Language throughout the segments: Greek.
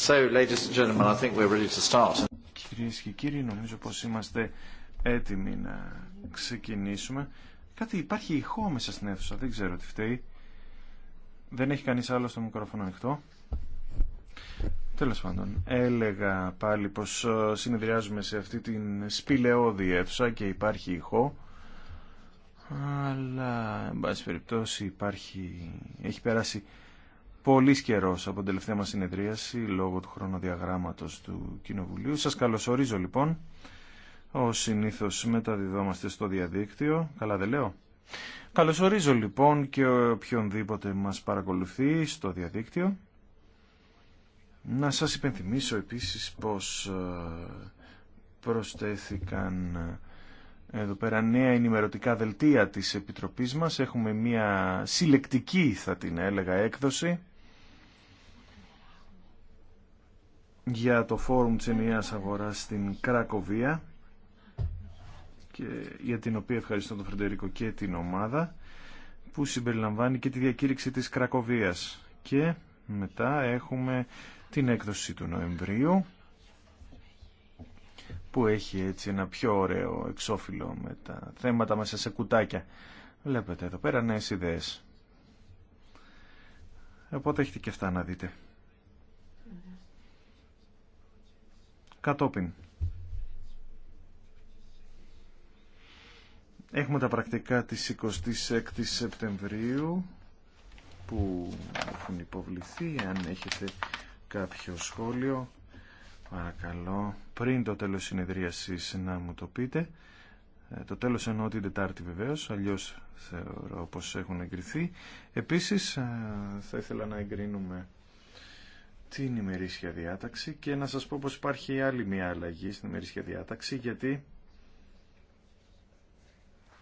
So, Κυρίες και κύριοι, νομίζω πως είμαστε έτοιμοι να ξεκινήσουμε. Κάτι υπάρχει ηχό μέσα στην αίθουσα, δεν ξέρω τι φταίει. Δεν έχει κανείς άλλο στο μικρόφωνο ανοιχτό. Τέλος πάντων, έλεγα πάλι πως ε, συνεδριάζουμε σε αυτή την σπηλαιώδη αίθουσα και υπάρχει ηχό. Αλλά, εν πάση περιπτώσει, υπάρχει... έχει περάσει πολύ καιρό από την τελευταία μα συνεδρίαση λόγω του χρονοδιαγράμματο του Κοινοβουλίου. Σα καλωσορίζω λοιπόν. Ω συνήθω μεταδιδόμαστε στο διαδίκτυο. Καλά δεν λέω. Καλωσορίζω λοιπόν και οποιονδήποτε μας παρακολουθεί στο διαδίκτυο. Να σας υπενθυμίσω επίσης πως ε, προσθέθηκαν ε, εδώ πέρα νέα ενημερωτικά δελτία της Επιτροπής μας. Έχουμε μία συλλεκτική θα την έλεγα έκδοση για το φόρουμ της ενιαίας αγοράς στην Κρακοβία και για την οποία ευχαριστώ τον Φρεντερίκο και την ομάδα που συμπεριλαμβάνει και τη διακήρυξη της Κρακοβίας και μετά έχουμε την έκδοση του Νοεμβρίου που έχει έτσι ένα πιο ωραίο εξώφυλλο με τα θέματα μέσα σε κουτάκια. Βλέπετε εδώ πέρα νέες ιδέες. Οπότε έχετε και αυτά να δείτε. κατόπιν. Έχουμε τα πρακτικά της 26 ης Σεπτεμβρίου που έχουν υποβληθεί. Αν έχετε κάποιο σχόλιο, παρακαλώ, πριν το τέλος συνεδρίασης να μου το πείτε. Ε, το τέλος εννοώ την Τετάρτη βεβαίως, αλλιώς θεωρώ πως έχουν εγκριθεί. Επίσης, ε, θα ήθελα να εγκρίνουμε την ημερήσια διάταξη και να σας πω πως υπάρχει άλλη μια αλλαγή στην ημερήσια διάταξη γιατί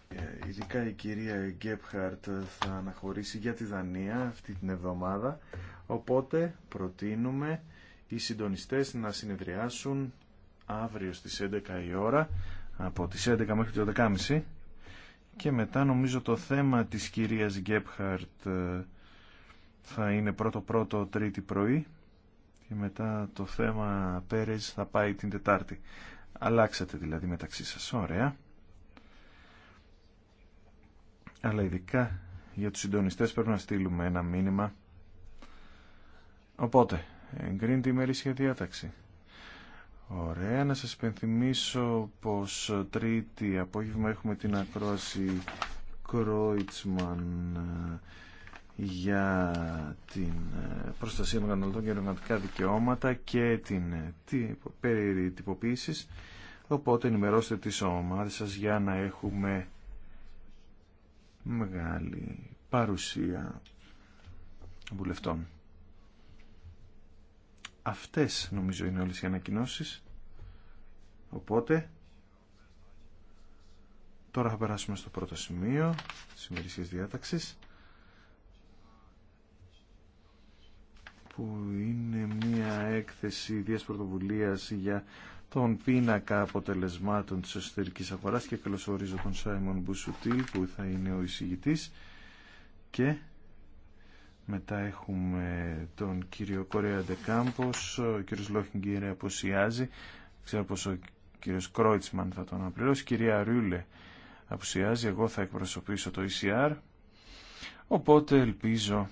ε, ειδικά η κυρία Γκέπχαρτ θα αναχωρήσει για τη Δανία αυτή την εβδομάδα οπότε προτείνουμε οι συντονιστές να συνεδριάσουν αύριο στις 11 η ώρα από τις 11 μέχρι τις 12.30 και μετά νομίζω το θέμα της κυρίας Γκέπχαρτ ε, θα είναι πρώτο πρώτο τρίτη πρωί και μετά το θέμα Πέρες θα πάει την Τετάρτη. Αλλάξατε δηλαδή μεταξύ σας. Ωραία. Αλλά ειδικά για τους συντονιστές πρέπει να στείλουμε ένα μήνυμα. Οπότε, εγκρίνεται η ημερήσια διάταξη. Ωραία, να σας υπενθυμίσω πως τρίτη απόγευμα έχουμε την ακρόαση Κρόιτσμαν για την ε, προστασία καταναλωτών και εργατικά δικαιώματα και την ε, περί Οπότε ενημερώστε τις ομάδες σας για να έχουμε μεγάλη παρουσία βουλευτών. Αυτές νομίζω είναι όλες οι ανακοινώσεις. Οπότε, τώρα θα περάσουμε στο πρώτο σημείο της ημερήσιας διάταξης. που είναι μια έκθεση ιδίας πρωτοβουλίας για τον πίνακα αποτελεσμάτων της εσωτερικής αγοράς και καλωσορίζω τον Σάιμον Μπουσουτή, που θα είναι ο εισηγητής και μετά έχουμε τον κύριο Κορέα Ντεκάμπος, ο κύριος Λόχιγκερ αποσιάζει, ξέρω πως ο κύριος Κρόιτσμαν θα τον απληρώσει, κυρία Ρούλε αποσιάζει, εγώ θα εκπροσωπήσω το ECR, οπότε ελπίζω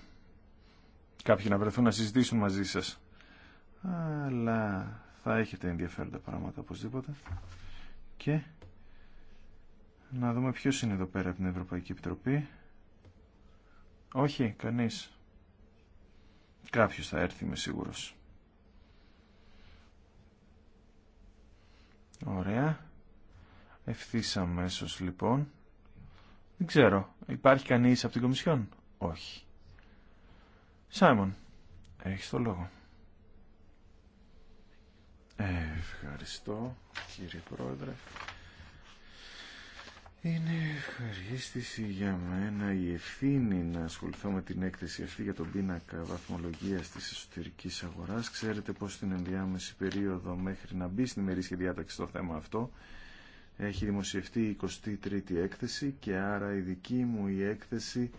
κάποιοι να βρεθούν να συζητήσουν μαζί σας. Αλλά θα έχετε ενδιαφέροντα πράγματα οπωσδήποτε. Και να δούμε ποιος είναι εδώ πέρα από την Ευρωπαϊκή Επιτροπή. Όχι, κανείς. Κάποιος θα έρθει, είμαι σίγουρος. Ωραία. Ευθύς αμέσως λοιπόν. Δεν ξέρω, υπάρχει κανείς από την Κομισιόν. Όχι. Σάιμον, έχεις το λόγο. Ευχαριστώ κύριε Πρόεδρε. Είναι ευχαρίστηση για μένα η ευθύνη να ασχοληθώ με την έκθεση αυτή για τον πίνακα βαθμολογίας της εσωτερικής αγοράς. Ξέρετε πως στην ενδιάμεση περίοδο μέχρι να μπει στην ημερήσια διάταξη το θέμα αυτό έχει δημοσιευτεί η 23η έκθεση και άρα η δική μου η έκθεση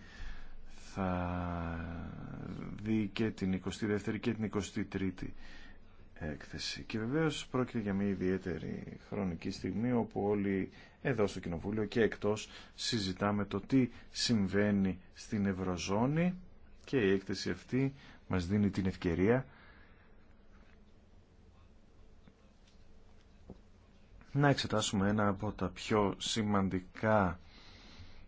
θα δει και την 22η και την 23η έκθεση. Και βεβαίως πρόκειται για μια ιδιαίτερη χρονική στιγμή όπου όλοι εδώ στο Κοινοβούλιο και εκτός συζητάμε το τι συμβαίνει στην Ευρωζώνη και η έκθεση αυτή μας δίνει την ευκαιρία να εξετάσουμε ένα από τα πιο σημαντικά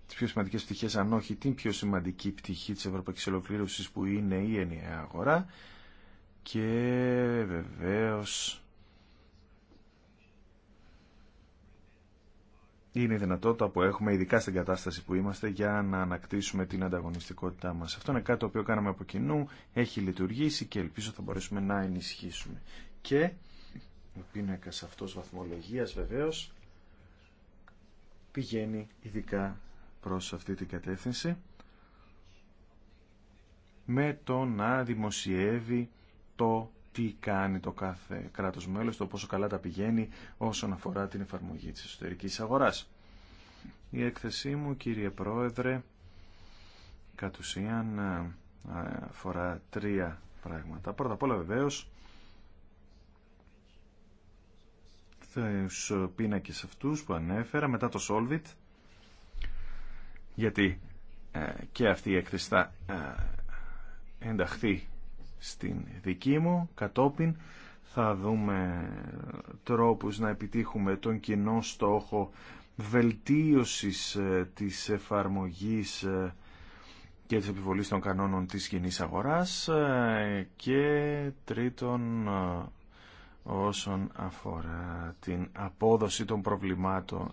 τι πιο σημαντικές πτυχέ αν όχι την πιο σημαντική πτυχή τη Ευρωπαϊκή ολοκλήρωση που είναι η ενιαία αγορά και βεβαίω είναι η δυνατότητα που έχουμε, ειδικά στην κατάσταση που είμαστε, για να ανακτήσουμε την ανταγωνιστικότητά μας. Αυτό είναι κάτι το οποίο κάναμε από κοινού, έχει λειτουργήσει και ελπίζω θα μπορέσουμε να ενισχύσουμε. Και ο πίνακα αυτός βαθμολογίας βεβαίως πηγαίνει ειδικά προς αυτή την κατεύθυνση με το να δημοσιεύει το τι κάνει το κάθε κράτος μέλος, το πόσο καλά τα πηγαίνει όσον αφορά την εφαρμογή της εσωτερικής αγοράς. Η έκθεσή μου, κύριε Πρόεδρε, κατ' ουσίαν αφορά τρία πράγματα. Πρώτα απ' όλα βεβαίως, τους πίνακες αυτούς που ανέφερα, μετά το Solvit, γιατί ε, και αυτή η έκθεση θα ε, ενταχθεί στην δική μου κατόπιν θα δούμε τρόπους να επιτύχουμε τον κοινό στόχο βελτίωσης ε, της εφαρμογής και της επιβολής των κανόνων της κοινή αγοράς και τρίτον όσον αφορά την απόδοση των προβλημάτων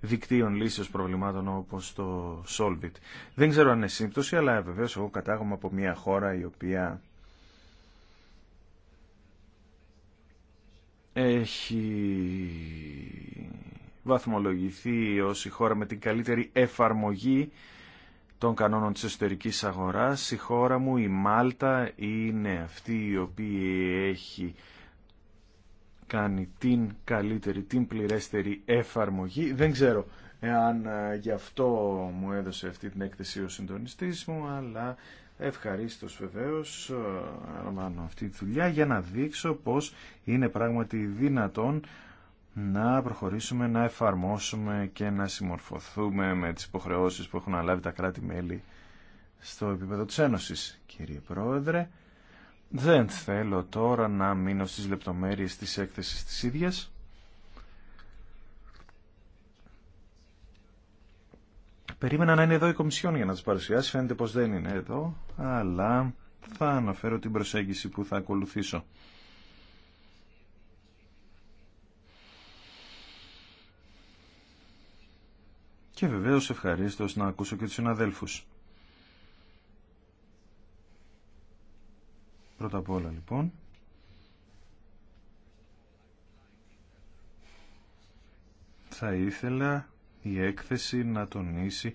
δικτύων λύσεως προβλημάτων όπω το Solvit. Δεν ξέρω αν είναι σύμπτωση, αλλά βεβαίω εγώ κατάγομαι από μια χώρα η οποία έχει βαθμολογηθεί ως η χώρα με την καλύτερη εφαρμογή των κανόνων της εσωτερικής αγοράς. Η χώρα μου, η Μάλτα, είναι αυτή η οποία έχει κάνει την καλύτερη, την πληρέστερη εφαρμογή. Δεν ξέρω εάν ε, γι' αυτό μου έδωσε αυτή την έκθεση ο συντονιστής μου, αλλά ευχαρίστως βεβαίως ε, λαμβάνω αυτή τη δουλειά για να δείξω πως είναι πράγματι δυνατόν να προχωρήσουμε, να εφαρμόσουμε και να συμμορφωθούμε με τις υποχρεώσεις που έχουν αναλάβει τα κράτη-μέλη στο επίπεδο της Ένωσης. Κύριε Πρόεδρε, δεν θέλω τώρα να μείνω στις λεπτομέρειες της έκθεσης της ίδιας. Περίμενα να είναι εδώ η Κομισιόν για να τις παρουσιάσει, φαίνεται πως δεν είναι εδώ, αλλά θα αναφέρω την προσέγγιση που θα ακολουθήσω. Και βεβαίως ευχαρίστως να ακούσω και τους συναδέλφους. Πρώτα απ' όλα λοιπόν θα ήθελα η έκθεση να τονίσει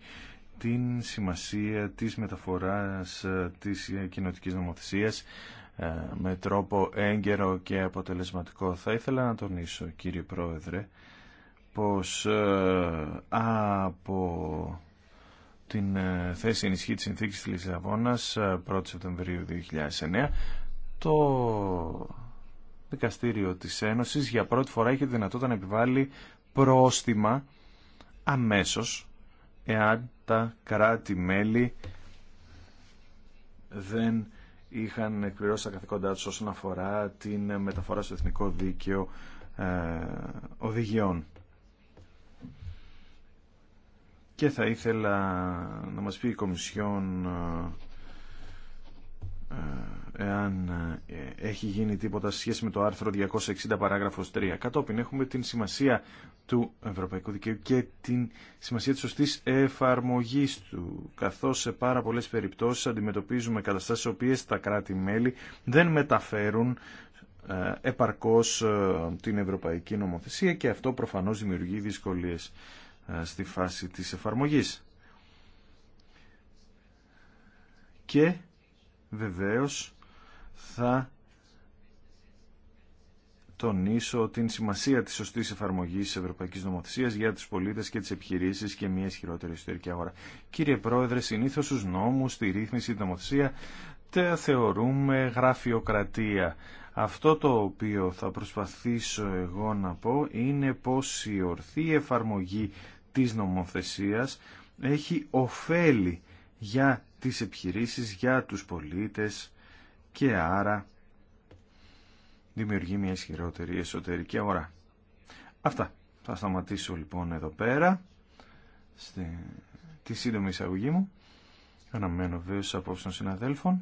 την σημασία της μεταφοράς ε, της κοινοτικής νομοθεσίας ε, με τρόπο έγκαιρο και αποτελεσματικό. Θα ήθελα να τονίσω, κύριε Πρόεδρε, πως ε, από την θέση ενισχύ τη συνθήκης της Λισαβόνας 1 Σεπτεμβρίου 2009 το δικαστήριο της Ένωσης για πρώτη φορά είχε δυνατότητα να επιβάλλει πρόστιμα αμέσως εάν τα κράτη-μέλη δεν είχαν εκπληρώσει τα καθηκόντά τους όσον αφορά την μεταφορά στο εθνικό δίκαιο ε, οδηγιών. Και θα ήθελα να μας πει η Κομισιόν ε, ε, εάν ε, έχει γίνει τίποτα σε σχέση με το άρθρο 260 παράγραφος 3. Κατόπιν έχουμε την σημασία του Ευρωπαϊκού Δικαίου και την σημασία της σωστής εφαρμογής του, καθώς σε πάρα πολλές περιπτώσεις αντιμετωπίζουμε καταστάσεις οποίες τα κράτη-μέλη δεν μεταφέρουν ε, επαρκώς την Ευρωπαϊκή Νομοθεσία και αυτό προφανώς δημιουργεί δυσκολίες στη φάση της εφαρμογής. Και βεβαίως θα τονίσω την σημασία της σωστής εφαρμογής της Ευρωπαϊκής Νομοθεσίας για τους πολίτες και τις επιχειρήσεις και μια ισχυρότερη ιστορική αγορά. Κύριε Πρόεδρε, συνήθως στους νόμους, στη ρύθμιση, τη νομοθεσία τα θεωρούμε γραφειοκρατία. Αυτό το οποίο θα προσπαθήσω εγώ να πω είναι πως η ορθή εφαρμογή της νομοθεσίας έχει ωφέλη για τις επιχειρήσεις, για τους πολίτες και άρα δημιουργεί μια ισχυρότερη εσωτερική αγορά. Αυτά. Θα σταματήσω λοιπόν εδώ πέρα στη, τη σύντομη εισαγωγή μου. Αναμένω βέβαια στους απόψεις των συναδέλφων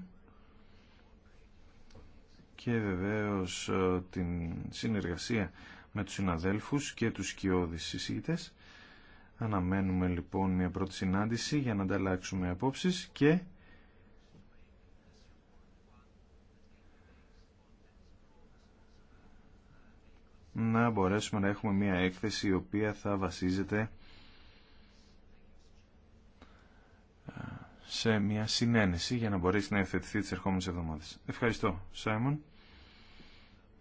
και βεβαίως ε, την συνεργασία με τους συναδέλφους και τους σκιώδεις συζήτητες Αναμένουμε λοιπόν μια πρώτη συνάντηση για να ανταλλάξουμε απόψεις και να μπορέσουμε να έχουμε μια έκθεση η οποία θα βασίζεται ε, σε μια συνένεση για να μπορέσει να ευθετηθεί τις ερχόμενες εβδομάδες. Ευχαριστώ, Σάιμον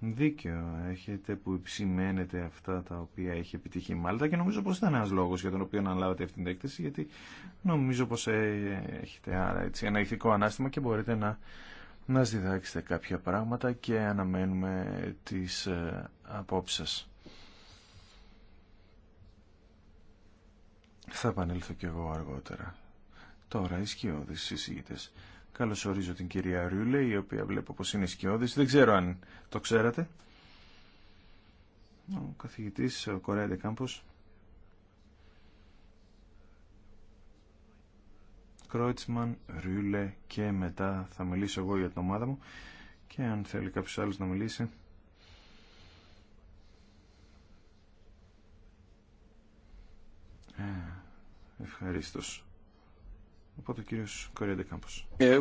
δίκαιο έχετε που υψημένετε αυτά τα οποία έχει επιτύχει η Μάλτα και νομίζω πως ήταν ένας λόγος για τον οποίο αναλάβατε αυτή την έκθεση γιατί νομίζω πως ε, έχετε άρα έτσι, ένα ηθικό ανάστημα και μπορείτε να, να διδάξετε κάποια πράγματα και αναμένουμε τις ε, απόψεις Θα επανέλθω κι εγώ αργότερα. Τώρα οι σκιώδεις συζήτητες. Καλωσορίζω την κυρία Ρούλε, η οποία βλέπω πως είναι σκιώδης. Δεν ξέρω αν το ξέρατε. Ο καθηγητής ο Κορέαντε Κρόιτσμαν, Ρούλε και μετά θα μιλήσω εγώ για την ομάδα μου και αν θέλει κάποιος άλλος να μιλήσει. Ε, Ευχαριστώ. Οπότε κύριος Κορέντε Κάμπος. Ε,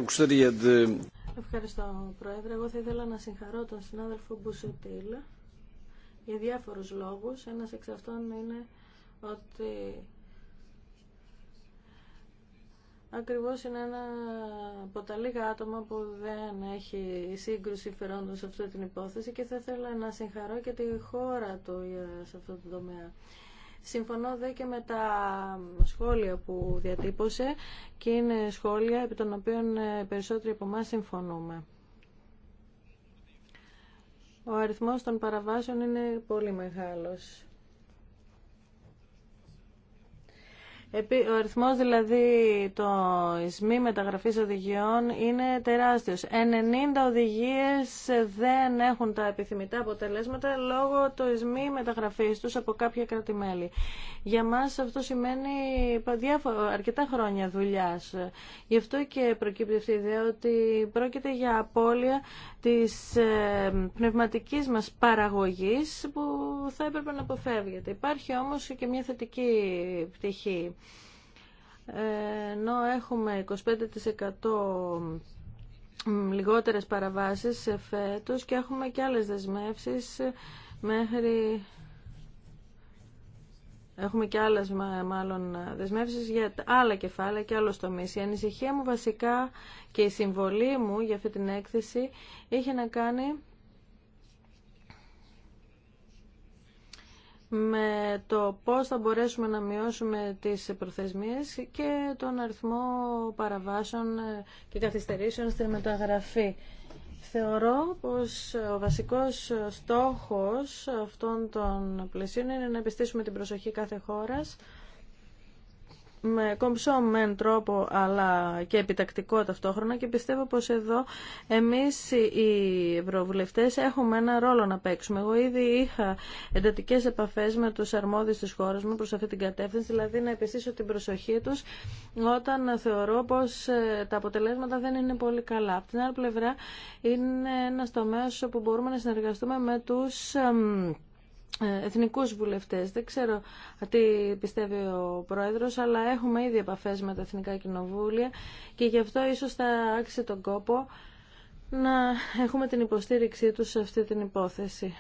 Ευχαριστώ, Πρόεδρε. Εγώ θα ήθελα να συγχαρώ τον συνάδελφο Μπουσουτήλ για διάφορους λόγους. Ένας εξ αυτών είναι ότι Ακριβώς είναι ένα από τα λίγα άτομα που δεν έχει σύγκρουση φερόντων σε αυτή την υπόθεση και θα ήθελα να συγχαρώ και τη χώρα του σε αυτό το τομέα. Συμφωνώ δε και με τα σχόλια που διατύπωσε και είναι σχόλια επί των οποίων ε, περισσότεροι από εμά συμφωνούμε. Ο αριθμός των παραβάσεων είναι πολύ μεγάλος. Ο αριθμός δηλαδή το Ισμή μεταγραφής οδηγιών είναι τεράστιος. 90 οδηγίες δεν έχουν τα επιθυμητά αποτελέσματα λόγω το Ισμή μεταγραφής τους από κάποια κράτη-μέλη. Για μας αυτό σημαίνει αρκετά χρόνια δουλειάς. Γι' αυτό και προκύπτει αυτή η ιδέα ότι πρόκειται για απώλεια της ε, πνευματικής μας παραγωγής που θα έπρεπε να αποφεύγεται. Υπάρχει όμως και μια θετική πτυχή. Ε, ενώ έχουμε 25% λιγότερες παραβάσεις φέτος και έχουμε και άλλες δεσμεύσεις μέχρι Έχουμε και άλλε μάλλον δεσμεύσει για άλλα κεφάλαια και άλλου τομεί. Η ανησυχία μου βασικά και η συμβολή μου για αυτή την έκθεση είχε να κάνει με το πώς θα μπορέσουμε να μειώσουμε τις προθεσμίες και τον αριθμό παραβάσεων και καθυστερήσεων στη μεταγραφή Θεωρώ πως ο βασικός στόχος αυτών των πλαισίων είναι να επιστήσουμε την προσοχή κάθε χώρας με κομψό μεν τρόπο αλλά και επιτακτικό ταυτόχρονα και πιστεύω πως εδώ εμείς οι ευρωβουλευτές έχουμε ένα ρόλο να παίξουμε. Εγώ ήδη είχα εντατικές επαφές με τους αρμόδιους της χώρας μου προς αυτή την κατεύθυνση, δηλαδή να επιστήσω την προσοχή τους όταν θεωρώ πως ε, τα αποτελέσματα δεν είναι πολύ καλά. Από την άλλη πλευρά είναι ένας τομέας όπου μπορούμε να συνεργαστούμε με τους ε, εθνικούς βουλευτές. Δεν ξέρω τι πιστεύει ο Πρόεδρος, αλλά έχουμε ήδη επαφές με τα εθνικά κοινοβούλια και γι' αυτό ίσως θα άξει τον κόπο να έχουμε την υποστήριξή τους σε αυτή την υπόθεση.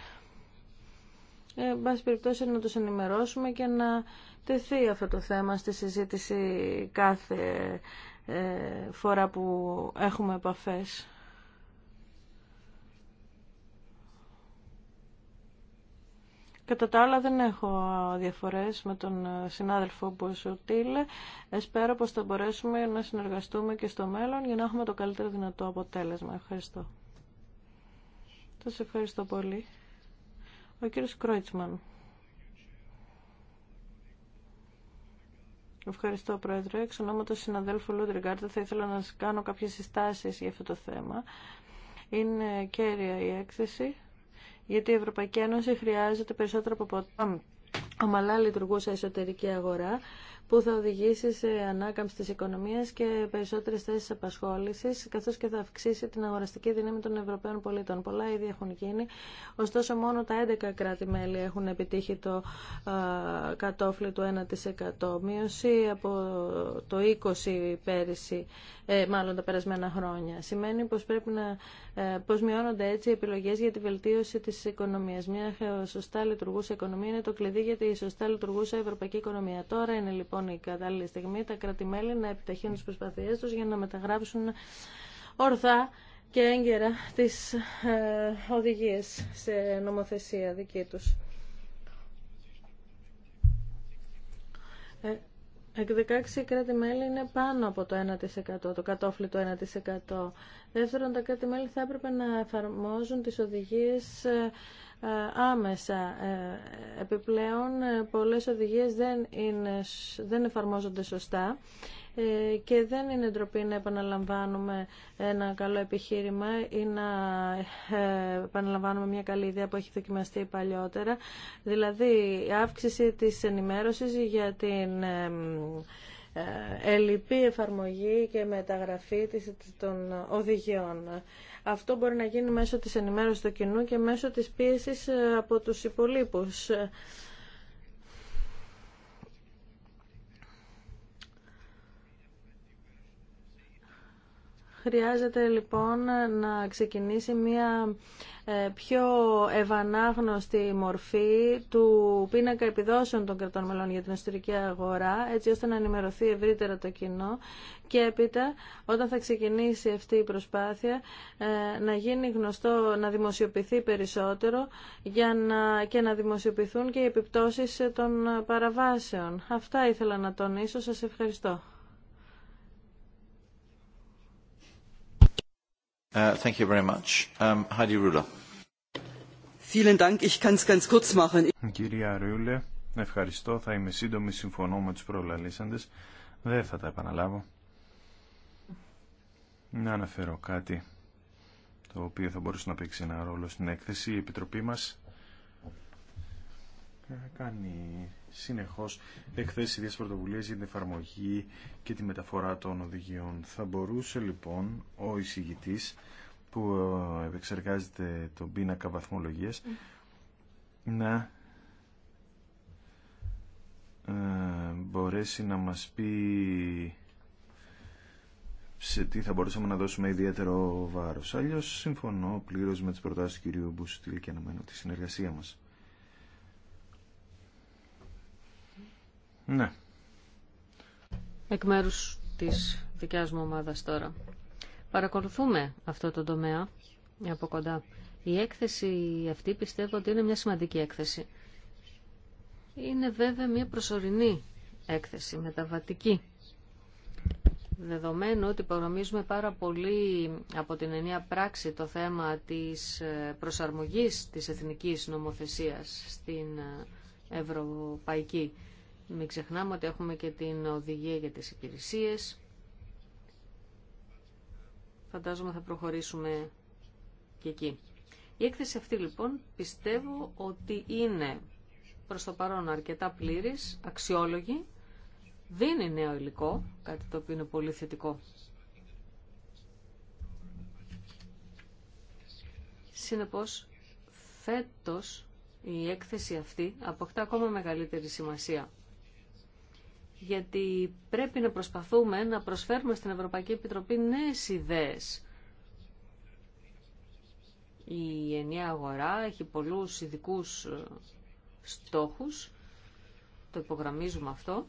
Ε, εν πάση περιπτώσει να τους ενημερώσουμε και να τεθεί αυτό το θέμα στη συζήτηση κάθε ε, φορά που έχουμε επαφές. Κατά τα άλλα δεν έχω διαφορές με τον ε, συνάδελφο Τίλε. Εσπέρα πως θα μπορέσουμε να συνεργαστούμε και στο μέλλον για να έχουμε το καλύτερο δυνατό αποτέλεσμα. Ευχαριστώ. Σα ευχαριστώ πολύ. Ο κύριος Κρόιτσμαν. Ευχαριστώ, Πρόεδρε. Εξ ονόματο συναδέλφου Λούντριγκάρτα θα ήθελα να σα κάνω κάποιε συστάσει για αυτό το θέμα. Είναι κέρια η έκθεση γιατί η Ευρωπαϊκή Ένωση χρειάζεται περισσότερο από ποτέ ομαλά λειτουργούσα εσωτερική αγορά που θα οδηγήσει σε ανάκαμψη της οικονομίας και περισσότερες θέσεις απασχόλησης, καθώς και θα αυξήσει την αγοραστική δύναμη των Ευρωπαίων πολιτών. Πολλά ήδη έχουν γίνει, ωστόσο μόνο τα 11 κράτη-μέλη έχουν επιτύχει το κατόφλι του 1%. Μείωση από το 20% πέρυσι ε, μάλλον τα περασμένα χρόνια. Σημαίνει πως, πρέπει να, ε, πως μειώνονται έτσι οι επιλογές για τη βελτίωση της οικονομίας. Μια σωστά λειτουργούσα οικονομία είναι το κλειδί για τη σωστά λειτουργούσα ευρωπαϊκή οικονομία. Τώρα είναι λοιπόν η κατάλληλη στιγμή τα κρατημέλη να επιταχύνουν τις προσπαθειές τους για να μεταγράψουν ορθά και έγκαιρα τις ε, οδηγίες σε νομοθεσία δική τους. 16 κράτη-μέλη είναι πάνω από το 1%, το κατόφλι του 1%. Δεύτερον, τα κράτη-μέλη θα έπρεπε να εφαρμόζουν τις οδηγίες ε, ε, άμεσα. Ε, επιπλέον, ε, πολλές οδηγίες δεν, είναι, δεν εφαρμόζονται σωστά και δεν είναι ντροπή να επαναλαμβάνουμε ένα καλό επιχείρημα ή να επαναλαμβάνουμε μια καλή ιδέα που έχει δοκιμαστεί παλιότερα. Δηλαδή, η να επαναλαμβανουμε μια καλη ιδεα που εχει δοκιμαστει παλιοτερα δηλαδη αυξηση της ενημέρωσης για την ε, ελλειπή εφαρμογή και μεταγραφή των οδηγιών. Αυτό μπορεί να γίνει μέσω της ενημέρωσης του κοινού και μέσω της πίεσης ε, από τους υπολείπους. Χρειάζεται λοιπόν να ξεκινήσει μια ε, πιο ευανάγνωστη μορφή του πίνακα επιδόσεων των κρατών μελών για την εσωτερική αγορά, έτσι ώστε να ενημερωθεί ευρύτερα το κοινό και έπειτα όταν θα ξεκινήσει αυτή η προσπάθεια ε, να γίνει γνωστό, να δημοσιοποιηθεί περισσότερο για να, και να δημοσιοποιηθούν και οι επιπτώσεις των παραβάσεων. Αυτά ήθελα να τονίσω. Σας ευχαριστώ. Uh, thank you Κυρία Ρούλε, ευχαριστώ. Θα είμαι σύντομη. Συμφωνώ με του προλαλήσαντες. Δεν θα τα επαναλάβω. Να αναφέρω κάτι το οποίο θα μπορούσε να παίξει ένα ρόλο στην έκθεση. Η Επιτροπή μας κάνει συνεχώς εκθέσει ίδιες πρωτοβουλίε για την εφαρμογή και τη μεταφορά των οδηγιών. Θα μπορούσε λοιπόν ο εισηγητή που ε, επεξεργάζεται τον πίνακα βαθμολογίας να ε, μπορέσει να μας πει σε τι θα μπορούσαμε να δώσουμε ιδιαίτερο βάρος. Αλλιώς συμφωνώ πλήρως με τις προτάσεις του κυρίου Μπουστήλ και αναμένω τη συνεργασία μας. Ναι. Εκ μέρου της δικιά μου ομάδα τώρα. Παρακολουθούμε αυτό το τομέα από κοντά. Η έκθεση αυτή πιστεύω ότι είναι μια σημαντική έκθεση. Είναι βέβαια μια προσωρινή έκθεση, μεταβατική. Δεδομένου ότι υπογραμμίζουμε πάρα πολύ από την ενία πράξη το θέμα της ε, προσαρμογής της εθνικής νομοθεσίας στην ε, ευρωπαϊκή. Μην ξεχνάμε ότι έχουμε και την οδηγία για τις υπηρεσίες. Φαντάζομαι θα προχωρήσουμε και εκεί. Η έκθεση αυτή λοιπόν πιστεύω ότι είναι προς το παρόν αρκετά πλήρης, αξιόλογη, δίνει νέο υλικό, κάτι το οποίο είναι πολύ θετικό. Συνεπώς, φέτος η έκθεση αυτή αποκτά ακόμα μεγαλύτερη σημασία γιατί πρέπει να προσπαθούμε να προσφέρουμε στην Ευρωπαϊκή Επιτροπή νέες ιδέες. Η ενιαία αγορά έχει πολλούς ειδικού ε, στόχους, το υπογραμμίζουμε αυτό.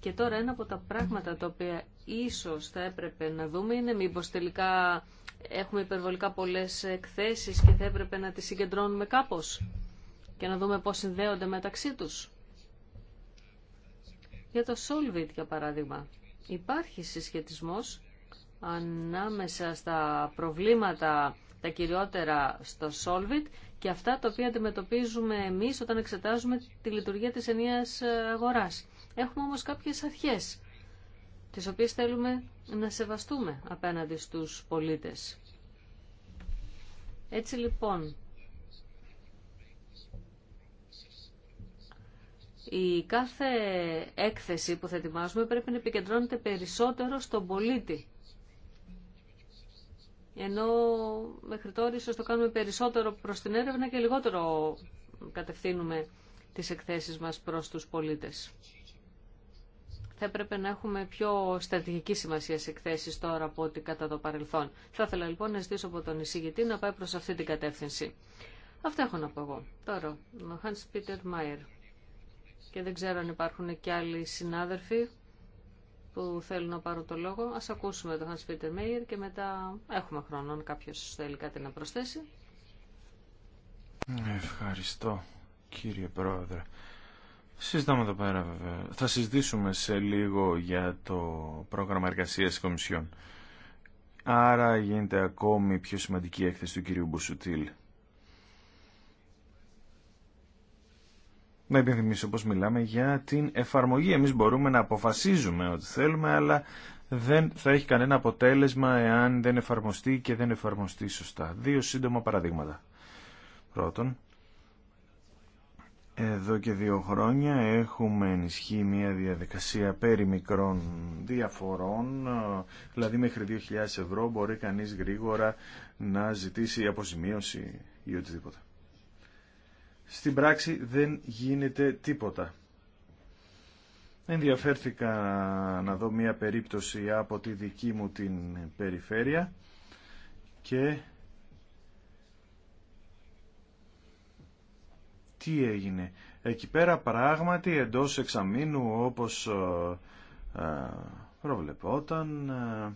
Και τώρα ένα από τα πράγματα τα οποία ίσως θα έπρεπε να δούμε είναι μήπως τελικά έχουμε υπερβολικά πολλές εκθέσεις και θα έπρεπε να τις συγκεντρώνουμε κάπως και να δούμε πώς συνδέονται μεταξύ τους. Για το Solvit, για παράδειγμα, υπάρχει συσχετισμός ανάμεσα στα προβλήματα τα κυριότερα στο Solvit και αυτά τα οποία αντιμετωπίζουμε εμείς όταν εξετάζουμε τη λειτουργία της ενίας αγοράς. Έχουμε όμως κάποιες αρχές, τις οποίες θέλουμε να σεβαστούμε απέναντι στους πολίτες. Έτσι λοιπόν, Η κάθε έκθεση που θα ετοιμάσουμε πρέπει να επικεντρώνεται περισσότερο στον πολίτη. Ενώ μέχρι τώρα ίσως το κάνουμε περισσότερο προς την έρευνα και λιγότερο κατευθύνουμε τις εκθέσεις μας προς τους πολίτες. Θα έπρεπε να έχουμε πιο στρατηγική σημασία σε εκθέσεις τώρα από ό,τι κατά το παρελθόν. Θα ήθελα λοιπόν να ζητήσω από τον εισηγητή να πάει προς αυτή την κατεύθυνση. Αυτά έχω να πω εγώ. Τώρα, ο Hans Peter Mayer και δεν ξέρω αν υπάρχουν και άλλοι συνάδελφοι που θέλουν να πάρουν το λόγο. Ας ακούσουμε τον Hans Peter και μετά έχουμε χρόνο αν κάποιος θέλει κάτι να προσθέσει. Ευχαριστώ κύριε Πρόεδρε. Συζητάμε εδώ πέρα βέβαια. Θα συζητήσουμε σε λίγο για το πρόγραμμα εργασίας της Κομισιόν. Άρα γίνεται ακόμη πιο σημαντική έκθεση του κυρίου Μπουσουτήλ. να υπενθυμίσω πως μιλάμε για την εφαρμογή. Εμείς μπορούμε να αποφασίζουμε ότι θέλουμε, αλλά δεν θα έχει κανένα αποτέλεσμα εάν δεν εφαρμοστεί και δεν εφαρμοστεί σωστά. Δύο σύντομα παραδείγματα. Πρώτον, εδώ και δύο χρόνια έχουμε ενισχύει μια διαδικασία περί μικρών διαφορών, δηλαδή μέχρι 2.000 ευρώ μπορεί κανείς γρήγορα να ζητήσει αποζημίωση ή οτιδήποτε στην πράξη δεν γίνεται τίποτα. Ενδιαφέρθηκα να δω μία περίπτωση από τη δική μου την περιφέρεια και τι έγινε. Εκεί πέρα πράγματι εντός εξαμήνου όπως ε, ε, προβλεπόταν ε,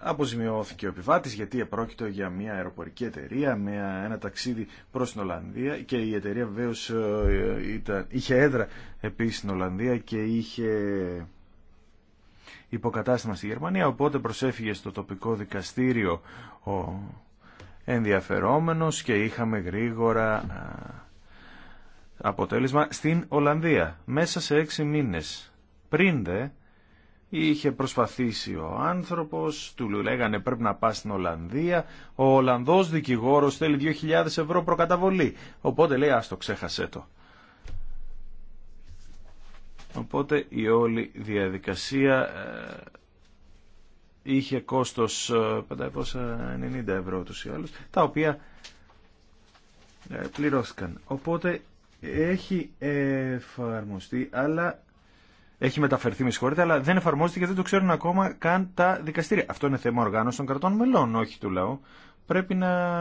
αποζημιώθηκε ο επιβάτης γιατί επρόκειτο για μια αεροπορική εταιρεία, με ένα ταξίδι προς την Ολλανδία και η εταιρεία βεβαίω ε, είχε έδρα επίσης στην Ολλανδία και είχε υποκατάστημα στη Γερμανία οπότε προσέφυγε στο τοπικό δικαστήριο ο ενδιαφερόμενος και είχαμε γρήγορα ε, αποτέλεσμα στην Ολλανδία μέσα σε έξι μήνες. Πριν Είχε προσπαθήσει ο άνθρωπος, του λέγανε πρέπει να πας στην Ολλανδία, ο Ολλανδός δικηγόρος θέλει 2.000 ευρώ προκαταβολή. Οπότε λέει το ξέχασέ το. Οπότε η όλη διαδικασία ε, είχε κόστος 590 ε, ευρώ τους ή άλλους, τα οποία ε, πληρώθηκαν. Οπότε έχει εφαρμοστεί, αλλά έχει μεταφερθεί, με συγχωρείτε, αλλά δεν εφαρμόζεται γιατί δεν το ξέρουν ακόμα καν τα δικαστήρια. Αυτό είναι θέμα οργάνωση των κρατών μελών, όχι του λαού. Πρέπει να,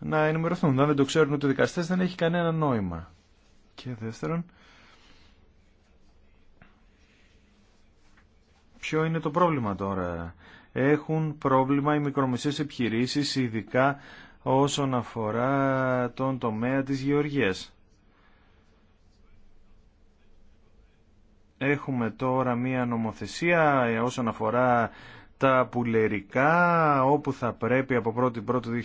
να ενημερωθούν. Αν δεν το ξέρουν ούτε οι δικαστέ, δεν έχει κανένα νόημα. Και δεύτερον, ποιο είναι το πρόβλημα τώρα. Έχουν πρόβλημα οι μικρομεσαίες επιχειρήσεις, ειδικά όσον αφορά τον τομέα της γεωργίας. Έχουμε τώρα μία νομοθεσία ε, όσον αφορά τα πουλερικά όπου θα πρέπει από 1η 1η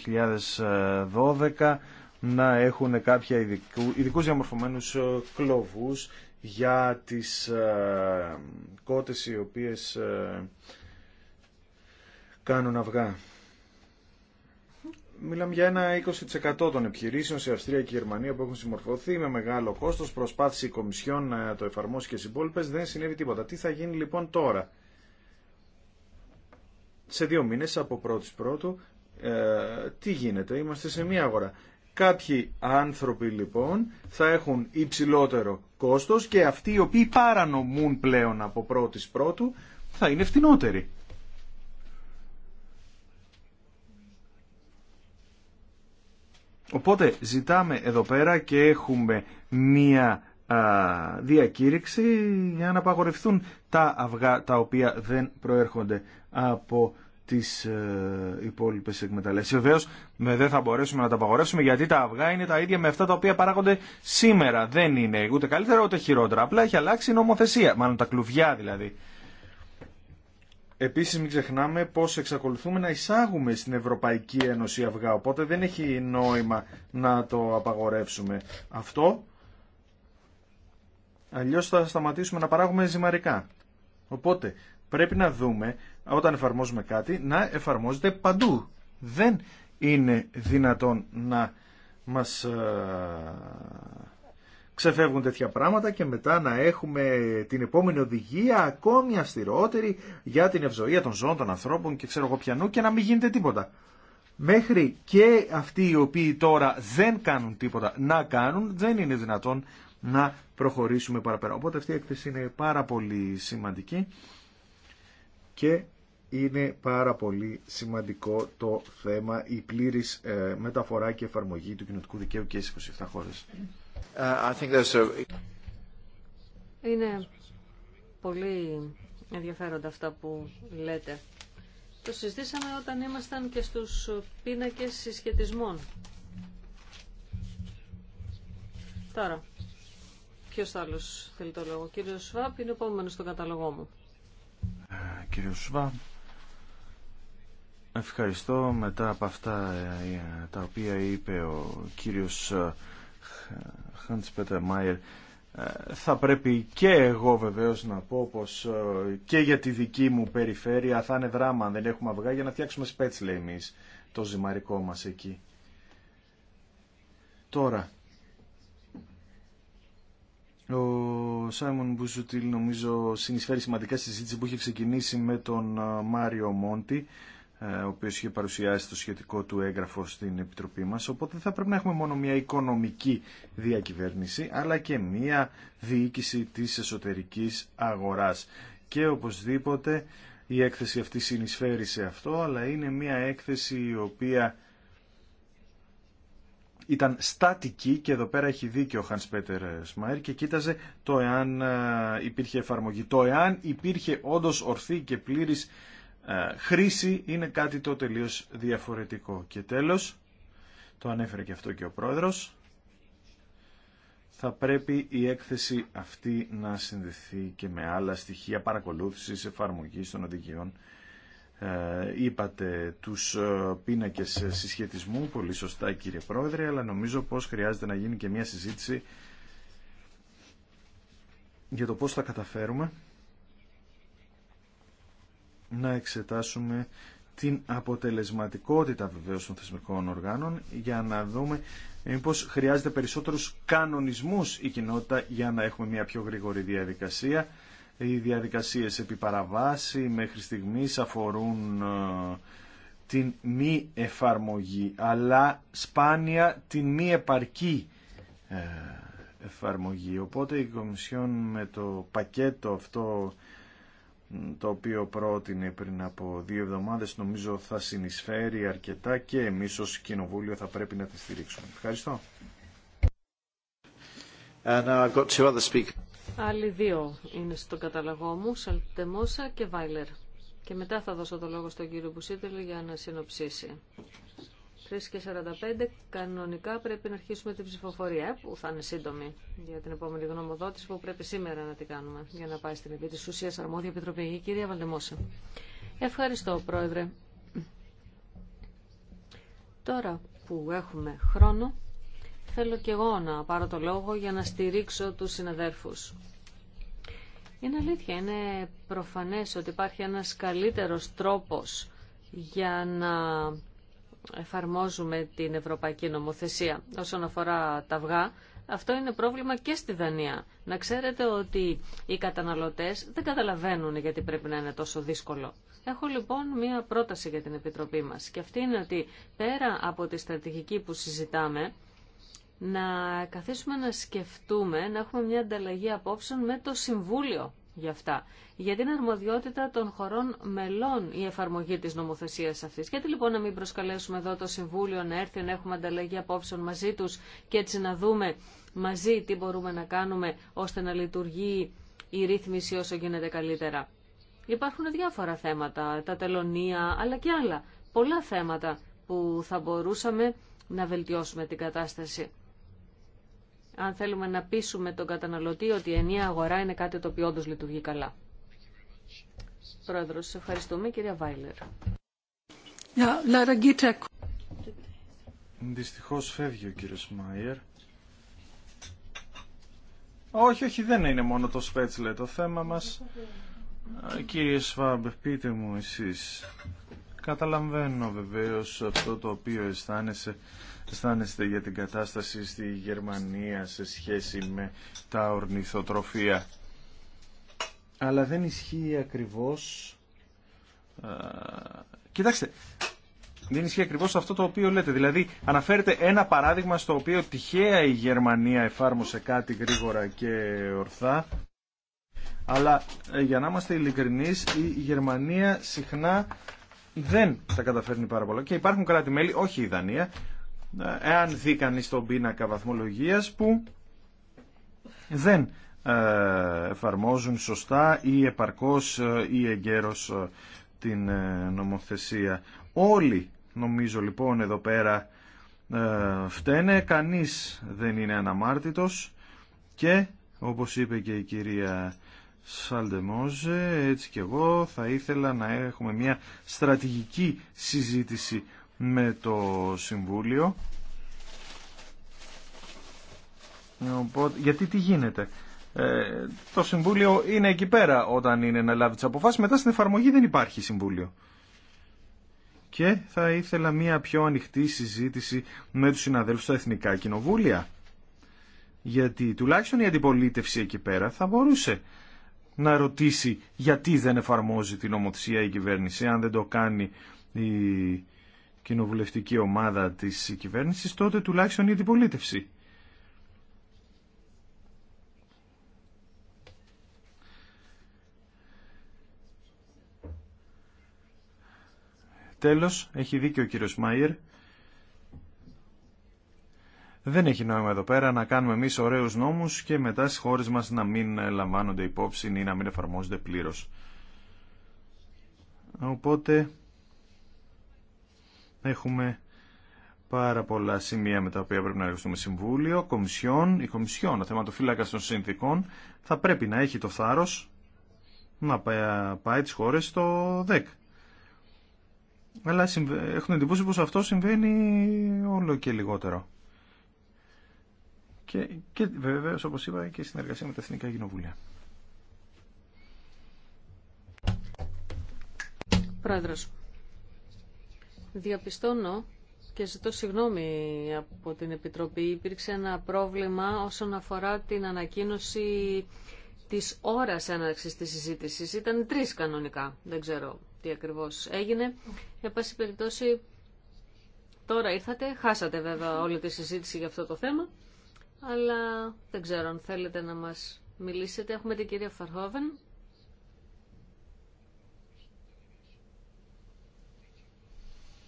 2012 να έχουν κάποια ειδικού, ειδικούς διαμορφωμένους ε, κλωβούς για τις ε, κότες οι οποίες κάνουν αυγά. Μιλάμε για ένα 20% των επιχειρήσεων σε Αυστρία και Γερμανία που έχουν συμμορφωθεί με μεγάλο κόστο. Προσπάθησε η Κομισιόν να το εφαρμόσει και στι υπόλοιπε. Δεν συνέβη τίποτα. Τι θα γίνει λοιπόν τώρα. Σε δύο μήνε από πρώτη πρώτου, ε, τι γίνεται. Είμαστε σε μία αγορά. Κάποιοι άνθρωποι λοιπόν θα έχουν υψηλότερο κόστος και αυτοί οι οποίοι παρανομούν πλέον από πρώτης πρώτου θα είναι φτηνότεροι. Οπότε ζητάμε εδώ πέρα και έχουμε μία διακήρυξη για να απαγορευτούν τα αυγά τα οποία δεν προέρχονται από τις ε, υπόλοιπες εκμεταλλεύσεις. Βεβαίως δεν θα μπορέσουμε να τα απαγορεύσουμε γιατί τα αυγά είναι τα ίδια με αυτά τα οποία παράγονται σήμερα. Δεν είναι ούτε καλύτερα ούτε χειρότερα. Απλά έχει αλλάξει η νομοθεσία. Μάλλον τα κλουβιά δηλαδή Επίσης μην ξεχνάμε πως εξακολουθούμε να εισάγουμε στην Ευρωπαϊκή Ένωση αυγά, οπότε δεν έχει νόημα να το απαγορεύσουμε αυτό. Αλλιώς θα σταματήσουμε να παράγουμε ζυμαρικά. Οπότε πρέπει να δούμε όταν εφαρμόζουμε κάτι να εφαρμόζεται παντού. Δεν είναι δυνατόν να μας ε, ξεφεύγουν τέτοια πράγματα και μετά να έχουμε την επόμενη οδηγία ακόμη αυστηρότερη για την ευζοία των ζώων, των ανθρώπων και ξέρω εγώ πιανού και να μην γίνεται τίποτα. Μέχρι και αυτοί οι οποίοι τώρα δεν κάνουν τίποτα να κάνουν, δεν είναι δυνατόν να προχωρήσουμε παραπέρα. Οπότε αυτή η έκθεση είναι πάρα πολύ σημαντική και είναι πάρα πολύ σημαντικό το θέμα η πλήρης ε, μεταφορά και εφαρμογή του κοινωτικού δικαίου και στις 27 χώρες. Uh, είναι πολύ ενδιαφέροντα αυτά που λέτε. Το συζητήσαμε όταν ήμασταν και στους πίνακες συσχετισμών. Τώρα, ποιος άλλος θέλει το λόγο. κύριος Σβάπ είναι επόμενος στο καταλογό μου. Ε, κύριος ευχαριστώ μετά από αυτά ε, τα οποία είπε ο κύριος ε, Peter ε, θα πρέπει και εγώ βεβαίως να πω πως ε, και για τη δική μου περιφέρεια θα είναι δράμα αν δεν έχουμε αυγά για να φτιάξουμε σπέτς λέει το ζυμαρικό μας εκεί. Τώρα, ο Σάιμον Μπουζουτήλ νομίζω συνεισφέρει σημαντικά στη συζήτηση που είχε ξεκινήσει με τον ε, Μάριο Μόντι ε, ο οποίος είχε παρουσιάσει το σχετικό του έγγραφο στην Επιτροπή μας, οπότε θα πρέπει να έχουμε μόνο μια οικονομική διακυβέρνηση, αλλά και μια διοίκηση της εσωτερικής αγοράς. Και οπωσδήποτε η έκθεση αυτή συνεισφέρει σε αυτό, αλλά είναι μια έκθεση η οποία ήταν στατική και εδώ πέρα έχει δίκιο ο Χανς Πέτερ Σμαέρ και κοίταζε το εάν ε, υπήρχε εφαρμογή, το εάν υπήρχε όντως ορθή και πλήρης ε, χρήση είναι κάτι το τελείως διαφορετικό. Και τέλος, το ανέφερε και αυτό και ο πρόεδρος, θα πρέπει η έκθεση αυτή να συνδεθεί και με άλλα στοιχεία παρακολούθησης, εφαρμογής των οδηγιών. Ε, είπατε τους ε, πίνακες συσχετισμού, πολύ σωστά κύριε Πρόεδρε, αλλά νομίζω πως χρειάζεται να γίνει και μια συζήτηση για το πώς θα καταφέρουμε να εξετάσουμε την αποτελεσματικότητα βεβαίως των θεσμικών οργάνων για να δούμε μήπως ε, χρειάζεται περισσότερους κανονισμούς η κοινότητα για να έχουμε μια πιο γρήγορη διαδικασία. Οι διαδικασίες επί παραβάση μέχρι στιγμής αφορούν ε, την μη εφαρμογή αλλά σπάνια την μη επαρκή ε, εφαρμογή. Οπότε η Κομισιόν με το πακέτο αυτό το οποίο πρότεινε πριν από δύο εβδομάδες νομίζω θα συνεισφέρει αρκετά και εμείς ως Κοινοβούλιο θα πρέπει να τη στηρίξουμε. Ευχαριστώ. Άλλοι δύο είναι στο καταλαγό μου, Σαλτεμόσα και Βάιλερ. Και μετά θα δώσω το λόγο στον κύριο Μπουσίτελ για να συνοψίσει. 3 και 45 κανονικά πρέπει να αρχίσουμε την ψηφοφορία ε, που θα είναι σύντομη για την επόμενη γνωμοδότηση που πρέπει σήμερα να την κάνουμε για να πάει στην επί της ουσίας αρμόδια επιτροπή. κυρία Βαλτεμόση. Ευχαριστώ πρόεδρε. Τώρα που έχουμε χρόνο θέλω και εγώ να πάρω το λόγο για να στηρίξω τους συναδέρφους. Είναι αλήθεια, είναι προφανές ότι υπάρχει ένας καλύτερος τρόπος για να εφαρμόζουμε την ευρωπαϊκή νομοθεσία. Όσον αφορά τα αυγά, αυτό είναι πρόβλημα και στη Δανία. Να ξέρετε ότι οι καταναλωτές δεν καταλαβαίνουν γιατί πρέπει να είναι τόσο δύσκολο. Έχω λοιπόν μία πρόταση για την Επιτροπή μας και αυτή είναι ότι πέρα από τη στρατηγική που συζητάμε, να καθίσουμε να σκεφτούμε, να έχουμε μια ανταλλαγή απόψεων με το Συμβούλιο για αυτά. Για την αρμοδιότητα των χωρών μελών η εφαρμογή της νομοθεσίας αυτής. Γιατί λοιπόν να μην προσκαλέσουμε εδώ το Συμβούλιο να έρθει να έχουμε ανταλλαγή απόψεων μαζί τους και έτσι να δούμε μαζί τι μπορούμε να κάνουμε ώστε να λειτουργεί η ρύθμιση όσο γίνεται καλύτερα. Υπάρχουν διάφορα θέματα, τα τελωνία αλλά και άλλα. Πολλά θέματα που θα μπορούσαμε να βελτιώσουμε την κατάσταση αν θέλουμε να πείσουμε τον καταναλωτή ότι η ενιαία αγορά είναι κάτι το οποίο όντω λειτουργεί καλά. Πρόεδρος, ευχαριστούμε. Κυρία Βάιλερ. Δυστυχώς φεύγει ο κύριος Μάιερ. Όχι, όχι, δεν είναι μόνο το σπέτσλε το θέμα μας. Ε, κύριε Σφάμπ, πείτε μου εσείς. Καταλαβαίνω βεβαίως αυτό το οποίο αισθάνεσαι αισθάνεστε για την κατάσταση στη Γερμανία σε σχέση με τα ορνηθοτροφία. Αλλά δεν ισχύει ακριβώς... Κοιτάξτε, δεν ισχύει ακριβώς αυτό το οποίο λέτε. Δηλαδή, αναφέρετε ένα παράδειγμα στο οποίο τυχαία η Γερμανία εφάρμοσε κάτι γρήγορα και ορθά. Αλλά ε, για να είμαστε ειλικρινεί, η Γερμανία συχνά δεν τα καταφέρνει πάρα πολλά. Και υπάρχουν κράτη-μέλη, όχι η Δανία, ε, εάν δει κανεί τον πίνακα βαθμολογία που δεν ε, εφαρμόζουν σωστά ή επαρκώς ε, ή εγκαίρως την νομοθεσία. Όλοι νομίζω λοιπόν εδώ πέρα φταίνε, κανείς δεν είναι αναμάρτητος και όπως είπε και η κυρία Σαλτεμόζε έτσι και εγώ θα ήθελα να έχουμε μια στρατηγική συζήτηση με το Συμβούλιο. Οπότε, γιατί τι γίνεται. Ε, το Συμβούλιο είναι εκεί πέρα όταν είναι να λάβει τι αποφάσει. Μετά στην εφαρμογή δεν υπάρχει Συμβούλιο. Και θα ήθελα μια πιο ανοιχτή συζήτηση με τους συναδέλφους στα Εθνικά Κοινοβούλια. Γιατί τουλάχιστον η αντιπολίτευση εκεί πέρα θα μπορούσε να ρωτήσει γιατί δεν εφαρμόζει την νομοθεσία η κυβέρνηση, αν δεν το κάνει η κοινοβουλευτική ομάδα της κυβέρνησης, τότε τουλάχιστον η αντιπολίτευση. Τέλος, έχει δίκιο ο κύριος Μάιερ. Δεν έχει νόημα εδώ πέρα να κάνουμε εμείς ωραίους νόμους και μετά στις χώρες μας να μην λαμβάνονται υπόψη ή να μην εφαρμόζονται πλήρως. Οπότε Έχουμε πάρα πολλά σημεία με τα οποία πρέπει να εργαστούμε Συμβούλιο, Κομισιόν, η Κομισιόν, ο θεματοφύλακας των συνθήκων, θα πρέπει να έχει το θάρρος να πάει τις χώρες στο ΔΕΚ. Αλλά έχουν εντυπώσει πως αυτό συμβαίνει όλο και λιγότερο. Και, και βεβαίως, όπως είπα, και συνεργασία με τα Εθνικά Κοινοβούλια. Πρόεδρος, Διαπιστώνω και ζητώ συγγνώμη από την Επιτροπή. Υπήρξε ένα πρόβλημα όσον αφορά την ανακοίνωση της ώρας έναρξης της συζήτησης. Ήταν τρεις κανονικά. Δεν ξέρω τι ακριβώς έγινε. Εν πάση περιπτώσει, τώρα ήρθατε. Χάσατε βέβαια όλη τη συζήτηση για αυτό το θέμα. Αλλά δεν ξέρω αν θέλετε να μας μιλήσετε. Έχουμε την κυρία Φαρχόβεν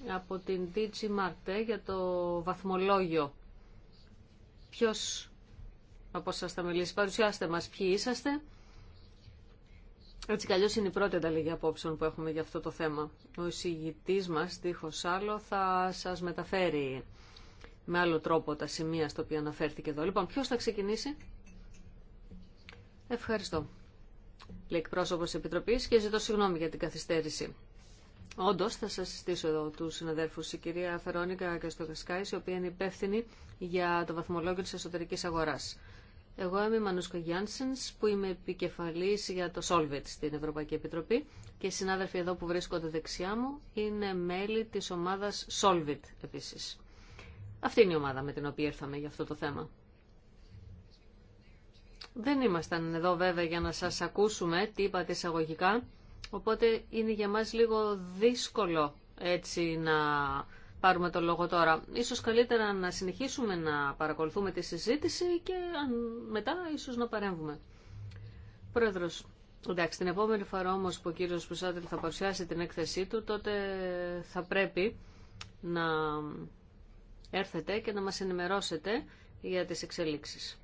από την Τίτσι Μάρτε για το βαθμολόγιο. Ποιος από σας θα μιλήσει, παρουσιάστε μας ποιοι είσαστε. Έτσι καλώς είναι η πρώτη ανταλλαγή απόψεων που έχουμε για αυτό το θέμα. Ο εισηγητής μας, δίχως άλλο, θα σας μεταφέρει με άλλο τρόπο τα σημεία στο οποίο αναφέρθηκε εδώ. Λοιπόν, ποιος θα ξεκινήσει. Ευχαριστώ. Λέει εκπρόσωπο τη Επιτροπή και ζητώ συγγνώμη για την καθυστέρηση. Όντω, θα σα συστήσω εδώ του συναδέλφου, η κυρία Φερόνικα Καστοκασκάη, η οποία είναι υπεύθυνη για το βαθμολόγιο τη εσωτερική αγορά. Εγώ είμαι η Μανούσκα Γιάνσεν, που είμαι επικεφαλή για το Solvit στην Ευρωπαϊκή Επιτροπή και οι συνάδελφοι εδώ που βρίσκονται δεξιά μου είναι μέλη τη ομάδα Solvit επίση. Αυτή είναι η ομάδα με την οποία ήρθαμε για αυτό το θέμα. Δεν ήμασταν εδώ βέβαια για να σας ακούσουμε τι είπατε εισαγωγικά Οπότε είναι για μας λίγο δύσκολο έτσι να πάρουμε το λόγο τώρα. Ίσως καλύτερα να συνεχίσουμε να παρακολουθούμε τη συζήτηση και μετά ίσως να παρέμβουμε. Πρόεδρος, εντάξει, την επόμενη φορά όμως που ο κύριος Πουσάτελ θα παρουσιάσει την έκθεσή του, τότε θα πρέπει να έρθετε και να μας ενημερώσετε για τις εξελίξεις.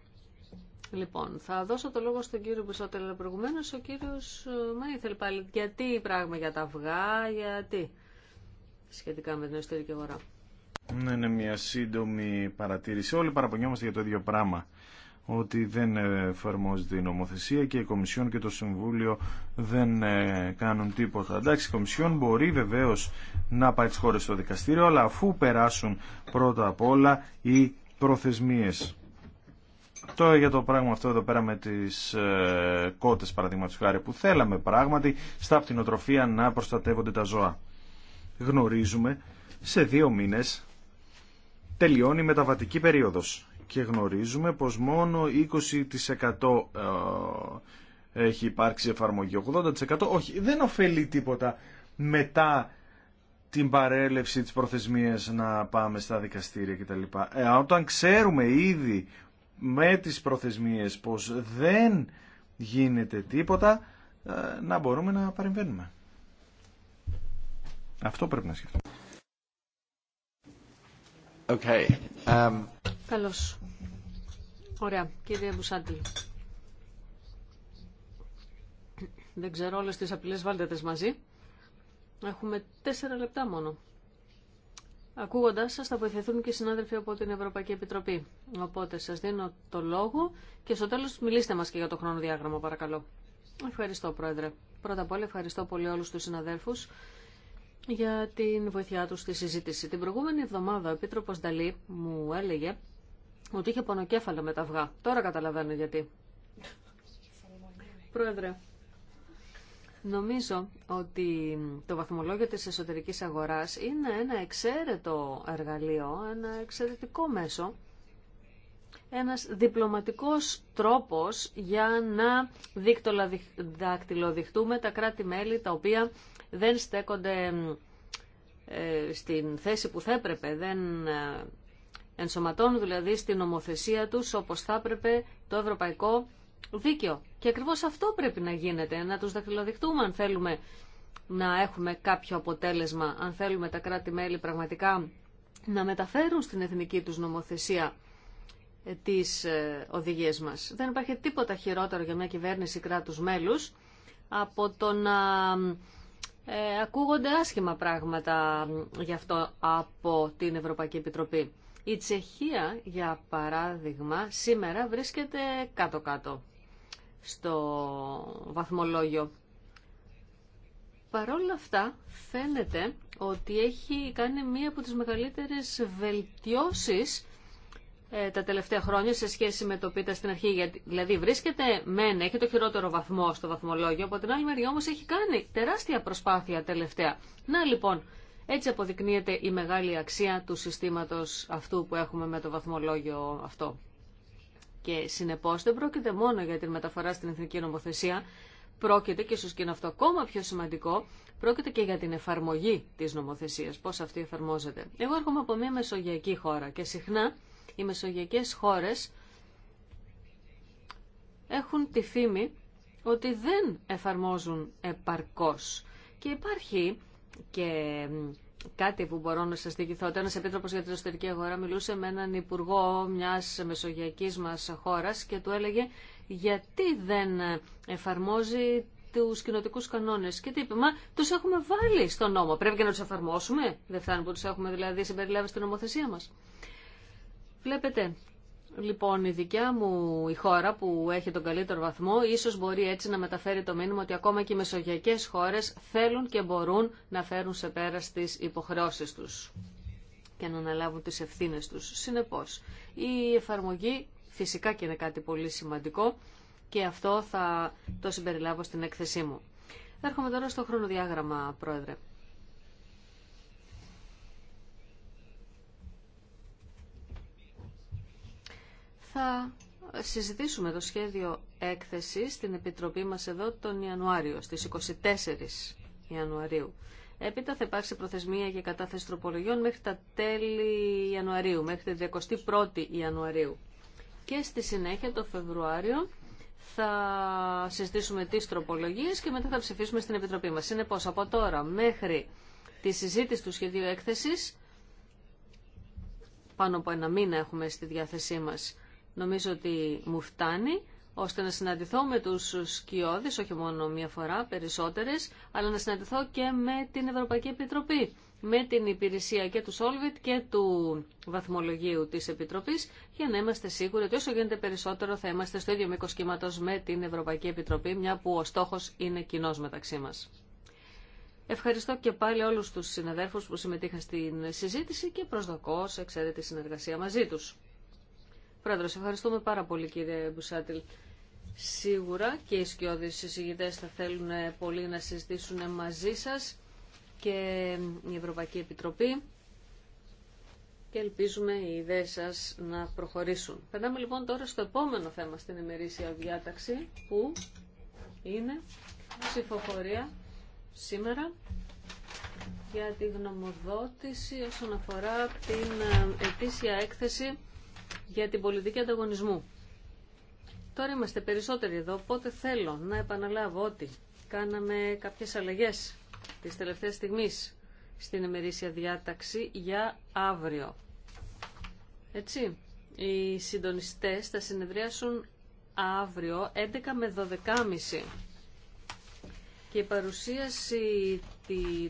Λοιπόν, θα δώσω το λόγο στον κύριο Μπουσότελ, αλλά προηγουμένω ο κύριο ε, Μα ήθελε πάλι. Γιατί πράγμα για τα αυγά, γιατί σχετικά με την εσωτερική αγορά. Ναι, είναι μια σύντομη παρατήρηση. Όλοι παραπονιόμαστε για το ίδιο πράγμα. Ότι δεν εφαρμόζεται η νομοθεσία και η Κομισιόν και το Συμβούλιο δεν ε, κάνουν τίποτα. Εντάξει, η Κομισιόν μπορεί βεβαίω να πάει τι χώρε στο δικαστήριο, αλλά αφού περάσουν πρώτα απ' όλα οι προθεσμίε. Τώρα για το πράγμα αυτό εδώ πέρα με τις ε, κότες χάρη που θέλαμε πράγματι στα πτυνοτροφία να προστατεύονται τα ζώα. Γνωρίζουμε σε δύο μήνες τελειώνει η μεταβατική περίοδος και γνωρίζουμε πως μόνο 20% ε, έχει υπάρξει εφαρμογή 80% όχι δεν ωφελεί τίποτα μετά την παρέλευση της προθεσμίας να πάμε στα δικαστήρια κτλ. Ε, όταν ξέρουμε ήδη με τις προθεσμίες πως δεν γίνεται τίποτα ε, να μπορούμε να παρεμβαίνουμε. Αυτό πρέπει να σκεφτούμε. Okay. Um... Καλώς. Ωραία. Κύριε Μπουσάντη. Δεν ξέρω όλες τις απειλές βάλτε μαζί. Έχουμε τέσσερα λεπτά μόνο. Ακούγοντα σας θα βοηθηθούν και οι συνάδελφοι από την Ευρωπαϊκή Επιτροπή. Οπότε σας δίνω το λόγο και στο τέλος μιλήστε μας και για το χρονοδιάγραμμα παρακαλώ. Ευχαριστώ Πρόεδρε. Πρώτα απ' όλα ευχαριστώ πολύ όλους τους συναδέλφους για την βοήθειά τους στη συζήτηση. Την προηγούμενη εβδομάδα ο Επίτροπος Νταλή μου έλεγε ότι είχε πονοκέφαλο με τα αυγά. Τώρα καταλαβαίνω γιατί. Πρόεδρε, Νομίζω ότι το βαθμολόγιο της εσωτερικής αγοράς είναι ένα εξαίρετο εργαλείο, ένα εξαιρετικό μέσο, ένας διπλωματικός τρόπος για να δακτυλοδειχτούμε τα κράτη-μέλη τα οποία δεν στέκονται ε, στην θέση που θα έπρεπε, δεν ε, ενσωματώνουν δηλαδή στην ομοθεσία τους όπως θα έπρεπε το ευρωπαϊκό Δίκιο. Και ακριβώ αυτό πρέπει να γίνεται, να τους δαχτυλοδειχτούμε αν θέλουμε να έχουμε κάποιο αποτέλεσμα, αν θέλουμε τα κράτη-μέλη πραγματικά να μεταφέρουν στην εθνική τους νομοθεσία ε, τις ε, οδηγίες μας. Δεν υπάρχει τίποτα χειρότερο για μια κυβέρνηση κράτους μέλους από το να ε, ακούγονται άσχημα πράγματα γι' αυτό από την Ευρωπαϊκή Επιτροπή. Η Τσεχία, για παράδειγμα, σήμερα βρίσκεται κάτω-κάτω στο βαθμολόγιο. Παρόλα αυτά, φαίνεται ότι έχει κάνει μία από τις μεγαλύτερες βελτιώσεις ε, τα τελευταία χρόνια σε σχέση με το πίτα στην αρχή. Γιατί, δηλαδή βρίσκεται μεν, έχει το χειρότερο βαθμό στο βαθμολόγιο, από την άλλη μεριά όμως έχει κάνει τεράστια προσπάθεια τελευταία. Να λοιπόν, έτσι αποδεικνύεται η μεγάλη αξία του συστήματος αυτού που έχουμε με το βαθμολόγιο αυτό. Και συνεπώς δεν πρόκειται μόνο για την μεταφορά στην εθνική νομοθεσία, πρόκειται και ίσως και είναι αυτό ακόμα πιο σημαντικό, πρόκειται και για την εφαρμογή της νομοθεσίας, πώς αυτή εφαρμόζεται. Εγώ έρχομαι από μια μεσογειακή χώρα και συχνά οι μεσογειακές χώρες έχουν τη φήμη ότι δεν εφαρμόζουν επαρκώς. Και υπάρχει και κάτι που μπορώ να σας διηγηθώ. ένα ένας επίτροπος για την εσωτερική αγορά μιλούσε με έναν υπουργό μιας μεσογειακής μας χώρας και του έλεγε γιατί δεν εφαρμόζει τους κοινοτικού κανόνες. Και τι είπε, μα τους έχουμε βάλει στον νόμο. Πρέπει και να τους εφαρμόσουμε. Δεν φτάνει που τους έχουμε δηλαδή συμπεριλάβει στην νομοθεσία μας. Βλέπετε, Λοιπόν, η δικιά μου η χώρα που έχει τον καλύτερο βαθμό ίσως μπορεί έτσι να μεταφέρει το μήνυμα ότι ακόμα και οι μεσογειακές χώρες θέλουν και μπορούν να φέρουν σε πέρα τις υποχρεώσεις τους και να αναλάβουν τις ευθύνες τους. Συνεπώς, η εφαρμογή φυσικά και είναι κάτι πολύ σημαντικό και αυτό θα το συμπεριλάβω στην έκθεσή μου. Έρχομαι τώρα στο χρονοδιάγραμμα, Πρόεδρε. θα συζητήσουμε το σχέδιο έκθεσης στην Επιτροπή μας εδώ τον Ιανουάριο, στις 24 Ιανουαρίου. Έπειτα θα υπάρξει προθεσμία για κατάθεση τροπολογιών μέχρι τα τέλη Ιανουαρίου, μέχρι την 21η Ιανουαρίου. Και στη συνέχεια το Φεβρουάριο θα συζητήσουμε τις τροπολογίες και μετά θα ψηφίσουμε στην Επιτροπή μας. Είναι από τώρα μέχρι τη συζήτηση του σχεδίου έκθεσης, πάνω από ένα μήνα έχουμε στη διάθεσή μας, Νομίζω ότι μου φτάνει ώστε να συναντηθώ με τους σκιώδεις, όχι μόνο μία φορά, περισσότερες, αλλά να συναντηθώ και με την Ευρωπαϊκή Επιτροπή, με την υπηρεσία και του Solvit και του βαθμολογίου της Επιτροπής, για να είμαστε σίγουροι ότι όσο γίνεται περισσότερο θα είμαστε στο ίδιο μήκος κύματος με την Ευρωπαϊκή Επιτροπή, μια που ο στόχος είναι κοινό μεταξύ μας. Ευχαριστώ και πάλι όλους τους συναδέρφους που συμμετείχαν στην συζήτηση και προσδοκώ σε εξαίρετη συνεργασία μαζί τους. Πρόεδρος, ευχαριστούμε πάρα πολύ κύριε Μπουσάτιλ. Σίγουρα και οι σκιώδεις συζητητές θα θέλουν πολύ να συζητήσουν μαζί σας και η Ευρωπαϊκή Επιτροπή και ελπίζουμε οι ιδέες σας να προχωρήσουν. Περνάμε λοιπόν τώρα στο επόμενο θέμα στην ημερήσια διάταξη που είναι ψηφοφορία σήμερα για τη γνωμοδότηση όσον αφορά την ε, ετήσια έκθεση για την πολιτική ανταγωνισμού. Τώρα είμαστε περισσότεροι εδώ, οπότε θέλω να επαναλάβω ότι κάναμε κάποιες αλλαγές της τελευταίας στιγμής στην ημερήσια διάταξη για αύριο. Έτσι, οι συντονιστές θα συνεδριάσουν αύριο 11 με 12.30 και η παρουσίαση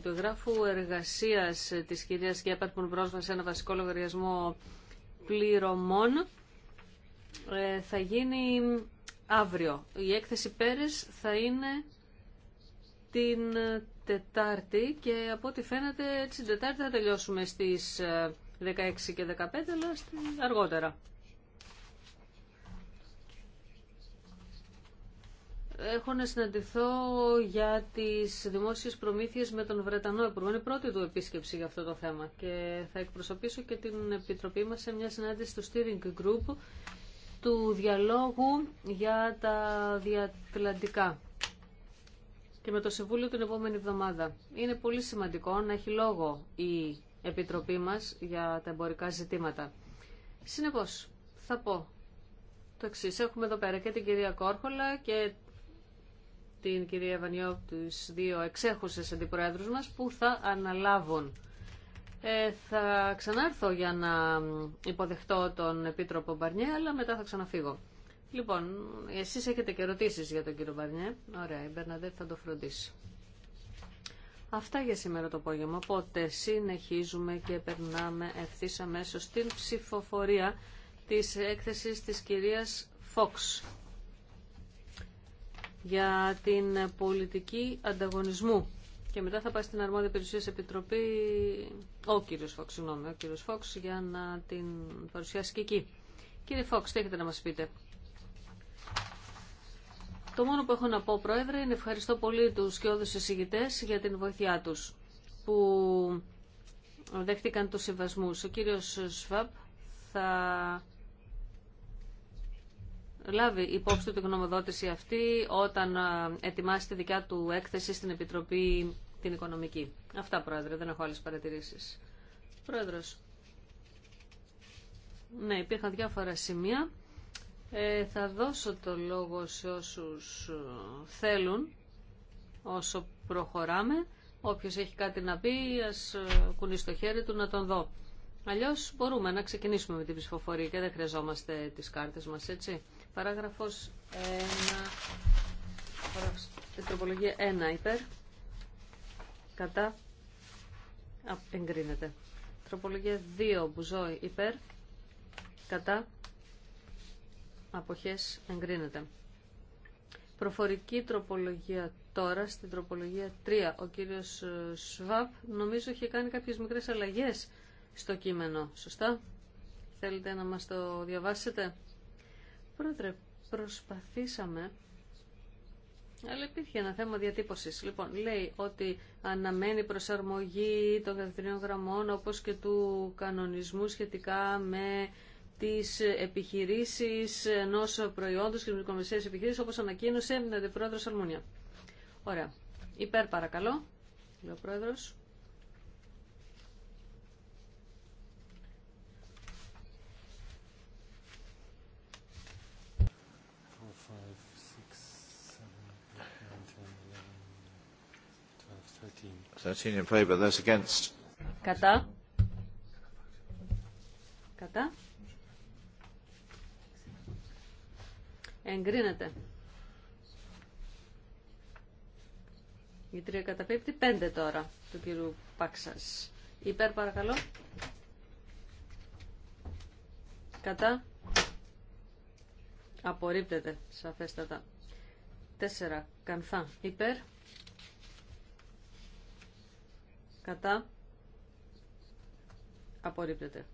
του γράφου εργασίας της κυρίας Γκέπαρτ που πρόσβασε ένα βασικό λογαριασμό πληρωμών ε, θα γίνει αύριο. Η έκθεση Πέρες θα είναι την ε, Τετάρτη και από ό,τι φαίνεται την Τετάρτη θα τελειώσουμε στις 16 ε, και 15 αλλά αργότερα. έχω να συναντηθώ για τις δημόσιες προμήθειες με τον Βρετανό Υπουργό. Είναι πρώτη του επίσκεψη για αυτό το θέμα και θα εκπροσωπήσω και την Επιτροπή μας σε μια συνάντηση του Steering Group του διαλόγου για τα διατλαντικά και με το Συμβούλιο την επόμενη εβδομάδα. Είναι πολύ σημαντικό να έχει λόγο η Επιτροπή μας για τα εμπορικά ζητήματα. Συνεπώς, θα πω το εξής. Έχουμε εδώ πέρα και την κυρία Κόρχολα και την κυρία Βανιό, τους δύο εξέχουσες αντιπροέδρου μας, που θα αναλάβουν. Ε, θα ξανάρθω για να υποδεχτώ τον Επίτροπο Μπαρνιέ, αλλά μετά θα ξαναφύγω. Λοιπόν, εσείς έχετε και ερωτήσεις για τον κύριο Μπαρνιέ. Ωραία, η Μπερναδέτ θα το φροντίσει. Αυτά για σήμερα το απόγευμα. Οπότε συνεχίζουμε και περνάμε ευθύ αμέσω στην ψηφοφορία της έκθεσης της κυρίας Φόξ για την πολιτική ανταγωνισμού. Και μετά θα πάει στην αρμόδια περιουσία επιτροπή ο κύριος Φόξ, ο κύριος Φόξ για να την παρουσιάσει και εκεί. Κύριε Φόξ, τι έχετε να μας πείτε. Το μόνο που έχω να πω, Πρόεδρε, είναι ευχαριστώ πολύ τους και εισηγητές για την βοήθειά τους που δέχτηκαν τους συμβασμούς. Ο κύριος Σβάπ θα λάβει υπόψη του την γνωμοδότηση αυτή όταν ετοιμάσει τη δικιά του έκθεση στην Επιτροπή την Οικονομική. Αυτά, Πρόεδρε, δεν έχω άλλες παρατηρήσεις. Πρόεδρος. Ναι, υπήρχαν διάφορα σημεία. Ε, θα δώσω το λόγο σε όσους θέλουν όσο προχωράμε. Όποιος έχει κάτι να πει, ας κουνήσει το χέρι του να τον δω. Αλλιώς μπορούμε να ξεκινήσουμε με την ψηφοφορία και δεν χρειαζόμαστε τις κάρτες μας, έτσι. Παράγραφος 1, παράγραφος, τροπολογία 1 υπέρ, κατά, α, εγκρίνεται. Τροπολογία 2 μπουζόι υπέρ, κατά, αποχές εγκρίνεται. Προφορική τροπολογία τώρα στην τροπολογία 3. Ο κύριος ε, Σβάπ νομίζω είχε κάνει κάποιες μικρές αλλαγές στο κείμενο. Σωστά. Θέλετε να μας το διαβάσετε. Πρόεδρε, προσπαθήσαμε, αλλά υπήρχε ένα θέμα διατύπωσης. Λοιπόν, λέει ότι αναμένει προσαρμογή των καθημερινών γραμμών, όπως και του κανονισμού σχετικά με τις επιχειρήσεις ενό προϊόντος και μικρομεσαίες επιχειρήσεις, όπως ανακοίνωσε ο Πρόεδρος Αλμούνια. Ωραία. Υπέρ παρακαλώ, λέει ο Πρόεδρος. 13 in favor. Those against. Κατά. Κατά. Εγκρίνεται. Η τρία καταπίπτει Πέντε τώρα του κύριου Πάξας. Υπέρ παρακαλώ. Κατά. Απορρίπτεται σαφέστατα. Τέσσερα. κανθά. Υπέρ. Κατά. Απορρίπτεται.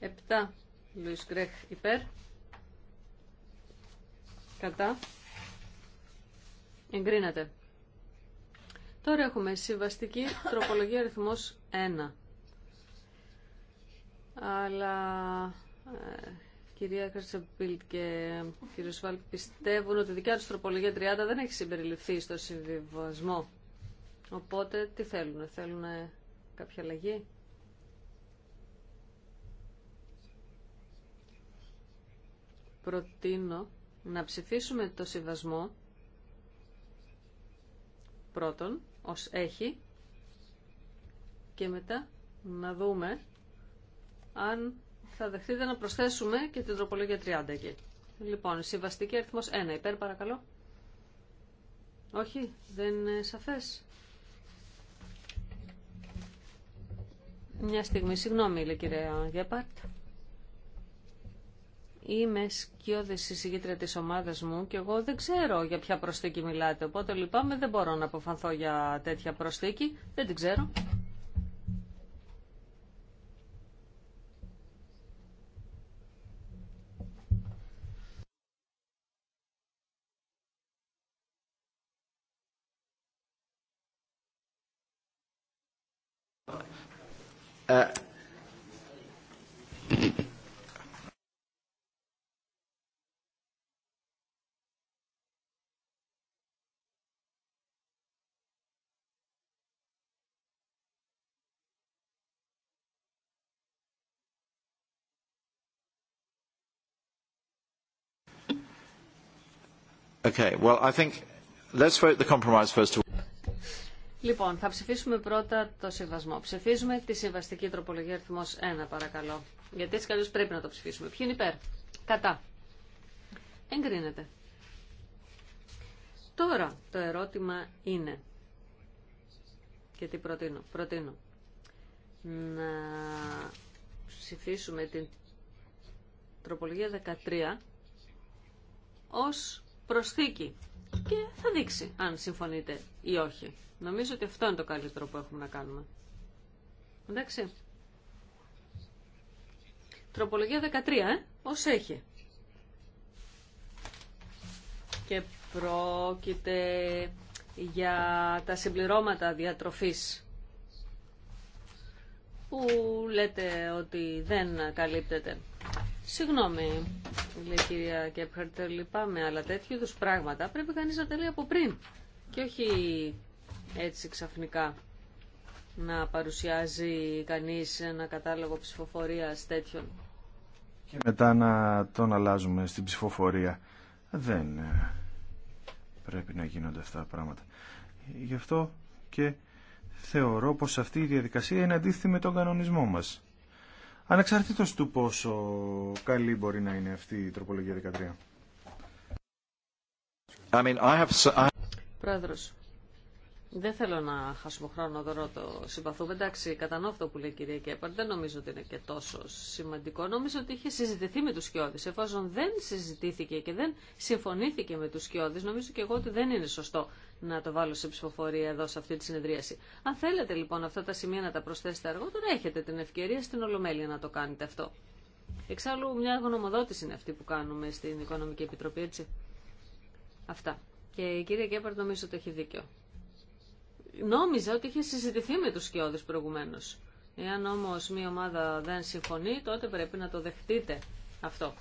7. Λουίς Γκρέχ υπέρ. Κατά. Εγκρίνεται. Τώρα έχουμε συμβαστική τροπολογία αριθμός 1. Αλλά ε, κυρία Χρυσαπίλτ και κύριο Σφάλ πιστεύουν ότι η δικιά τους τροπολογία 30 δεν έχει συμπεριληφθεί στο συμβιβασμό. Οπότε τι θέλουν, θέλουν κάποια αλλαγή. Προτείνω να ψηφίσουμε το συμβασμό πρώτον ως έχει και μετά να δούμε αν θα δεχτείτε να προσθέσουμε και την τροπολογία 30 εκεί. Λοιπόν, συμβαστική αριθμός 1. Υπέρ παρακαλώ. Όχι, δεν είναι σαφές. Μια στιγμή, συγγνώμη, λέει κυρία Γεπάρτ. Είμαι σκιώδη συζήτρια της ομάδας μου και εγώ δεν ξέρω για ποια προσθήκη μιλάτε. Οπότε λυπάμαι, δεν μπορώ να αποφανθώ για τέτοια προσθήκη. Δεν την ξέρω. Okay. Well, I think let's vote the compromise first. Λοιπόν, θα ψηφίσουμε πρώτα το συμβασμό. Ψηφίζουμε τη συμβαστική τροπολογία αριθμό 1, παρακαλώ. Γιατί έτσι καλώ πρέπει να το ψηφίσουμε. Ποιοι είναι υπέρ. Κατά. Εγκρίνεται. Τώρα το ερώτημα είναι. Και τι προτείνω. Προτείνω να ψηφίσουμε την τροπολογία 13 ως προσθήκη και θα δείξει αν συμφωνείτε ή όχι. Νομίζω ότι αυτό είναι το καλύτερο που έχουμε να κάνουμε. Εντάξει. Τροπολογία 13, ε, ως έχει. Και πρόκειται για τα συμπληρώματα διατροφής που λέτε ότι δεν καλύπτεται. Συγγνώμη, λέει η κυρία Κέπχαρτ, λυπάμαι, αλλά τέτοιου είδου πράγματα πρέπει κανεί να τα λέει από πριν. Και όχι έτσι ξαφνικά να παρουσιάζει κανείς ένα κατάλογο ψηφοφορίας τέτοιων. Και μετά να τον αλλάζουμε στην ψηφοφορία. Δεν ε, πρέπει να γίνονται αυτά τα πράγματα. Γι' αυτό και θεωρώ πως αυτή η διαδικασία είναι αντίθετη με τον κανονισμό μας ανεξαρτήτως του πόσο καλή μπορεί να είναι αυτή η τροπολογία 13. I mean, I have... Πρόεδρος, δεν θέλω να χάσουμε χρόνο τώρα το συμπαθούμε. Εντάξει, κατανοώ αυτό που λέει η κυρία Κέπαρ. Δεν νομίζω ότι είναι και τόσο σημαντικό. Νομίζω ότι είχε συζητηθεί με του Σκιώδη. Εφόσον δεν συζητήθηκε και δεν συμφωνήθηκε με του Σκιώδη, νομίζω και εγώ ότι δεν είναι σωστό να το βάλω σε ψηφοφορία εδώ σε αυτή τη συνεδρίαση. Αν θέλετε λοιπόν αυτά τα σημεία να τα προσθέσετε αργότερα, έχετε την ευκαιρία στην Ολομέλεια να το κάνετε αυτό. Εξάλλου, μια γνωμοδότηση είναι αυτή που κάνουμε στην Οικονομική Επιτροπή, έτσι. Αυτά. Και η κυρία Κέπαρ νομίζω ότι έχει δίκιο νόμιζα ότι είχε συζητηθεί με τους σκιώδες προηγουμένως. Εάν όμως μία ομάδα δεν συμφωνεί, τότε πρέπει να το δεχτείτε αυτό.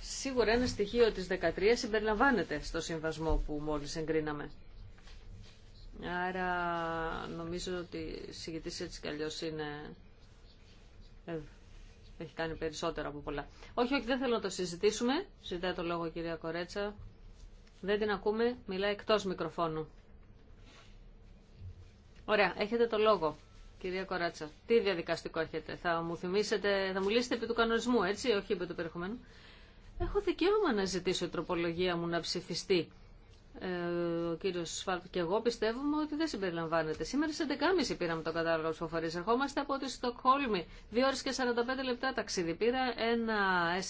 Σίγουρα ένα στοιχείο της 13 συμπεριλαμβάνεται στο συμβασμό που μόλις εγκρίναμε. Άρα νομίζω ότι συγκεκριτής έτσι κι αλλιώς είναι... Ε, έχει κάνει περισσότερο από πολλά. Όχι, όχι, δεν θέλω να το συζητήσουμε. Ζητάει το λόγο κυρία Κορέτσα. Δεν την ακούμε. Μιλάει εκτός μικροφώνου. Ωραία, έχετε το λόγο, κυρία Κοράτσα. Τι διαδικαστικό έχετε, θα μου θυμίσετε, θα μου λύσετε επί του κανονισμού, έτσι, όχι επί του περιεχομένου. Έχω δικαίωμα να ζητήσω η τροπολογία μου να ψηφιστεί ε, ο κύριο Σφάλτ και εγώ πιστεύουμε ότι δεν συμπεριλαμβάνεται. Σήμερα στι 11.30 πήραμε το κατάλογο ψηφοφορία. Ερχόμαστε από τη Στοκχόλμη. 2 ώρε και 45 λεπτά ταξίδι. Πήρα ένα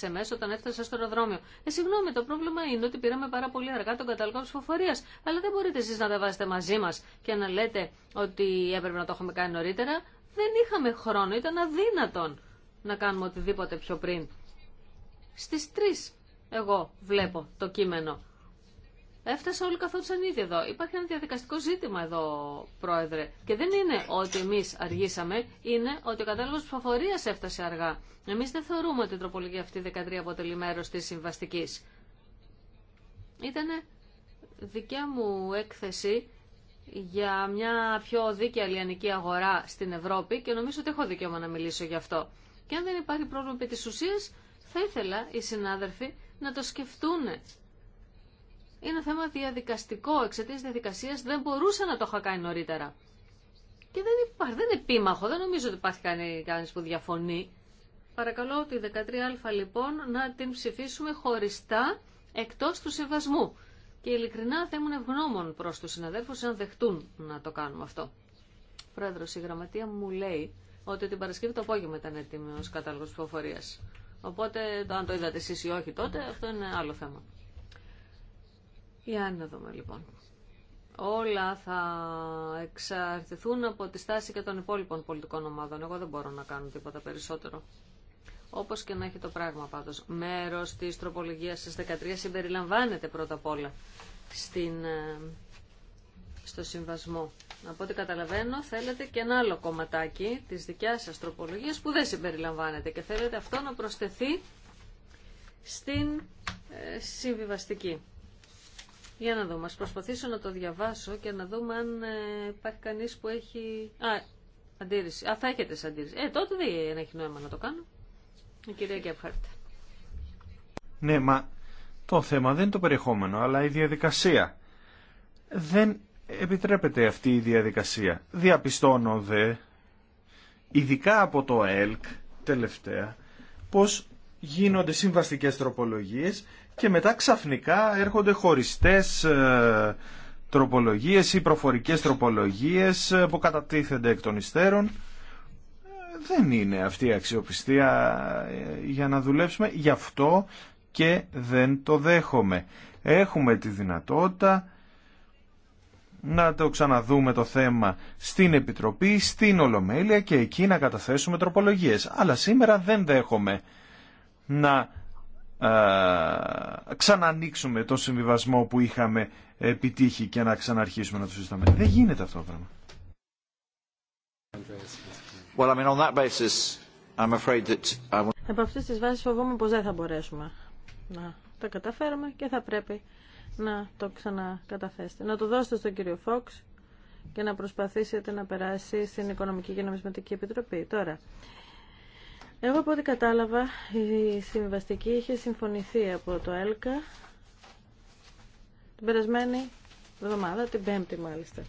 SMS όταν έφτασα στο αεροδρόμιο. Ε, συγγνώμη, το πρόβλημα είναι ότι πήραμε πάρα πολύ αργά τον κατάλογο ψηφοφορία. Αλλά δεν μπορείτε εσεί να τα βάζετε μαζί μα και να λέτε ότι έπρεπε να το έχουμε κάνει νωρίτερα. Δεν είχαμε χρόνο, ήταν αδύνατον να κάνουμε οτιδήποτε πιο πριν. Στι 3 εγώ βλέπω το κείμενο. Έφτασε όλοι καθόντουσαν ήδη εδώ. Υπάρχει ένα διαδικαστικό ζήτημα εδώ, Πρόεδρε. Και δεν είναι ότι εμεί αργήσαμε, είναι ότι ο κατάλογο ψηφοφορία έφτασε αργά. Εμεί δεν θεωρούμε ότι η τροπολογία αυτή 13 αποτελεί μέρο τη συμβαστική. Ήταν δικιά μου έκθεση για μια πιο δίκαια λιανική αγορά στην Ευρώπη και νομίζω ότι έχω δικαίωμα να μιλήσω γι' αυτό. Και αν δεν υπάρχει πρόβλημα επί της ουσίας, θα ήθελα οι συνάδελφοι να το σκεφτούν είναι θέμα διαδικαστικό. Εξαιτία διαδικασία δεν μπορούσα να το είχα κάνει νωρίτερα. Και δεν, υπάρχει, δεν είναι επίμαχο, δεν νομίζω ότι υπάρχει κανεί που διαφωνεί. Παρακαλώ τη 13α λοιπόν να την ψηφίσουμε χωριστά εκτό του σεβασμού. Και ειλικρινά θα ήμουν ευγνώμων προ του συναδέλφου αν δεχτούν να το κάνουμε αυτό. Πρόεδρο, η γραμματεία μου λέει ότι την Παρασκευή το απόγευμα ήταν έτοιμο κατάλογος ψηφοφορία. Οπότε, αν το είδατε εσεί ή όχι τότε, αυτό είναι άλλο θέμα. Για να δούμε λοιπόν. Όλα θα εξαρτηθούν από τη στάση και των υπόλοιπων πολιτικών ομάδων. Εγώ δεν μπορώ να κάνω τίποτα περισσότερο. Όπως και να έχει το πράγμα πάντως. Μέρος της τροπολογίας στις 13 συμπεριλαμβάνεται πρώτα απ' όλα ε, στο συμβασμό. Από ό,τι καταλαβαίνω θέλετε και ένα άλλο κομματάκι της δικιάς σας τροπολογίας που δεν συμπεριλαμβάνεται και θέλετε αυτό να προσθεθεί στην ε, συμβιβαστική. Για να δούμε. Ας προσπαθήσω να το διαβάσω και να δούμε αν ε, υπάρχει κανείς που έχει... Α, αντίρρηση. Α, θα έχετε σαν αντίρρηση. Ε, τότε δεν έχει νόημα να το κάνω. Η κυρία Γκέπχαρτ. Ναι, μα το θέμα δεν είναι το περιεχόμενο, αλλά η διαδικασία. Δεν επιτρέπεται αυτή η διαδικασία. Διαπιστώνω δε, ειδικά από το ΕΛΚ τελευταία, πως γίνονται συμβαστικές τροπολογίες και μετά ξαφνικά έρχονται χωριστές ε, τροπολογίες ή προφορικές τροπολογίες ε, που κατατίθενται εκ των υστέρων. Ε, δεν είναι αυτή η αξιοπιστία για να δουλέψουμε. Γι' αυτό και δεν το δέχομαι. Έχουμε τη δυνατότητα να το ξαναδούμε το θέμα στην Επιτροπή, στην Ολομέλεια και εκεί να καταθέσουμε τροπολογίες. Αλλά σήμερα δεν δέχομαι να ξανανοίξουμε το συμβιβασμό που είχαμε επιτύχει και να ξαναρχίσουμε να το συζητάμε. Δεν γίνεται αυτό το πράγμα. Well, I mean, on basis, that βάσεις φοβούμαι πως δεν θα μπορέσουμε να τα καταφέρουμε και θα πρέπει να το ξανακαταθέσετε. Να το δώσετε στον κύριο Φόξ και να προσπαθήσετε να περάσει στην Οικονομική και Νομισματική Επιτροπή. Τώρα, εγώ από ό,τι κατάλαβα η συμβαστική είχε συμφωνηθεί από το ΕΛΚΑ την περασμένη εβδομάδα, την Πέμπτη μάλιστα.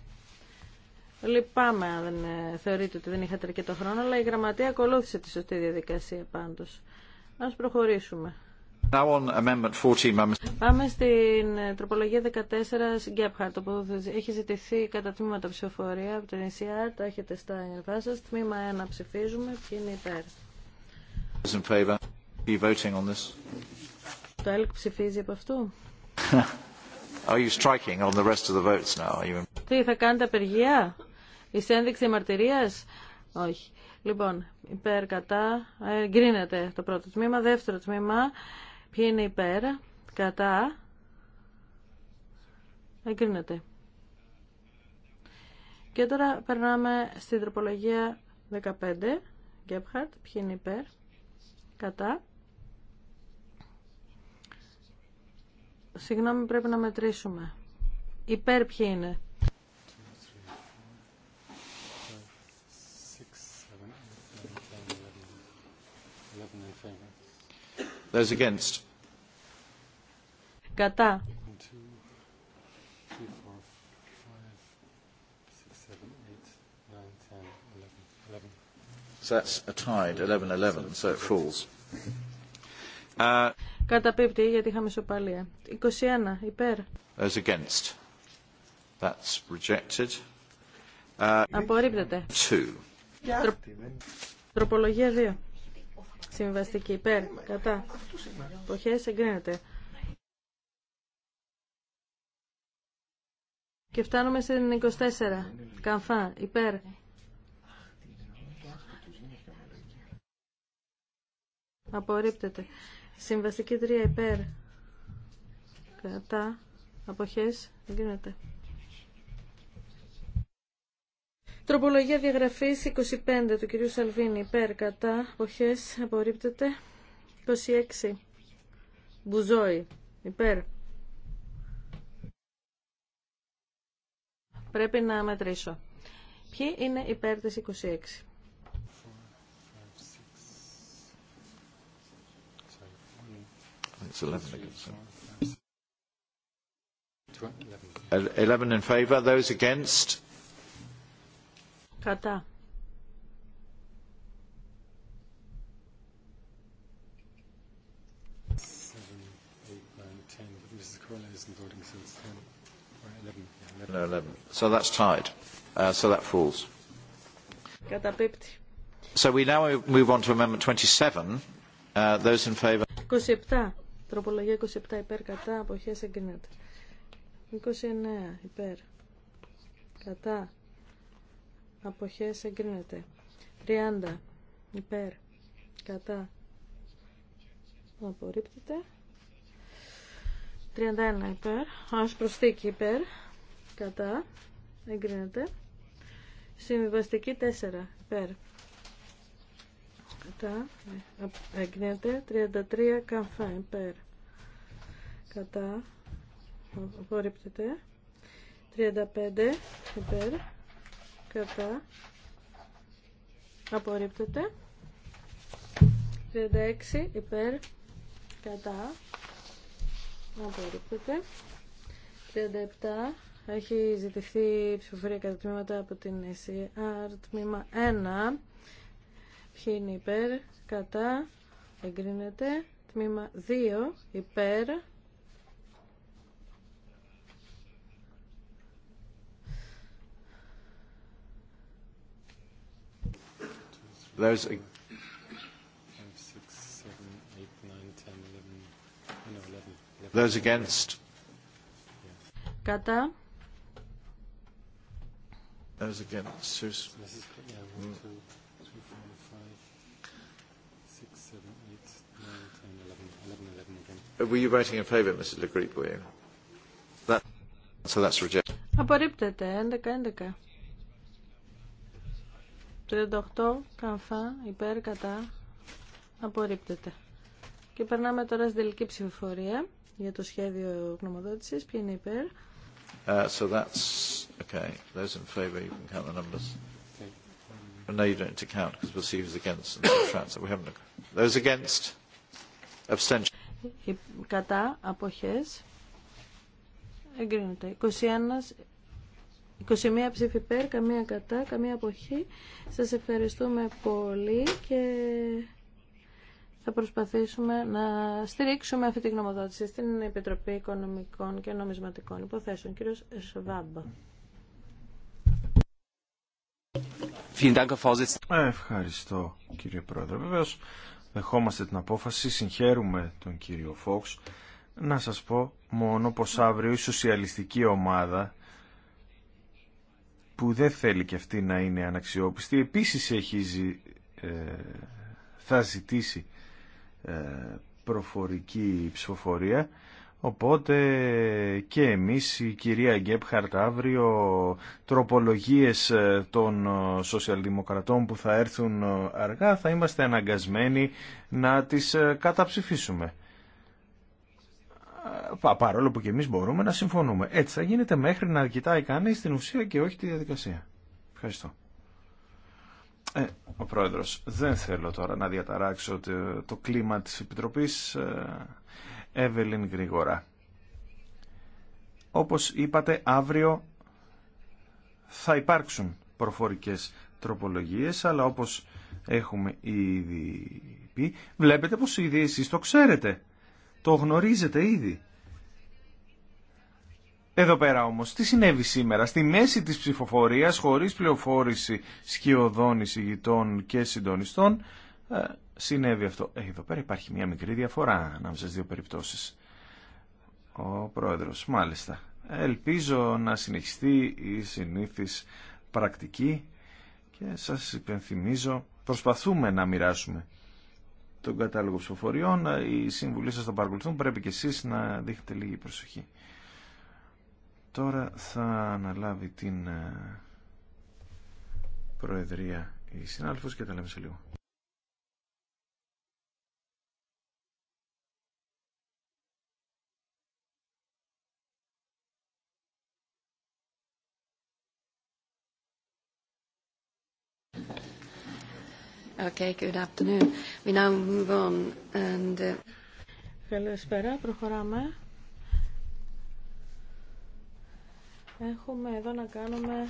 Λυπάμαι αν δεν ε, θεωρείτε ότι δεν είχατε αρκετό χρόνο, αλλά η γραμματεία ακολούθησε τη σωστή διαδικασία πάντως. Ας προχωρήσουμε. Now on amendment 14. Πάμε στην ε, τροπολογία 14 Γκέπχαρτ, όπου έχει ζητηθεί κατά τμήματα ψηφοφορία από την ΕΣΥΑΡ, το έχετε στα εγγραφά σας. Τμήμα 1 ψηφίζουμε, ποιοι είναι υπέρ. Το ΕΛΚ ψηφίζει από αυτού. Τι θα κάνετε απεργία? Είστε ένδειξη μαρτυρίας? Όχι. Λοιπόν, υπέρ κατά, ε, εγκρίνεται το πρώτο τμήμα. Δεύτερο τμήμα, ποιοι είναι υπέρ, κατά, εγκρίνεται. Και τώρα περνάμε στην τροπολογία 15, Γκέπχαρτ, ποιοι είναι υπέρ. Κατά. Συγγνώμη, πρέπει να μετρήσουμε. Υπέρ ποιοι είναι. Those Κατά. Καταπίπτει γιατί είχαμε σοπαλία. 21, υπέρ. Uh, Απορρίπτεται. Τροπολογία 2. Συμβαστική υπέρ, κατά. Ποχές. εγκρίνεται. Και φτάνουμε στην 24. Καμφά, υπέρ, απορρίπτεται. Συμβαστική τρία υπέρ κατά αποχές γίνεται. Τροπολογία διαγραφής 25 του κυρίου Σαλβίνη υπέρ κατά αποχές απορρίπτεται. 26 Μπουζόη υπέρ. Πρέπει να μετρήσω. Ποιοι είναι υπέρ της 26. against 11 against. 11 in favor. Those against? Kata. 7, 8, 9, 10. Mrs. Corallo isn't voting, so it's 10 11. Yeah, 11. 11. That's tied. so That falls. Kata pipti. We now move on to amendment 27. Those in favor? 27. Τροπολογία 27 υπέρ κατά αποχές εγκρίνεται. 29 υπέρ κατά αποχές εγκρίνεται. 30 υπέρ κατά απορρίπτεται. 31 υπέρ, ως προσθήκη υπέρ, κατά, εγκρίνεται. Συμβιβαστική 4 υπέρ, Κατά. Ναι, εγκρίνεται. 33 καμφά Κατά. Απορρίπτεται. 35 υπέρ. Κατά. Απορρίπτεται. 36 υπέρ. Κατά. Απορρίπτεται. 37 έχει ζητηθεί ψηφοφορία κατά τμήματα από την ΕΣΥΑΡ Τμήμα 1 Ποιοι είναι υπέρ, κατά, εγκρίνεται. Τμήμα 2, υπέρ. Those against. Κατά. Those against. Were you voting in favour, Mrs. Le Grip, were you? That, so that's rejected. Απορρίπτεται, 11-11. 38 καμφά υπέρ κατά απορρίπτεται. Και περνάμε τώρα στην τελική ψηφοφορία για το σχέδιο γνωμοδότησης. Ποιο είναι υπέρ. Uh, so that's okay. Those in favour, you can count the numbers. No, you don't need to count because we'll see who's against and subtract. So we haven't. Those against, abstention κατά αποχές εγκρίνεται 21 21 ψήφι καμία κατά, καμία αποχή. Σας ευχαριστούμε πολύ και θα προσπαθήσουμε να στηρίξουμε αυτή τη γνωμοδότηση στην Επιτροπή Οικονομικών και Νομισματικών Υποθέσεων. Κύριος Σβάμπ. Ευχαριστώ κύριε Πρόεδρε. Βεβαίως δεχόμαστε την απόφαση, συγχαίρουμε τον κύριο Φόξ. Να σας πω μόνο πως αύριο η σοσιαλιστική ομάδα που δεν θέλει και αυτή να είναι αναξιόπιστη επίσης ε, θα ζητήσει ε, προφορική ψηφοφορία Οπότε και εμείς, η κυρία Γκέπχαρτ αύριο, τροπολογίες ε, των ε, σοσιαλδημοκρατών που θα έρθουν ε, αργά, θα είμαστε αναγκασμένοι να τις καταψηφίσουμε. Παρόλο που και εμείς μπορούμε να συμφωνούμε. Έτσι θα γίνεται μέχρι να κοιτάει κανείς την ουσία και όχι τη διαδικασία. Ευχαριστώ. Ε, ο Πρόεδρος, δεν θέλω τώρα να διαταράξω το, κλίμα της Επιτροπής... Εύελιν Γρήγορα. Όπως είπατε, αύριο θα υπάρξουν προφορικές τροπολογίες, αλλά όπως έχουμε ήδη πει, βλέπετε πως ήδη εσείς το ξέρετε. Το γνωρίζετε ήδη. Εδώ πέρα όμως, τι συνέβη σήμερα, στη μέση της ψηφοφορίας, χωρίς πληροφόρηση σκιωδών εισηγητών και συντονιστών, ε, συνέβη αυτό. Ε, εδώ πέρα υπάρχει μια μικρή διαφορά ανάμεσα στι δύο περιπτώσεις. Ο πρόεδρος, μάλιστα. Ελπίζω να συνεχιστεί η συνήθι πρακτική και σας υπενθυμίζω προσπαθούμε να μοιράσουμε τον κατάλογο ψηφοφοριών. Οι σύμβουλοι σας θα παρακολουθούν, πρέπει και εσείς να δείχνετε λίγη προσοχή. Τώρα θα αναλάβει την ε, Προεδρία η συνάδελφος και τα λέμε σε λίγο. Okay, good afternoon. We now move uh, Καλησπέρα, προχωράμε. Έχουμε εδώ να κάνουμε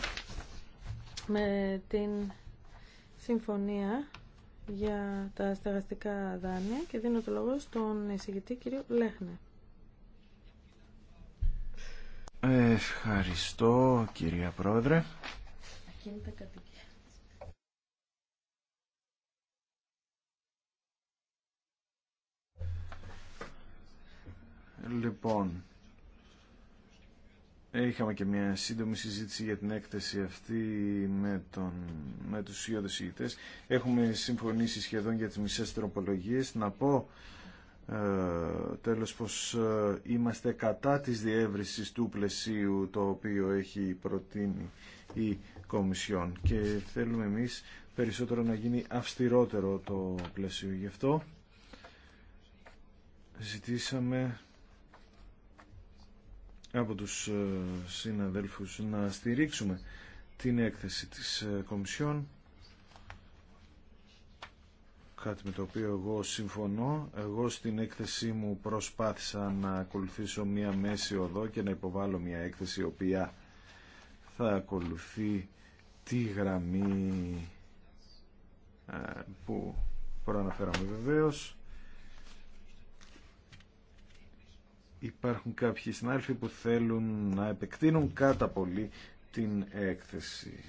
με την συμφωνία για τα στεγαστικά δάνεια και δίνω το λόγο στον εισηγητή κύριο Λέχνε. Ευχαριστώ κυρία Πρόεδρε. Ακίνητα κατοικία. Λοιπόν, είχαμε και μια σύντομη συζήτηση για την έκθεση αυτή με, τον, με τους ηγητές. Έχουμε συμφωνήσει σχεδόν για τις μισές τροπολογίες. Να πω ε, τέλος πως ε, είμαστε κατά της διεύρυνσης του πλαισίου το οποίο έχει προτείνει η Κομισιόν και θέλουμε εμείς περισσότερο να γίνει αυστηρότερο το πλαίσιο γι' αυτό. Ζητήσαμε από τους ε, συναδέλφους να στηρίξουμε την έκθεση της ε, Κομισιόν κάτι με το οποίο εγώ συμφωνώ εγώ στην έκθεσή μου προσπάθησα να ακολουθήσω μία μέση οδό και να υποβάλω μία έκθεση η οποία θα ακολουθεί τη γραμμή ε, που προαναφέραμε βεβαίως υπάρχουν κάποιοι συνάδελφοι που θέλουν να επεκτείνουν κατά πολύ την έκθεση.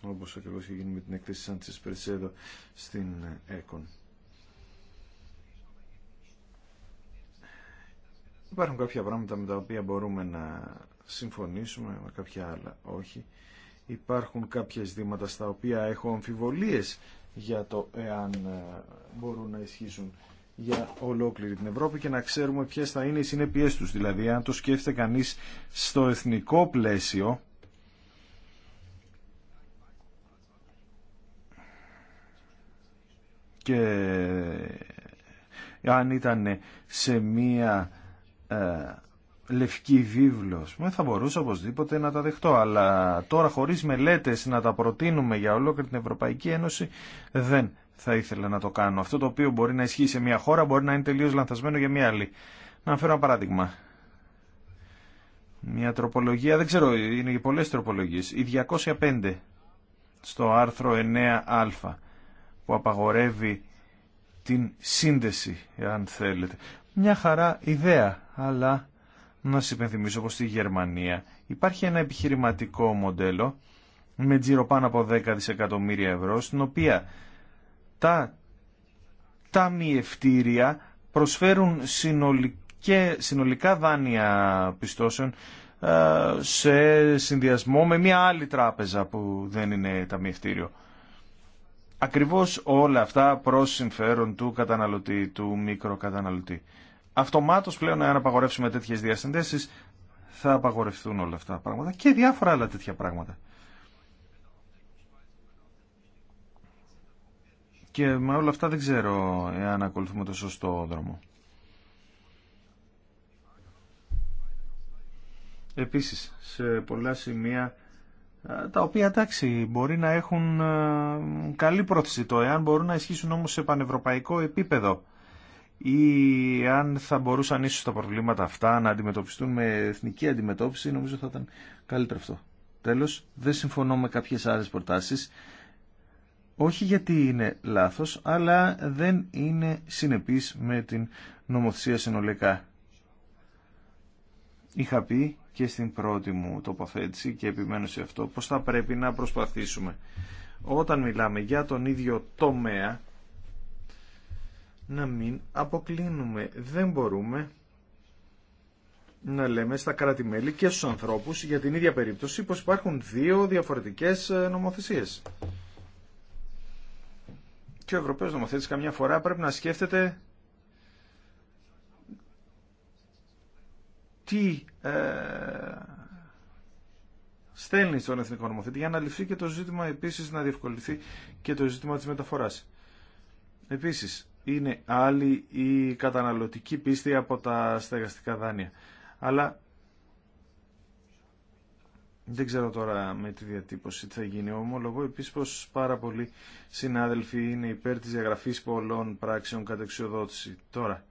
Όπως ακριβώς έχει γίνει με την έκθεση της Περσέδο στην ΕΚΟΝ. Υπάρχουν κάποια πράγματα με τα οποία μπορούμε να συμφωνήσουμε, με κάποια άλλα όχι. Υπάρχουν κάποια ζητήματα στα οποία έχω αμφιβολίες για το εάν ε, μπορούν να ισχύσουν για ολόκληρη την Ευρώπη και να ξέρουμε ποιες θα είναι οι συνέπειές τους. Δηλαδή, αν το σκέφτεται κανείς στο εθνικό πλαίσιο, και αν ήταν σε μία ε, λευκή βίβλος θα μπορούσα οπωσδήποτε να τα δεχτώ αλλά τώρα χωρίς μελέτες να τα προτείνουμε για ολόκληρη την Ευρωπαϊκή Ένωση δεν θα ήθελα να το κάνω. Αυτό το οποίο μπορεί να ισχύει σε μια χώρα μπορεί να είναι τελείω λανθασμένο για μια άλλη. Να φέρω ένα παράδειγμα. Μια τροπολογία, δεν ξέρω, είναι για πολλέ τροπολογίες. Η 205 στο άρθρο 9α που απαγορεύει την σύνδεση, αν θέλετε. Μια χαρά ιδέα, αλλά να σα υπενθυμίσω πω στη Γερμανία υπάρχει ένα επιχειρηματικό μοντέλο με τζίρο πάνω από 10 δισεκατομμύρια ευρώ, στην οποία τα ταμιευτήρια προσφέρουν συνολικά δάνεια πιστώσεων ε, σε συνδυασμό με μια άλλη τράπεζα που δεν είναι ταμιευτήριο. Ακριβώς όλα αυτά προς συμφέρον του καταναλωτή, του μικροκαταναλωτή. Αυτομάτως πλέον αν απαγορεύσουμε τέτοιες διασυνδέσεις θα απαγορευτούν όλα αυτά τα πράγματα και διάφορα άλλα τέτοια πράγματα. Και με όλα αυτά δεν ξέρω εάν ακολουθούμε το σωστό δρόμο. Επίσης, σε πολλά σημεία τα οποία εντάξει μπορεί να έχουν καλή πρόθεση το εάν μπορούν να ισχύσουν όμως σε πανευρωπαϊκό επίπεδο ή αν θα μπορούσαν ίσως τα προβλήματα αυτά να αντιμετωπιστούν με εθνική αντιμετώπιση νομίζω θα ήταν καλύτερο αυτό. Τέλος, δεν συμφωνώ με κάποιες άλλες προτάσεις όχι γιατί είναι λάθος, αλλά δεν είναι συνεπής με την νομοθεσία συνολικά. Είχα πει και στην πρώτη μου τοποθέτηση και επιμένω σε αυτό πως θα πρέπει να προσπαθήσουμε όταν μιλάμε για τον ίδιο τομέα να μην αποκλίνουμε. Δεν μπορούμε να λέμε στα κράτη-μέλη και στους ανθρώπους για την ίδια περίπτωση πως υπάρχουν δύο διαφορετικές ε, νομοθεσίες και ο Ευρωπαίος νομοθέτης καμιά φορά πρέπει να σκέφτεται τι ε, στέλνει στον εθνικό νομοθέτη για να ληφθεί και το ζήτημα επίσης να διευκολυνθεί και το ζήτημα της μεταφοράς. Επίσης, είναι άλλη η καταναλωτική πίστη από τα στεγαστικά δάνεια. Αλλά δεν ξέρω τώρα με τη διατύπωση τι θα γίνει. Ομολογώ επίση πω πάρα πολλοί συνάδελφοι είναι υπέρ τη διαγραφή πολλών πράξεων κατά εξοδότηση. Τώρα,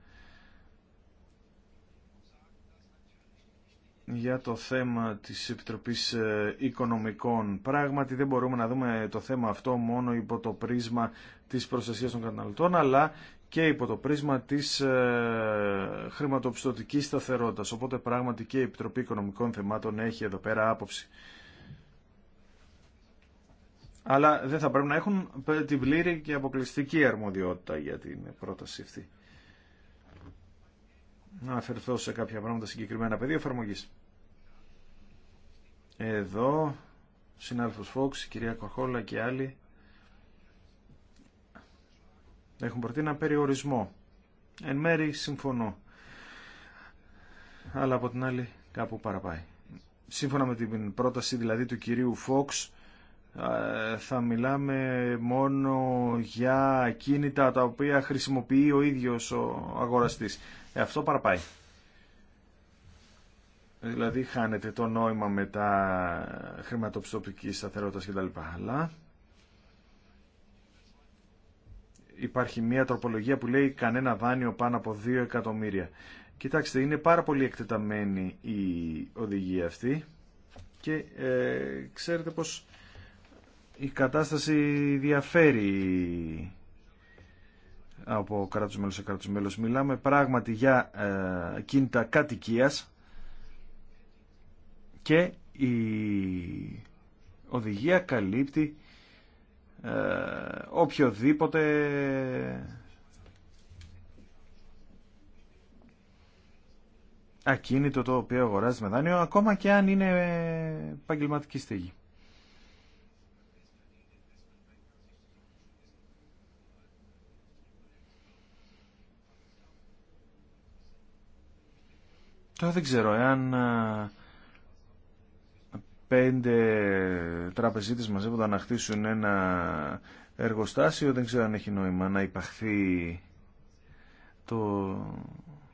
για το θέμα της Επιτροπής ε, Οικονομικών. Πράγματι δεν μπορούμε να δούμε το θέμα αυτό μόνο υπό το πρίσμα της προστασίας των καταναλωτών, αλλά και υπό το πρίσμα της ε, χρηματοπιστωτικής σταθερότητας. Οπότε πράγματι και η Επιτροπή Οικονομικών Θεμάτων έχει εδώ πέρα άποψη. Αλλά δεν θα πρέπει να έχουν την πλήρη και αποκλειστική αρμοδιότητα για την πρόταση αυτή. Να αφαιρθώ σε κάποια πράγματα συγκεκριμένα πεδίο εφαρμογής. Εδώ, συνάδελφος Φόξ, κυρία Κοχόλα και άλλοι έχουν προτείνει ένα περιορισμό. Εν μέρη συμφωνώ. Αλλά από την άλλη κάπου παραπάει. Σύμφωνα με την πρόταση δηλαδή του κυρίου Φόξ θα μιλάμε μόνο για κίνητα τα οποία χρησιμοποιεί ο ίδιος ο αγοραστής. Ε, αυτό παραπάει. Δηλαδή χάνεται το νόημα με τα χρηματοπιστωτική σταθερότητα κτλ. Αλλά υπάρχει μια τροπολογία που λέει κανένα δάνειο πάνω από 2 εκατομμύρια. Κοιτάξτε, είναι πάρα πολύ εκτεταμένη η οδηγία αυτή και ε, ξέρετε πως η κατάσταση διαφέρει από κράτος μέλος σε κράτος μέλος. Μιλάμε πράγματι για ε, κίνητα κατοικίας και η οδηγία καλύπτει ε, οποιοδήποτε ακίνητο το οποίο αγοράζει με δάνειο, ακόμα και αν είναι επαγγελματική στέγη. Τώρα δεν ξέρω εάν ε, πέντε τραπεζίτες που να χτίσουν ένα εργοστάσιο. Δεν ξέρω αν έχει νόημα να υπαχθεί το...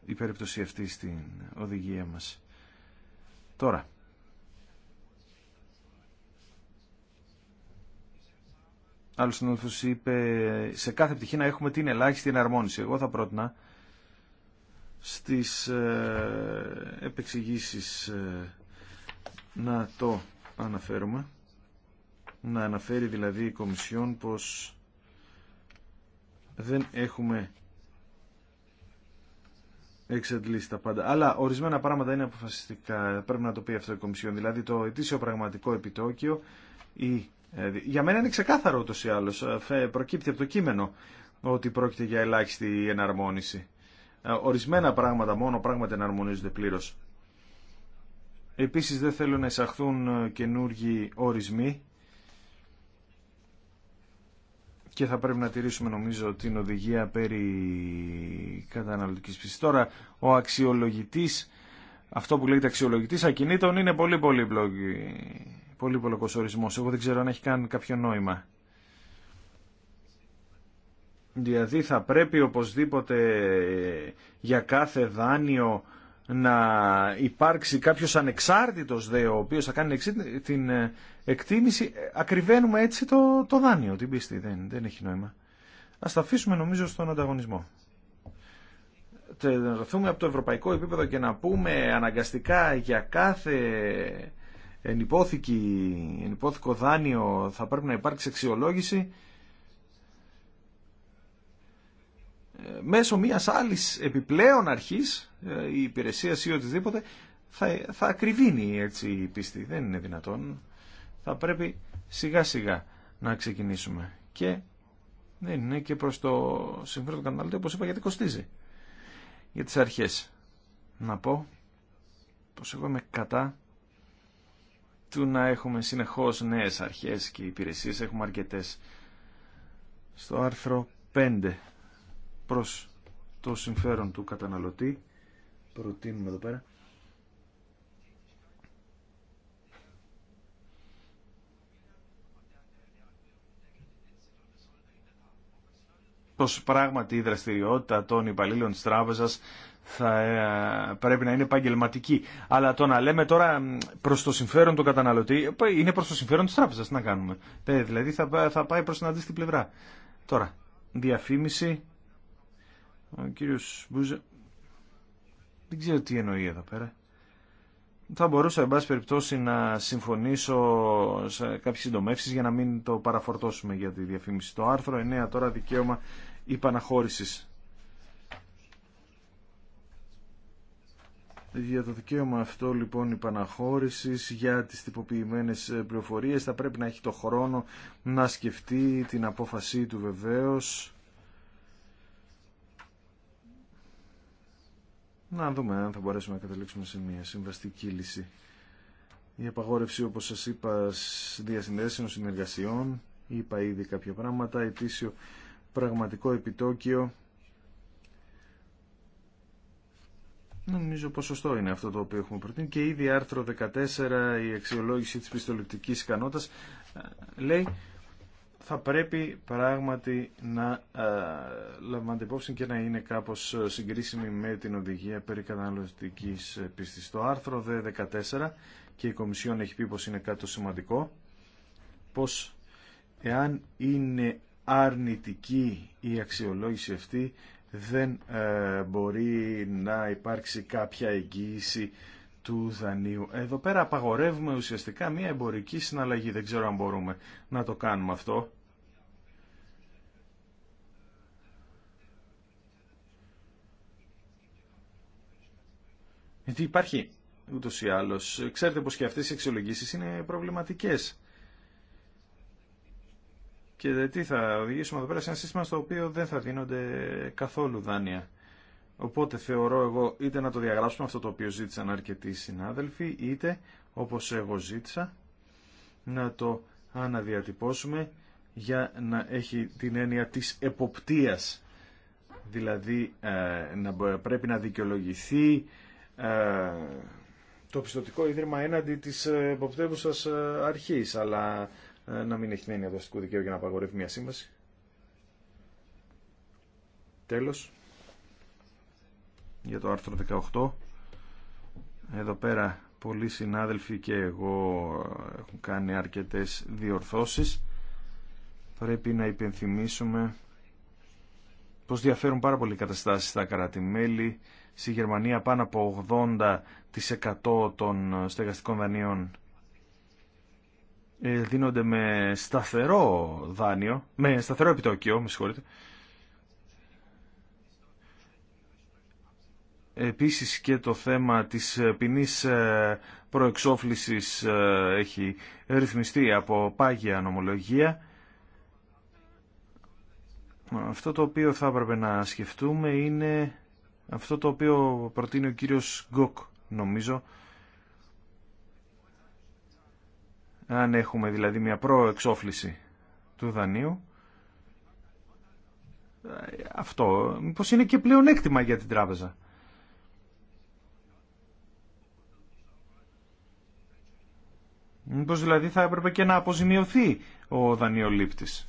η περίπτωση αυτή στην οδηγία μας. Τώρα. Άλλος συνάδελφος είπε σε κάθε πτυχή να έχουμε την ελάχιστη εναρμόνιση. Εγώ θα πρότεινα στις ε, επεξηγήσεις ε, να το αναφέρουμε. Να αναφέρει δηλαδή η Κομισιόν πως δεν έχουμε εξαντλήσει τα πάντα. Αλλά ορισμένα πράγματα είναι αποφασιστικά. Πρέπει να το πει αυτό η Κομισιόν. Δηλαδή το ετήσιο πραγματικό επιτόκιο. Η... Ε, για μένα είναι ξεκάθαρο ούτω ή άλλω. Ε, προκύπτει από το κείμενο ότι πρόκειται για ελάχιστη εναρμόνιση. Ε, ορισμένα πράγματα μόνο πράγματα εναρμονίζονται πλήρω. Επίσης δεν θέλω να εισαχθούν ε, καινούργιοι ορισμοί και θα πρέπει να τηρήσουμε νομίζω την οδηγία περί καταναλωτικής πίστης. Τώρα, ο αξιολογητής, αυτό που λέγεται αξιολογητής ακινήτων είναι πολύ πολύ πολύ πολλοκός ορισμός. Εγώ δεν ξέρω αν έχει κάνει κάποιο νόημα. Δηλαδή θα πρέπει οπωσδήποτε για κάθε δάνειο να υπάρξει κάποιος ανεξάρτητος δε ο οποίος θα κάνει την ε, εκτίμηση ε, ακριβένουμε έτσι το, το δάνειο την πίστη δεν, δεν έχει νόημα ας τα αφήσουμε νομίζω στον ανταγωνισμό τελευθούμε από το ευρωπαϊκό επίπεδο και να πούμε αναγκαστικά για κάθε ενυπόθηκο δάνειο θα πρέπει να υπάρξει αξιολόγηση μέσω μιας άλλης επιπλέον αρχής, ε, η υπηρεσία ή οτιδήποτε, θα, θα ακριβίνει έτσι η πίστη. Δεν είναι δυνατόν. Θα πρέπει σιγά σιγά να ξεκινήσουμε. Και δεν είναι και προς το συμφέρον του καταναλωτή, όπως είπα, γιατί κοστίζει. Για τις αρχές. Να πω πως εγώ είμαι κατά του να έχουμε συνεχώς νέες αρχές και υπηρεσίες. Έχουμε αρκετές. Στο άρθρο 5 προς το συμφέρον του καταναλωτή προτείνουμε εδώ πέρα πως πράγματι η δραστηριότητα των υπαλλήλων της τράπεζας θα ε, πρέπει να είναι επαγγελματική. Αλλά το να λέμε τώρα προς το συμφέρον του καταναλωτή, ε, είναι προς το συμφέρον της τράπεζας, να κάνουμε. Ε, δηλαδή θα, θα πάει προς την αντίστοιχη πλευρά. Τώρα, διαφήμιση ο κύριος Μπούζε, δεν ξέρω τι εννοεί εδώ πέρα. Θα μπορούσα, εν πάση περιπτώσει, να συμφωνήσω σε κάποιες συντομεύσεις για να μην το παραφορτώσουμε για τη διαφήμιση. Το άρθρο 9 τώρα δικαίωμα υπαναχώρησης. Για το δικαίωμα αυτό λοιπόν υπαναχώρηση για τις τυποποιημένε πληροφορίε. θα πρέπει να έχει το χρόνο να σκεφτεί την απόφασή του βεβαίω. να δούμε αν θα μπορέσουμε να καταλήξουμε σε μια συμβαστική λύση. Η απαγόρευση, όπως σας είπα, διασυνδέσεων συνεργασιών, είπα ήδη κάποια πράγματα, ετήσιο πραγματικό επιτόκιο. Νομίζω πως σωστό είναι αυτό το οποίο έχουμε προτείνει και ήδη άρθρο 14, η αξιολόγηση της πιστοληπτικής ικανότητας, ε, λέει θα πρέπει πράγματι να ε, λαμβάνεται υπόψη και να είναι κάπως ε, συγκρίσιμη με την οδηγία περί καταναλωτικής πίστης. Το αρθρο D14 και η Κομισιόν έχει πει πως είναι κάτι το σημαντικό, πως εάν είναι αρνητική η αξιολόγηση αυτή δεν ε, μπορεί να υπάρξει κάποια εγγύηση του δανείου. Εδώ πέρα απαγορεύουμε ουσιαστικά μια εμπορική συναλλαγή. Δεν ξέρω αν μπορούμε να το κάνουμε αυτό. Γιατί υπάρχει ούτως ή άλλως. Ξέρετε πως και αυτές οι αξιολογήσεις είναι προβληματικές. Και τι θα οδηγήσουμε εδώ πέρα σε ένα σύστημα στο οποίο δεν θα δίνονται καθόλου δάνεια. Οπότε θεωρώ εγώ είτε να το διαγράψουμε αυτό το οποίο ζήτησαν αρκετοί συνάδελφοι, είτε όπως εγώ ζήτησα να το αναδιατυπώσουμε για να έχει την έννοια της εποπτείας. Δηλαδή ε, να πρέπει να δικαιολογηθεί ε, το πιστοτικό ίδρυμα έναντι της ε, εποπτεύουσας αρχής, αλλά να μην έχει την έννοια του δικαίου για να απαγορεύει μια σύμβαση. Τέλος για το άρθρο 18. Εδώ πέρα πολλοί συνάδελφοι και εγώ έχουν κάνει αρκετές διορθώσεις. Πρέπει να υπενθυμίσουμε πως διαφέρουν πάρα πολλοί καταστάσεις στα κράτη-μέλη. Στη Γερμανία πάνω από 80% των στεγαστικών δανείων ε, δίνονται με σταθερό δάνειο, με σταθερό επιτόκιο, με συγχωρείτε, Επίσης και το θέμα της ε, ποινή ε, προεξόφλησης ε, έχει ρυθμιστεί από πάγια νομολογία. Αυτό το οποίο θα έπρεπε να σκεφτούμε είναι αυτό το οποίο προτείνει ο κύριος Γκοκ, νομίζω. Αν έχουμε δηλαδή μια προεξόφληση του δανείου, αυτό μήπως είναι και πλεονέκτημα για την τράπεζα. Μήπως δηλαδή θα έπρεπε και να αποζημιωθεί ο δανειολήπτης.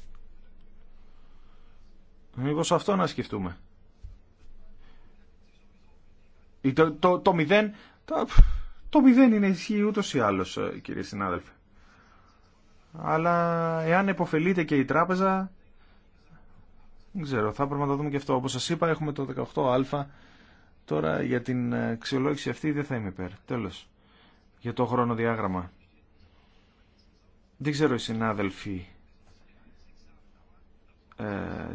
Μήπως αυτό να σκεφτούμε. Το, το, μηδέν, το, μηδέν είναι ισχύει ούτως ή άλλως ε, κύριε συνάδελφε. Αλλά εάν επωφελείται και η τράπεζα, δεν ξέρω, θα πρέπει να το δούμε και αυτό. Όπως σας είπα έχουμε το 18α, τώρα για την ε, αξιολόγηση αυτή δεν θα είμαι υπέρ. Τέλος, για το χρονοδιάγραμμα. Δεν ξέρω οι συνάδελφοι ε,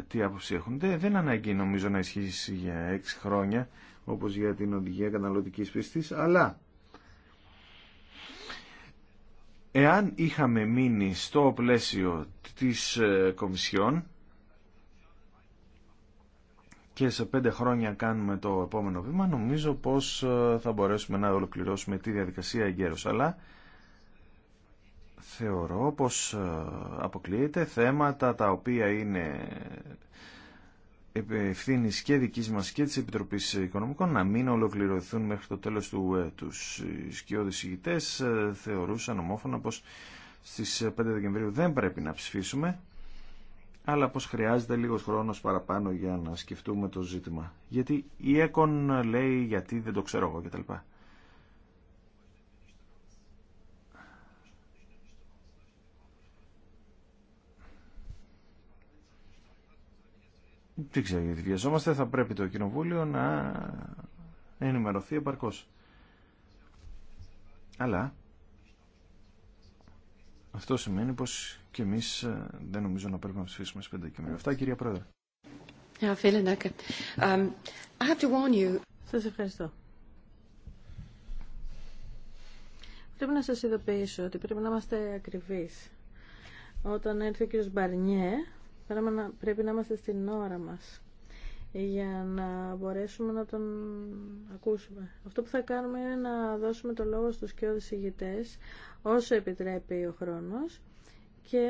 τι άποψη έχουν. Δεν, δεν ανάγκη νομίζω να ισχύσει για έξι χρόνια όπως για την οδηγία καταναλωτικής πιστής, αλλά εάν είχαμε μείνει στο πλαίσιο της ε, Κομισιόν και σε πέντε χρόνια κάνουμε το επόμενο βήμα, νομίζω πως ε, θα μπορέσουμε να ολοκληρώσουμε τη διαδικασία εγκαίρως. Αλλά θεωρώ πως ε, αποκλείεται θέματα τα οποία είναι ευθύνη και δική μα και τη Επιτροπή Οικονομικών να μην ολοκληρωθούν μέχρι το τέλο του έτου. Οι σκιώδει ηγητέ ε, θεωρούσαν ομόφωνα πω στι 5 Δεκεμβρίου δεν πρέπει να ψηφίσουμε, αλλά πως χρειάζεται λίγο χρόνο παραπάνω για να σκεφτούμε το ζήτημα. Γιατί η ΕΚΟΝ λέει γιατί δεν το ξέρω εγώ κτλ. δεν ξέρω γιατί βιαζόμαστε, θα πρέπει το Κοινοβούλιο να ενημερωθεί επαρκώ. Αλλά αυτό σημαίνει πως και εμείς ε, δεν νομίζω να πρέπει να ψηφίσουμε στις 5 με Αυτά κυρία Πρόεδρε. Um, Σα ευχαριστώ. Πρέπει να σας ειδοποιήσω ότι πρέπει να είμαστε ακριβείς. Όταν έρθει ο κ. Μπαρνιέ, πρέπει να είμαστε στην ώρα μας για να μπορέσουμε να τον ακούσουμε. Αυτό που θα κάνουμε είναι να δώσουμε το λόγο στους και ηγητές όσο επιτρέπει ο χρόνος και...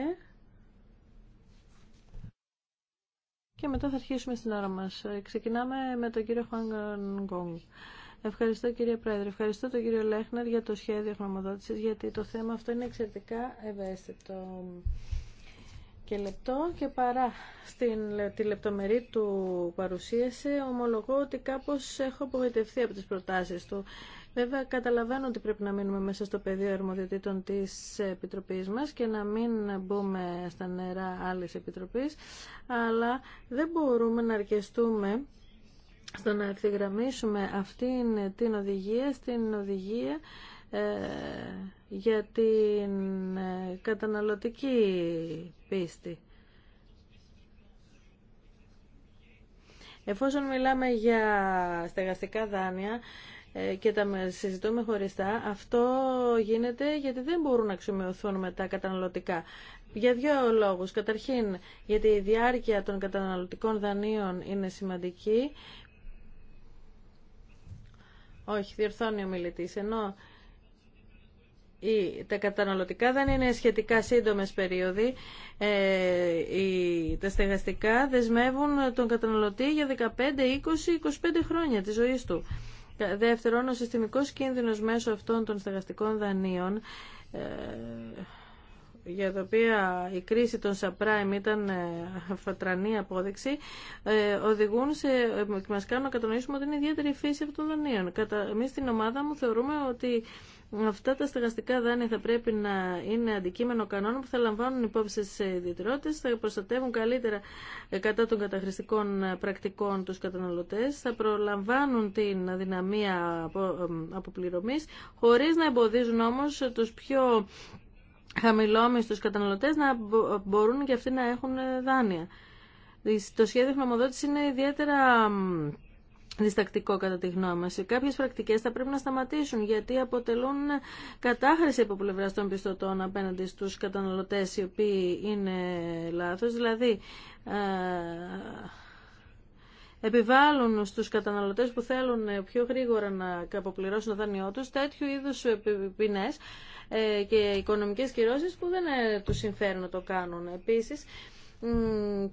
και μετά θα αρχίσουμε στην ώρα μας. Ξεκινάμε με τον κύριο Χουάνγκ Γκόγκ. Ευχαριστώ κύριε Πρόεδρε. Ευχαριστώ τον κύριο Λέχνερ για το σχέδιο χρηματοδότησης γιατί το θέμα αυτό είναι εξαιρετικά ευαίσθητο και λεπτό και παρά στην, τη λεπτομερή του παρουσίαση ομολογώ ότι κάπως έχω απογοητευτεί από τις προτάσεις του. Βέβαια καταλαβαίνω ότι πρέπει να μείνουμε μέσα στο πεδίο αρμοδιοτήτων της Επιτροπής μας και να μην μπούμε στα νερά άλλης Επιτροπής, αλλά δεν μπορούμε να αρκεστούμε στο να ευθυγραμμίσουμε αυτήν την οδηγία στην οδηγία ε, για την ε, καταναλωτική πίστη. Εφόσον μιλάμε για στεγαστικά δάνεια ε, και τα συζητούμε χωριστά, αυτό γίνεται γιατί δεν μπορούν να αξιομοιωθούν με τα καταναλωτικά. Για δύο λόγους. Καταρχήν, γιατί η διάρκεια των καταναλωτικών δανείων είναι σημαντική. Όχι, διορθώνει ο μιλητής. Ενώ τα καταναλωτικά δεν είναι σχετικά σύντομες περίοδοι. Ε, τα στεγαστικά δεσμεύουν τον καταναλωτή για 15, 20, 25 χρόνια της ζωής του. Δεύτερον, ο συστημικός κίνδυνος μέσω αυτών των στεγαστικών δανείων ε, για τα οποία η κρίση των subprime ήταν ε, φατρανή απόδειξη, οδηγούν σε, μας κάνουν να κατανοήσουμε ότι είναι ιδιαίτερη φύση αυτών των δανείων. Εμεί στην ομάδα μου θεωρούμε ότι Αυτά τα στεγαστικά δάνεια θα πρέπει να είναι αντικείμενο κανόνων που θα λαμβάνουν υπόψη στι ιδιαιτερότητε, θα προστατεύουν καλύτερα ε, κατά των καταχρηστικών ε, πρακτικών του καταναλωτέ, θα προλαμβάνουν την αδυναμία ε, αποπληρωμή, χωρί να εμποδίζουν όμω του πιο χαμηλόμιστου καταναλωτές να μπορούν και αυτοί να έχουν δάνεια. Το σχέδιο χρηματοδότηση είναι ιδιαίτερα διστακτικό κατά τη γνώμη μας. Κάποιες πρακτικές θα πρέπει να σταματήσουν γιατί αποτελούν κατάχρηση από πλευρά των πιστωτών απέναντι στους καταναλωτές οι οποίοι είναι λάθος. Δηλαδή, επιβάλλουν στους καταναλωτές που θέλουν πιο γρήγορα να αποπληρώσουν το δάνειό τους τέτοιου είδους ποινές ε, και οικονομικές κυρώσεις που δεν ε, τους συμφέρουν να το κάνουν. Επίσης,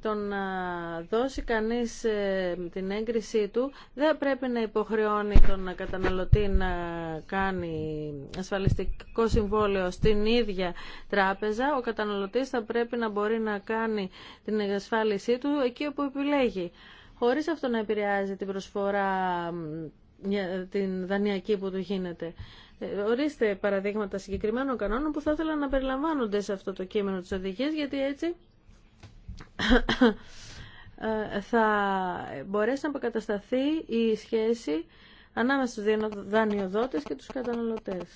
το να δώσει κανείς ε, την έγκρισή του δεν πρέπει να υποχρεώνει τον καταναλωτή να κάνει ασφαλιστικό συμβόλαιο στην ίδια τράπεζα. Ο καταναλωτής θα πρέπει να μπορεί να κάνει την ασφάλισή του εκεί όπου επιλέγει. Χωρίς αυτό να επηρεάζει την προσφορά την δανειακή που του γίνεται. Ε, ορίστε παραδείγματα συγκεκριμένων κανόνων που θα ήθελα να περιλαμβάνονται σε αυτό το κείμενο της οδηγίας γιατί έτσι θα μπορέσει να αποκατασταθεί η σχέση ανάμεσα στους δανειοδότες και τους καταναλωτές.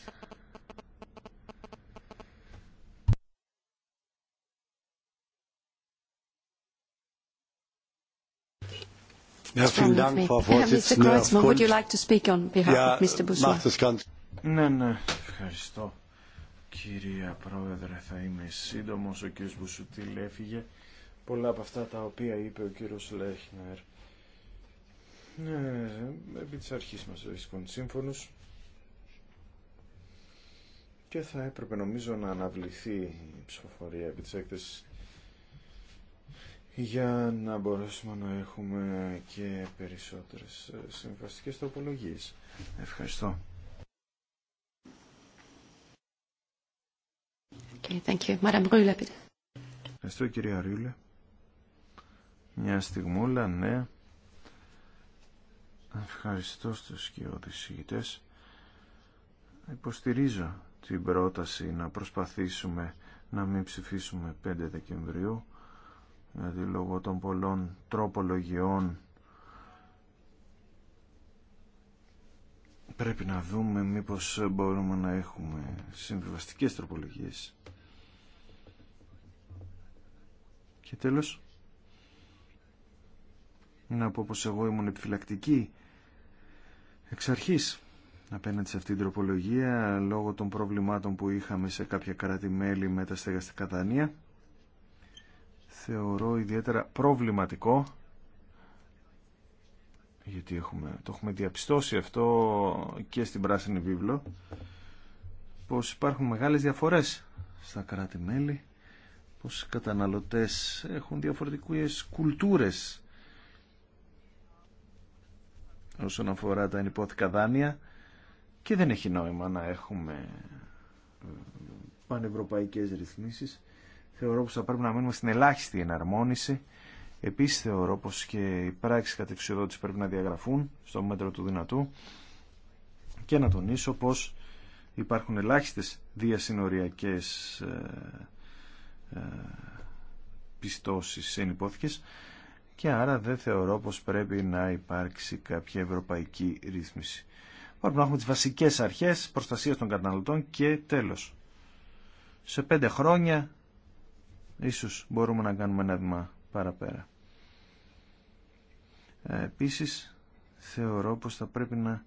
Ναι, ναι, ευχαριστώ. Κυρία Πρόεδρε, θα είμαι σύντομος. Ο κ. Μπουσουτήλ έφυγε πολλά από αυτά τα οποία είπε ο κύριος Λέχνερ. Ναι, επί της αρχής μας βρίσκουν σύμφωνος και θα έπρεπε νομίζω να αναβληθεί η ψηφοφορία επί της έκθεσης για να μπορέσουμε να έχουμε και περισσότερες ε, συμβαστικές τοπολογίες. Ευχαριστώ. Okay, thank you. Ευχαριστώ κυρία Ρούλε. Μια στιγμούλα, ναι. Ευχαριστώ στους και οδησίγητες. Υποστηρίζω την πρόταση να προσπαθήσουμε να μην ψηφίσουμε 5 Δεκεμβρίου, γιατί δηλαδή λόγω των πολλών τροπολογιών πρέπει να δούμε μήπως μπορούμε να έχουμε συμβιβαστικές τροπολογίες. Και τέλος, να πω πως εγώ ήμουν επιφυλακτική εξ αρχής απέναντι σε αυτήν την τροπολογία λόγω των προβλημάτων που είχαμε σε κάποια κράτη-μέλη με τα στεγαστικά δανεία. Θεωρώ ιδιαίτερα προβληματικό γιατί έχουμε, το έχουμε διαπιστώσει αυτό και στην Πράσινη Βίβλο πως υπάρχουν μεγάλες διαφορές στα κράτη-μέλη πως οι καταναλωτές έχουν διαφορετικές κουλτούρες όσον αφορά τα ενυπόθηκα δάνεια και δεν έχει νόημα να έχουμε ε, πανευρωπαϊκές ρυθμίσεις. Θεωρώ πως θα πρέπει να μείνουμε στην ελάχιστη εναρμόνιση. Επίσης θεωρώ πως και οι πράξεις κατεξοδότηση πρέπει να διαγραφούν στο μέτρο του δυνατού και να τονίσω πως υπάρχουν ελάχιστες διασυνοριακές ε, ε, πιστώσεις ενυπόθηκες και άρα δεν θεωρώ πως πρέπει να υπάρξει κάποια ευρωπαϊκή ρύθμιση. Πρέπει να έχουμε τις βασικές αρχές προστασίας των καταναλωτών και τέλος. Σε πέντε χρόνια ίσως μπορούμε να κάνουμε ένα βήμα παραπέρα. Ε, επίσης θεωρώ πως θα πρέπει να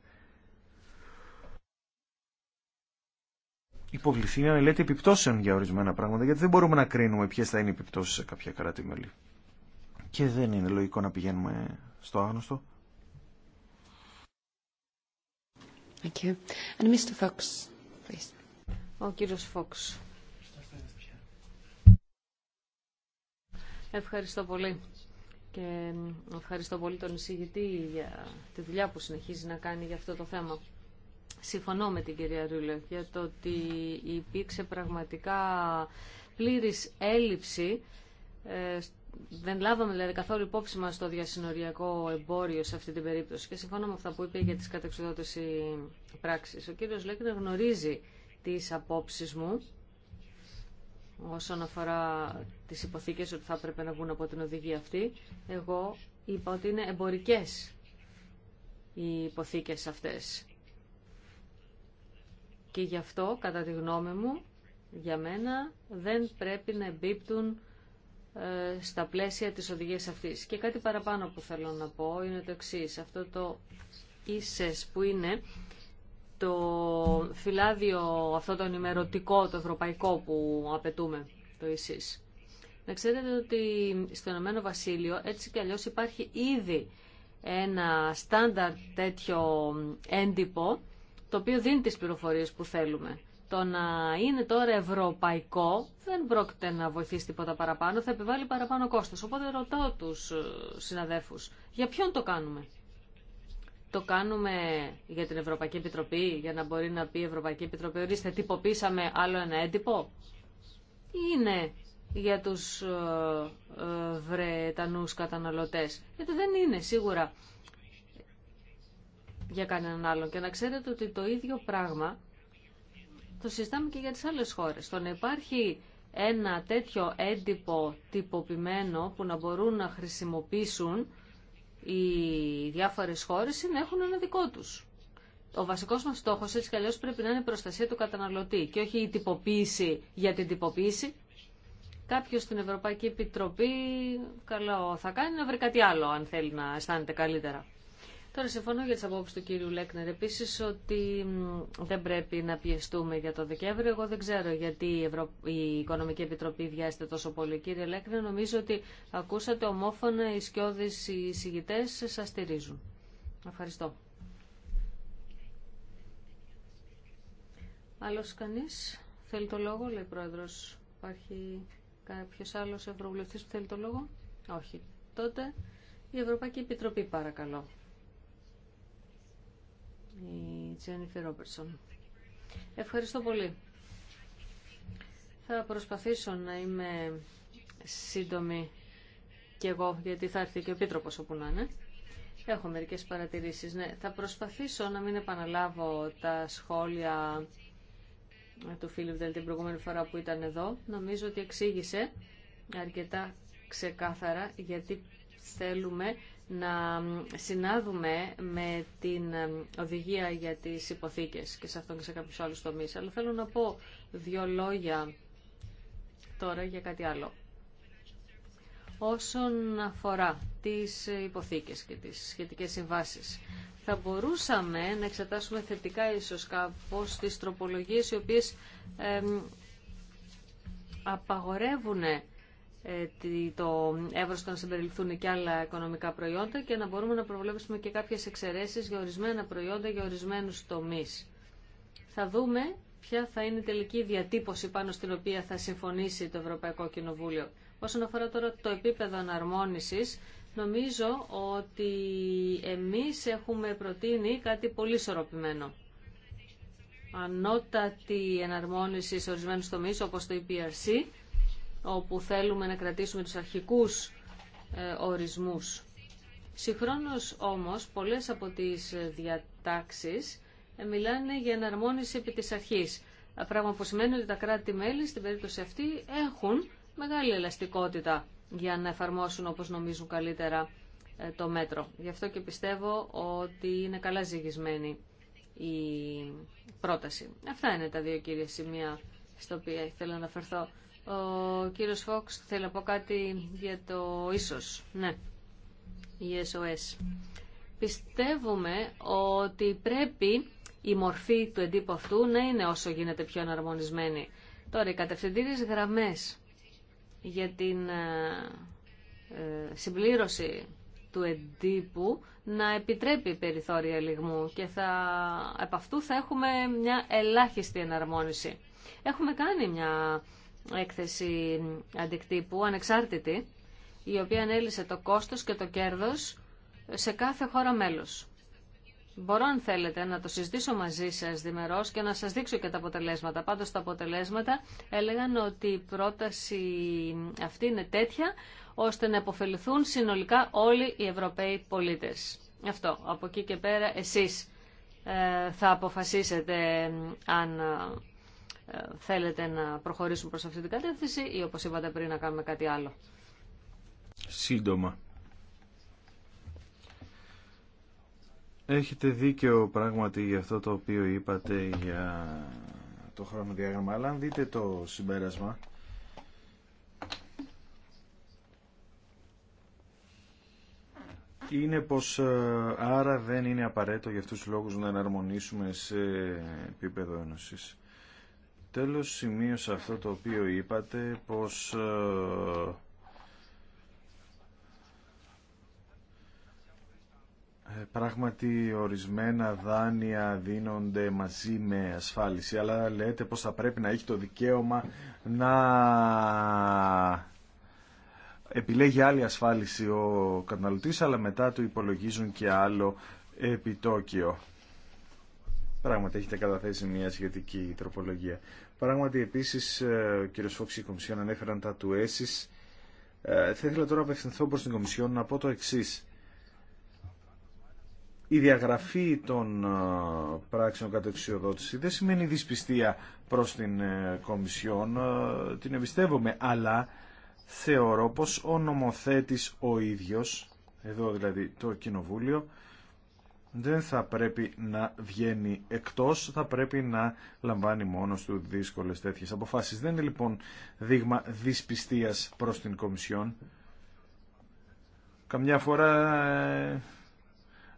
υποβληθεί μια μελέτη επιπτώσεων για ορισμένα πράγματα γιατί δεν μπορούμε να κρίνουμε ποιες θα είναι οι επιπτώσεις σε κάποια κράτη-μέλη και δεν είναι λογικό να πηγαίνουμε στο άγνωστο. Mr. Fox, Ευχαριστώ πολύ. Και ευχαριστώ πολύ τον εισηγητή για τη δουλειά που συνεχίζει να κάνει για αυτό το θέμα. Συμφωνώ με την κυρία Ρούλε για το ότι υπήρξε πραγματικά πλήρης έλλειψη ε, δεν λάβαμε δηλαδή, καθόλου υπόψη μας στο διασυνοριακό εμπόριο σε αυτή την περίπτωση και συμφωνώ με αυτά που είπε για τις κατεξοδότηση πράξεις. Ο κύριος Λέκνερ γνωρίζει τις απόψεις μου όσον αφορά τις υποθήκες ότι θα έπρεπε να βγουν από την οδηγία αυτή. Εγώ είπα ότι είναι εμπορικές οι υποθήκες αυτές. Και γι' αυτό, κατά τη γνώμη μου, για μένα δεν πρέπει να εμπίπτουν ε, στα πλαίσια της οδηγίας αυτής. Και κάτι παραπάνω που θέλω να πω είναι το εξή Αυτό το ίσες που είναι το φυλάδιο αυτό το ενημερωτικό, το ευρωπαϊκό που απαιτούμε, το ίσες. Να ξέρετε ότι στο Ηνωμένο Βασίλειο έτσι κι αλλιώς υπάρχει ήδη ένα στάνταρ τέτοιο έντυπο το οποίο δίνει τις πληροφορίες που θέλουμε. Το να είναι τώρα ευρωπαϊκό δεν πρόκειται να βοηθήσει τίποτα παραπάνω, θα επιβάλλει παραπάνω κόστος. Οπότε ρωτάω τους ε, συναδέφους, για ποιον το κάνουμε. Το κάνουμε για την Ευρωπαϊκή Επιτροπή, για να μπορεί να πει η Ευρωπαϊκή Επιτροπή, ορίστε, τυποποίησαμε άλλο ένα έντυπο. Είναι για τους ε, ε, Βρετανούς καταναλωτές. Γιατί δεν είναι σίγουρα για κανέναν άλλον. Και να ξέρετε ότι το ίδιο πράγμα το συζητάμε και για τις άλλες χώρες. Το να υπάρχει ένα τέτοιο έντυπο τυποποιημένο που να μπορούν να χρησιμοποιήσουν οι διάφορες χώρες είναι έχουν ένα δικό τους. Ο βασικός μας στόχος έτσι κι πρέπει να είναι η προστασία του καταναλωτή και όχι η τυποποίηση για την τυποποίηση. Κάποιο στην Ευρωπαϊκή Επιτροπή καλό θα κάνει να βρει κάτι άλλο αν θέλει να αισθάνεται καλύτερα. Τώρα συμφωνώ για τι απόψει του κύριου Λέκνερ Επίση ότι δεν πρέπει να πιεστούμε για το Δεκέμβριο. Εγώ δεν ξέρω γιατί η, Οικονομική Επιτροπή βιάζεται τόσο πολύ. Κύριε Λέκνερ, νομίζω ότι ακούσατε ομόφωνα οι σκιώδει οι σα στηρίζουν. Ευχαριστώ. Άλλο κανεί θέλει το λόγο, λέει πρόεδρο. Υπάρχει κάποιο άλλο ευρωβουλευτή που θέλει το λόγο. Όχι. Τότε η Ευρωπαϊκή Επιτροπή παρακαλώ η Τζένιφερ Ευχαριστώ πολύ. Θα προσπαθήσω να είμαι σύντομη και εγώ, γιατί θα έρθει και ο πίτροπος όπου να είναι. Έχω μερικές παρατηρήσεις. Ναι, θα προσπαθήσω να μην επαναλάβω τα σχόλια του Φίλιπ Δελ την προηγούμενη φορά που ήταν εδώ. Νομίζω ότι εξήγησε αρκετά ξεκάθαρα γιατί θέλουμε να συνάδουμε με την οδηγία για τις υποθήκες και σε αυτόν και σε κάποιους άλλους τομείς. Αλλά θέλω να πω δύο λόγια τώρα για κάτι άλλο. Όσον αφορά τις υποθήκες και τις σχετικές συμβάσεις, θα μπορούσαμε να εξετάσουμε θετικά ίσως κάπως τις τροπολογίες οι οποίες ε, απαγορεύουν ε, το εύρο να συμπεριληφθούν και άλλα οικονομικά προϊόντα και να μπορούμε να προβλέψουμε και κάποιες εξαιρεσει για ορισμένα προϊόντα, για ορισμένου τομείς. Θα δούμε ποια θα είναι η τελική διατύπωση πάνω στην οποία θα συμφωνήσει το Ευρωπαϊκό Κοινοβούλιο. Όσον αφορά τώρα το επίπεδο εναρμόνισης, νομίζω ότι εμεί έχουμε προτείνει κάτι πολύ ισορροπημένο. Ανώτατη εναρμόνιση σε ορισμένου τομείς, όπω το EPRC, όπου θέλουμε να κρατήσουμε τους αρχικούς ε, ορισμούς. Συγχρόνως όμως πολλές από τις ε, διατάξεις ε, μιλάνε για εναρμόνιση επί της αρχής. Πράγμα που σημαίνει ότι τα κράτη-μέλη στην περίπτωση αυτή έχουν μεγάλη ελαστικότητα για να εφαρμόσουν όπως νομίζουν καλύτερα το μέτρο. Γι' αυτό και πιστεύω ότι είναι καλά ζυγισμένη η πρόταση. Αυτά είναι τα δύο κύρια σημεία στα οποία ήθελα να αναφερθώ. Ο κύριος Φόξ θέλει να πω κάτι για το ίσως. Ναι, η SOS. Πιστεύουμε ότι πρέπει η μορφή του εντύπου αυτού να είναι όσο γίνεται πιο εναρμονισμένη. Τώρα, οι κατευθυντήριες γραμμές για την ε, ε, συμπλήρωση του εντύπου να επιτρέπει περιθώρια λιγμού και θα, από αυτού θα έχουμε μια ελάχιστη εναρμόνιση. Έχουμε κάνει μια έκθεση αντικτύπου ανεξάρτητη, η οποία ανέλησε το κόστος και το κέρδος σε κάθε χώρα μέλος. Μπορώ αν θέλετε να το συζητήσω μαζί σας διμερώς και να σας δείξω και τα αποτελέσματα. Πάντως τα αποτελέσματα έλεγαν ότι η πρόταση αυτή είναι τέτοια ώστε να υποφεληθούν συνολικά όλοι οι Ευρωπαίοι πολίτες. Αυτό. Από εκεί και πέρα εσείς ε, θα αποφασίσετε αν ε, θέλετε να προχωρήσουμε προς αυτή την κατεύθυνση ή όπως είπατε πριν να κάνουμε κάτι άλλο. Σύντομα. Έχετε δίκιο πράγματι για αυτό το οποίο είπατε για το χρονοδιάγραμμα, αλλά αν δείτε το συμπέρασμα είναι πως ε, άρα δεν είναι απαραίτητο για αυτούς τους λόγους να εναρμονίσουμε σε επίπεδο ένωσης. Τέλος, σημείωσα αυτό το οποίο είπατε, πως ε, ε, Πράγματι ορισμένα δάνεια δίνονται μαζί με ασφάλιση, αλλά λέτε πως θα πρέπει να έχει το δικαίωμα να επιλέγει άλλη ασφάλιση ο καταναλωτής, αλλά μετά του υπολογίζουν και άλλο επιτόκιο. Πράγματι έχετε καταθέσει μια σχετική τροπολογία. Πράγματι επίση, ε, ο κ. Φόξη και η Κομισιόν ανέφεραν τα του Ε, Θα ήθελα τώρα να απευθυνθώ προ την Κομισιόν να πω το εξή. Η διαγραφή των ε, πράξεων εξουσιοδότηση δεν σημαίνει δυσπιστία προς την ε, Κομισιόν, την εμπιστεύομαι, αλλά θεωρώ πως ο νομοθέτης ο ίδιος, εδώ δηλαδή το Κοινοβούλιο, δεν θα πρέπει να βγαίνει εκτός, θα πρέπει να λαμβάνει μόνος του δύσκολες τέτοιες αποφάσεις. Δεν είναι λοιπόν δείγμα δυσπιστίας προς την Κομισιόν. Καμιά φορά ε,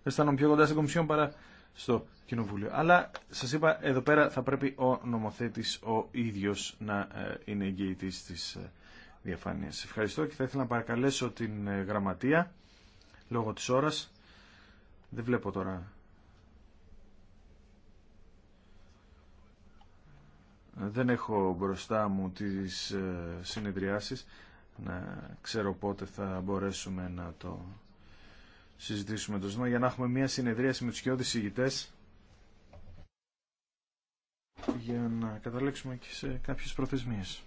αισθάνομαι πιο κοντά στην Κομισιόν παρά στο Κοινοβούλιο. Αλλά σας είπα, εδώ πέρα θα πρέπει ο νομοθέτης ο ίδιος να ε, είναι εγγυητής της ε, διαφάνειας. Ευχαριστώ και θα ήθελα να παρακαλέσω την γραμματεία λόγω της ώρας δεν βλέπω τώρα. Δεν έχω μπροστά μου τις ε, συνεδριάσεις. Να ξέρω πότε θα μπορέσουμε να το συζητήσουμε το ζήτημα για να έχουμε μια συνεδρίαση με τους κοιόδης ηγητές για να καταλέξουμε και σε κάποιες προθεσμίες.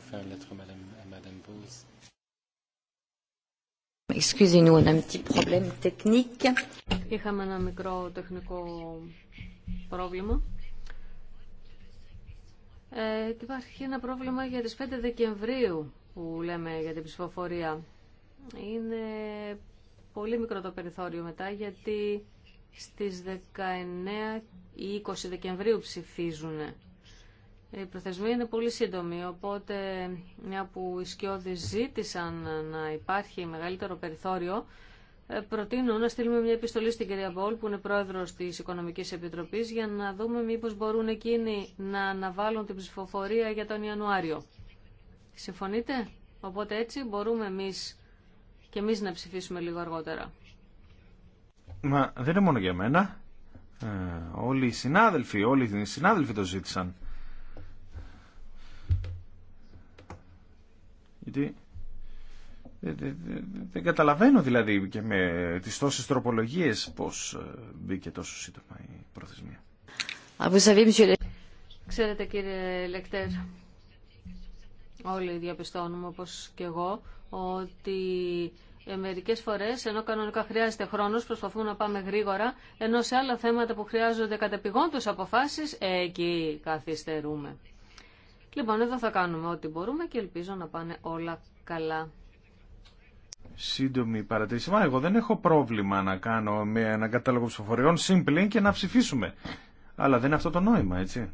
faire lettre à Madame Excusez-nous, on a un petit problème technique. Είχαμε ένα μικρό τεχνικό πρόβλημα. Ε, υπάρχει ένα πρόβλημα για τις 5 Δεκεμβρίου που λέμε για την ψηφοφορία. Είναι πολύ μικρό το περιθώριο μετά γιατί στις 19 ή 20 Δεκεμβρίου ψηφίζουν οι προθεσμοί είναι πολύ σύντομοι, οπότε μια που οι σκιώδεις ζήτησαν να υπάρχει μεγαλύτερο περιθώριο, ε, προτείνω να στείλουμε μια επιστολή στην κυρία Μπόλ, που είναι πρόεδρος της Οικονομικής Επιτροπής, για να δούμε μήπως μπορούν εκείνοι να αναβάλουν την ψηφοφορία για τον Ιανουάριο. Συμφωνείτε? Οπότε έτσι μπορούμε εμείς και εμείς να ψηφίσουμε λίγο αργότερα. Μα δεν είναι μόνο για μένα. Ε, όλοι οι συνάδελφοι, όλοι οι συνάδελφοι το ζήτησαν. Γιατί δεν καταλαβαίνω δηλαδή και με τις τόσες τροπολογίες πώς ε, μπήκε τόσο σύντομα η προθεσμία. Ξέρετε κύριε Λεκτέρ, όλοι διαπιστώνουμε όπως και εγώ ότι ε, μερικέ φορέ, ενώ κανονικά χρειάζεται χρόνο, προσπαθούμε να πάμε γρήγορα, ενώ σε άλλα θέματα που χρειάζονται κατεπηγόντω αποφάσει, εκεί καθυστερούμε. Λοιπόν, εδώ θα κάνουμε ό,τι μπορούμε και ελπίζω να πάνε όλα καλά. Σύντομη παρατήρηση. Μα εγώ δεν έχω πρόβλημα να κάνω με ένα κατάλογο ψηφοφοριών σύμπλην και να ψηφίσουμε. Αλλά δεν είναι αυτό το νόημα, έτσι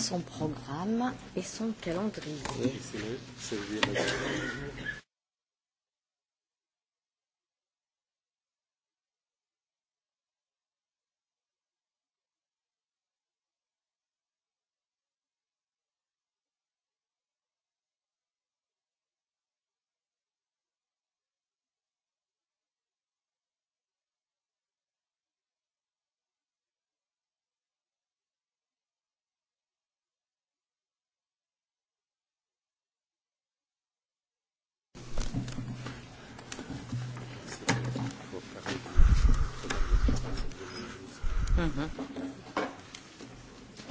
son programme et son calendrier.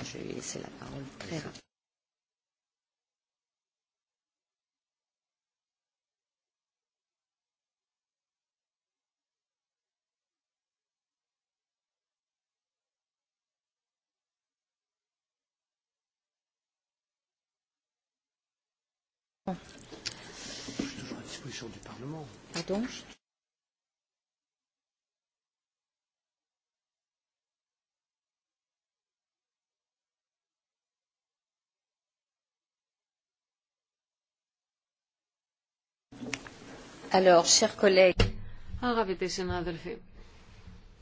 Je vais laisser la parole très rapidement. Je suis toujours à disposition du Parlement. Pardon Αγαπητοί συνάδελφοι,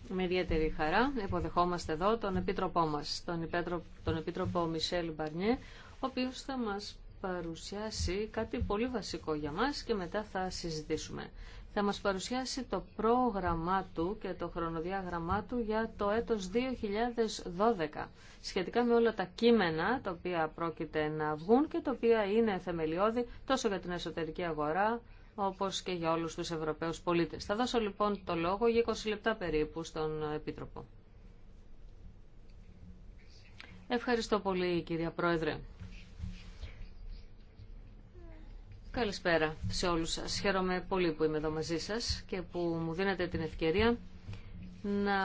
με ιδιαίτερη χαρά υποδεχόμαστε εδώ τον Επίτροπό μας, τον, Επίτροπο, τον Επίτροπο Μισελ Μπαρνιέ, ο οποίος θα μας παρουσιάσει κάτι πολύ βασικό για μας και μετά θα συζητήσουμε. Θα μας παρουσιάσει το πρόγραμμά του και το χρονοδιάγραμμά του για το έτος 2012, σχετικά με όλα τα κείμενα τα οποία πρόκειται να βγουν και τα οποία είναι θεμελιώδη τόσο για την εσωτερική αγορά, όπως και για όλους τους Ευρωπαίους πολίτες. Θα δώσω λοιπόν το λόγο για 20 λεπτά περίπου στον Επίτροπο. Ευχαριστώ πολύ κυρία Πρόεδρε. Καλησπέρα σε όλους σας. Χαίρομαι πολύ που είμαι εδώ μαζί σας και που μου δίνετε την ευκαιρία να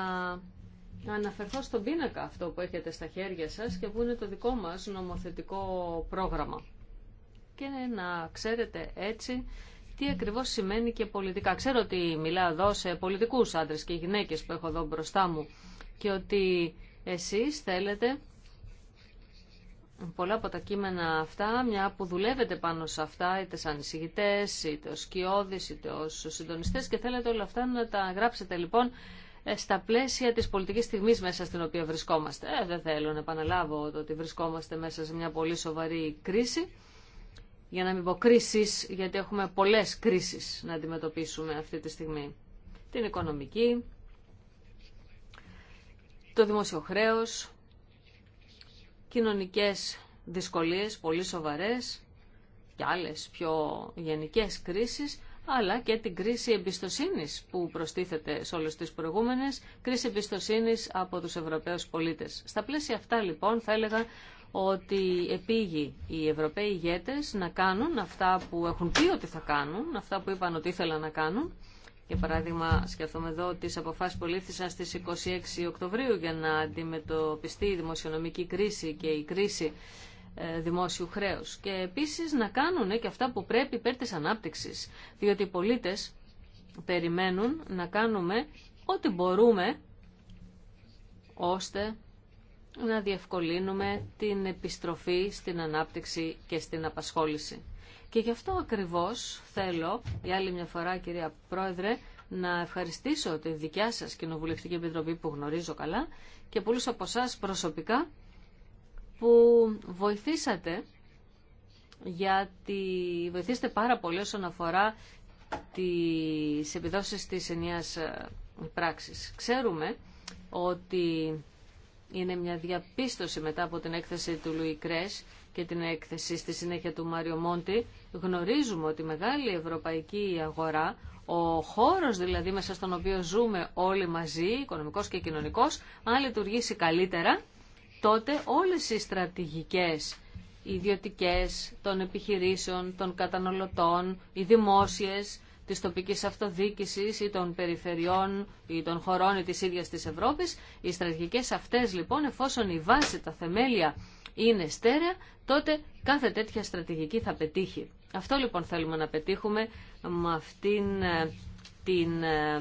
αναφερθώ στον πίνακα αυτό που έχετε στα χέρια σας και που είναι το δικό μας νομοθετικό πρόγραμμα. Και να ξέρετε έτσι τι ακριβώ σημαίνει και πολιτικά. Ξέρω ότι μιλάω εδώ σε πολιτικού άντρε και γυναίκε που έχω εδώ μπροστά μου και ότι εσεί θέλετε πολλά από τα κείμενα αυτά, μια που δουλεύετε πάνω σε αυτά, είτε σαν εισηγητέ, είτε ω κοιόδη, είτε ω συντονιστέ και θέλετε όλα αυτά να τα γράψετε λοιπόν ε, στα πλαίσια της πολιτικής στιγμής μέσα στην οποία βρισκόμαστε. Ε, δεν θέλω να επαναλάβω ότι βρισκόμαστε μέσα σε μια πολύ σοβαρή κρίση για να μην πω κρίσεις, γιατί έχουμε πολλές κρίσεις να αντιμετωπίσουμε αυτή τη στιγμή. Την οικονομική, το δημόσιο χρέος, κοινωνικές δυσκολίες πολύ σοβαρές και άλλες πιο γενικές κρίσεις, αλλά και την κρίση εμπιστοσύνης που προστίθεται σε όλες τις προηγούμενες, κρίση εμπιστοσύνης από τους Ευρωπαίους πολίτες. Στα πλαίσια αυτά λοιπόν θα έλεγα ότι επήγει οι Ευρωπαίοι ηγέτες να κάνουν αυτά που έχουν πει ότι θα κάνουν, αυτά που είπαν ότι ήθελαν να κάνουν. Για παράδειγμα, σκεφτόμαι εδώ τις αποφάσεις που λήφθησαν στις 26 Οκτωβρίου για να αντιμετωπιστεί η δημοσιονομική κρίση και η κρίση ε, δημόσιου χρέους. Και επίσης να κάνουν ε, και αυτά που πρέπει υπέρ της ανάπτυξης, διότι οι πολίτες περιμένουν να κάνουμε ό,τι μπορούμε ώστε να διευκολύνουμε την επιστροφή στην ανάπτυξη και στην απασχόληση. Και γι' αυτό ακριβώς θέλω, για άλλη μια φορά κυρία Πρόεδρε, να ευχαριστήσω τη δικιά σας Κοινοβουλευτική Επιτροπή που γνωρίζω καλά και πολλούς από εσά προσωπικά που βοηθήσατε γιατί βοηθήσατε πάρα πολύ όσον αφορά τις επιδόσεις της ενιαίας ε, πράξης. Ξέρουμε ότι είναι μια διαπίστωση μετά από την έκθεση του Λουί Κρές και την έκθεση στη συνέχεια του Μάριο Μόντι. Γνωρίζουμε ότι η μεγάλη ευρωπαϊκή αγορά, ο χώρος δηλαδή μέσα στον οποίο ζούμε όλοι μαζί, οικονομικός και κοινωνικός, αν λειτουργήσει καλύτερα, τότε όλες οι στρατηγικές ιδιωτικές, των επιχειρήσεων, των καταναλωτών, οι δημόσιες, της τοπικής αυτοδιοίκησης ή των περιφερειών ή των χωρών ή της ίδιας της Ευρώπης. Οι στρατηγικές αυτές λοιπόν, εφόσον η βάση, τα θεμέλια είναι στέρεα, τότε κάθε τέτοια στρατηγική θα πετύχει. Αυτό λοιπόν θέλουμε να πετύχουμε με αυτήν ε, την ε,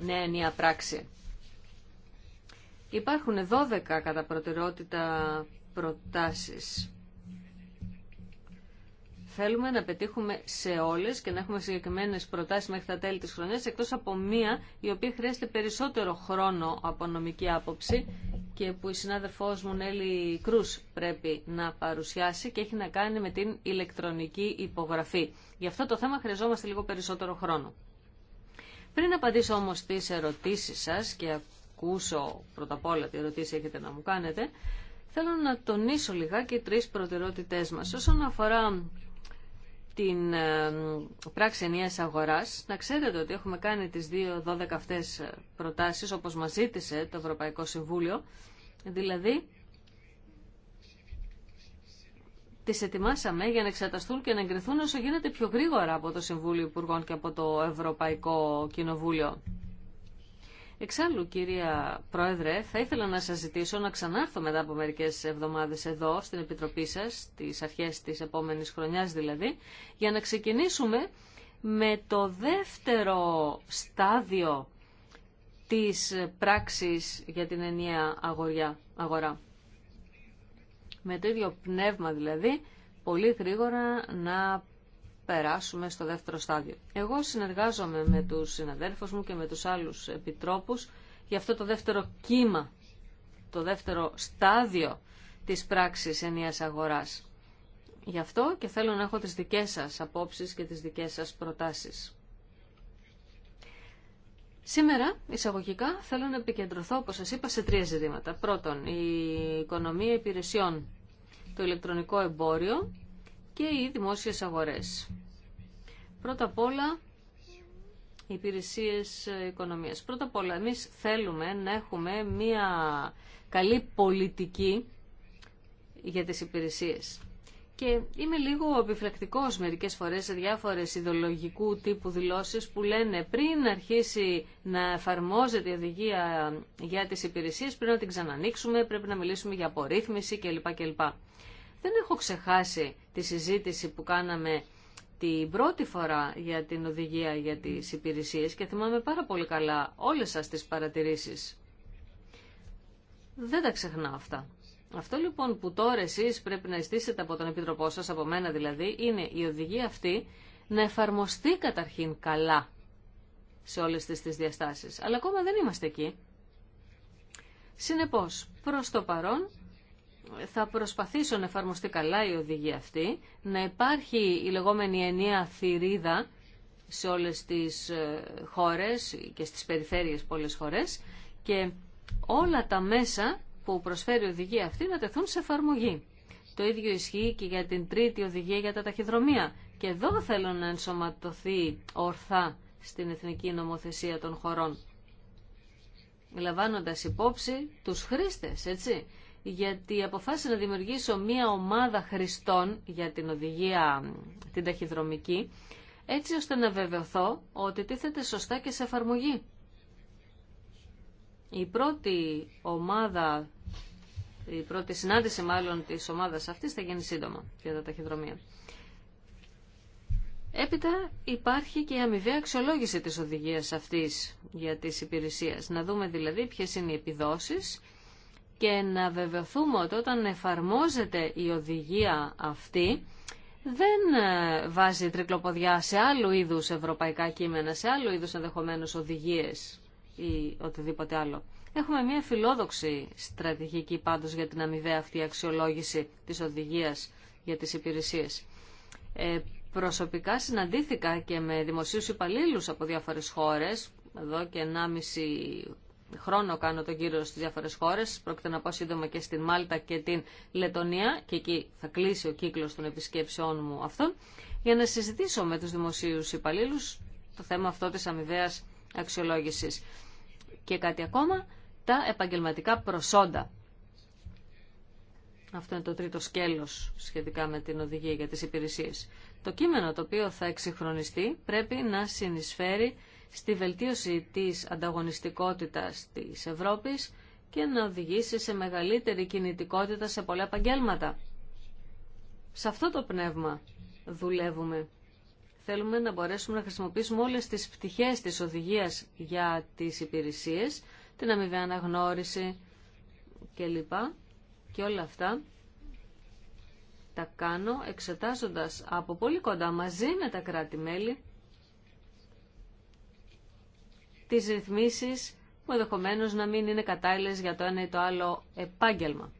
νέα νέα πράξη. Υπάρχουν 12 κατά προτεραιότητα προτάσεις θέλουμε να πετύχουμε σε όλες και να έχουμε συγκεκριμένες προτάσεις μέχρι τα τέλη της χρονιάς, εκτός από μία η οποία χρειάζεται περισσότερο χρόνο από νομική άποψη και που η συνάδελφός μου Νέλη Κρούς πρέπει να παρουσιάσει και έχει να κάνει με την ηλεκτρονική υπογραφή. Γι' αυτό το θέμα χρειαζόμαστε λίγο περισσότερο χρόνο. Πριν απαντήσω όμως στις ερωτήσεις σας και ακούσω πρώτα απ' όλα τι ερωτήσεις έχετε να μου κάνετε, θέλω να τονίσω λιγάκι τρεις προτεραιότητές μας. Όσον αφορά την ε, πράξη ενίας αγοράς, να ξέρετε ότι έχουμε κάνει τις δύο 12 αυτές προτάσεις, όπως μας ζήτησε το Ευρωπαϊκό Συμβούλιο, δηλαδή τις ετοιμάσαμε για να εξεταστούν και να εγκριθούν όσο γίνεται πιο γρήγορα από το Συμβούλιο Υπουργών και από το Ευρωπαϊκό Κοινοβούλιο. Εξάλλου, κυρία Πρόεδρε, θα ήθελα να σας ζητήσω να ξανάρθω μετά από μερικές εβδομάδες εδώ, στην Επιτροπή σας, τις αρχές της επόμενης χρονιάς δηλαδή, για να ξεκινήσουμε με το δεύτερο στάδιο της πράξης για την ενιαία αγορά. Με το ίδιο πνεύμα δηλαδή, πολύ γρήγορα να περάσουμε στο δεύτερο στάδιο. Εγώ συνεργάζομαι με τους συναδέλφους μου και με τους άλλους επιτρόπους για αυτό το δεύτερο κύμα, το δεύτερο στάδιο της πράξης ενίας αγοράς. Γι' αυτό και θέλω να έχω τις δικές σας απόψεις και τις δικές σας προτάσεις. Σήμερα, εισαγωγικά, θέλω να επικεντρωθώ, όπως σας είπα, σε τρία ζητήματα. Πρώτον, η οικονομία υπηρεσιών, το ηλεκτρονικό εμπόριο και οι δημόσιες αγορές. Πρώτα απ' όλα, οι υπηρεσίες οικονομίας. Πρώτα απ' όλα, εμείς θέλουμε να έχουμε μια καλή πολιτική για τις υπηρεσίες. Και είμαι λίγο επιφρακτικός μερικές φορές σε διάφορες ιδεολογικού τύπου δηλώσεις που λένε πριν αρχίσει να εφαρμόζεται η οδηγία για τις υπηρεσίες, πριν να την ξανανοίξουμε, πρέπει να μιλήσουμε για απορρίθμιση κλπ. Δεν έχω ξεχάσει τη συζήτηση που κάναμε την πρώτη φορά για την οδηγία για τις υπηρεσίες και θυμάμαι πάρα πολύ καλά όλες σας τις παρατηρήσεις. Δεν τα ξεχνά αυτά. Αυτό λοιπόν που τώρα εσείς πρέπει να ειστήσετε από τον Επιτροπό σας, από μένα δηλαδή, είναι η οδηγία αυτή να εφαρμοστεί καταρχήν καλά σε όλες τις, τις διαστάσεις. Αλλά ακόμα δεν είμαστε εκεί. Συνεπώς, προς το παρόν θα προσπαθήσω να εφαρμοστεί καλά η οδηγία αυτή, να υπάρχει η λεγόμενη ενιαία θηρίδα σε όλες τις ε, χώρες και στις περιφέρειες πολλές χώρες και όλα τα μέσα που προσφέρει η οδηγία αυτή να τεθούν σε εφαρμογή. Το ίδιο ισχύει και για την τρίτη οδηγία για τα ταχυδρομεία. Και εδώ θέλω να ενσωματωθεί ορθά στην εθνική νομοθεσία των χωρών. Λαμβάνοντας υπόψη τους χρήστες, έτσι, γιατί αποφάσισε να δημιουργήσω μία ομάδα χρηστών για την οδηγία την ταχυδρομική, έτσι ώστε να βεβαιωθώ ότι τίθεται σωστά και σε εφαρμογή. Η πρώτη ομάδα, η πρώτη συνάντηση μάλλον της ομάδας αυτής θα γίνει σύντομα για τα ταχυδρομεία. Έπειτα υπάρχει και η αμοιβαία αξιολόγηση της οδηγίας αυτής για τις υπηρεσίες. Να δούμε δηλαδή ποιες είναι οι επιδόσεις και να βεβαιωθούμε ότι όταν εφαρμόζεται η οδηγία αυτή δεν ε, βάζει τρικλοποδιά σε άλλου είδους ευρωπαϊκά κείμενα, σε άλλου είδους ενδεχομένω οδηγίες ή οτιδήποτε άλλο. Έχουμε μια φιλόδοξη στρατηγική πάντως για την αμοιβαία αυτή αξιολόγηση της οδηγίας για τις υπηρεσίες. Ε, προσωπικά συναντήθηκα και με δημοσίους υπαλλήλους από διάφορες χώρες, εδώ και 1,5 χρόνο κάνω τον κύριο στις διάφορες χώρες. Πρόκειται να πάω σύντομα και στην Μάλτα και την Λετωνία και εκεί θα κλείσει ο κύκλος των επισκέψεών μου αυτών για να συζητήσω με τους δημοσίους υπαλλήλους το θέμα αυτό της αμοιβαία αξιολόγησης. Και κάτι ακόμα, τα επαγγελματικά προσόντα. Αυτό είναι το τρίτο σκέλος σχετικά με την οδηγία για τις υπηρεσίες. Το κείμενο το οποίο θα εξυγχρονιστεί πρέπει να συνεισφέρει στη βελτίωση της ανταγωνιστικότητας της Ευρώπης και να οδηγήσει σε μεγαλύτερη κινητικότητα σε πολλά επαγγέλματα. Σε αυτό το πνεύμα δουλεύουμε. Θέλουμε να μπορέσουμε να χρησιμοποιήσουμε όλες τις πτυχές της οδηγίας για τις υπηρεσίες, την αμοιβή αναγνώριση κλπ. Και όλα αυτά τα κάνω εξετάζοντας από πολύ κοντά μαζί με τα κράτη-μέλη τις ρυθμίσεις που ενδεχομένω να μην είναι κατάλληλες για το ένα ή το άλλο επάγγελμα.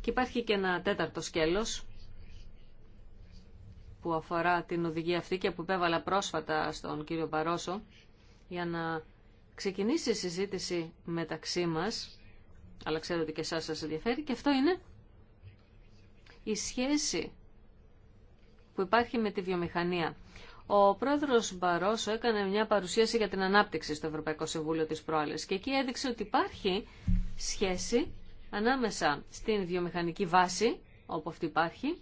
Και υπάρχει και ένα τέταρτο σκέλος που αφορά την οδηγία αυτή και που επέβαλα πρόσφατα στον κύριο Παρόσο για να ξεκινήσει η συζήτηση μεταξύ μας, αλλά ξέρω ότι και εσάς σας ενδιαφέρει, και αυτό είναι η σχέση που υπάρχει με τη βιομηχανία. Ο πρόεδρος Μπαρόσο έκανε μια παρουσίαση για την ανάπτυξη στο Ευρωπαϊκό Συμβούλιο της Προάλλης και εκεί έδειξε ότι υπάρχει σχέση ανάμεσα στην βιομηχανική βάση, όπου αυτή υπάρχει,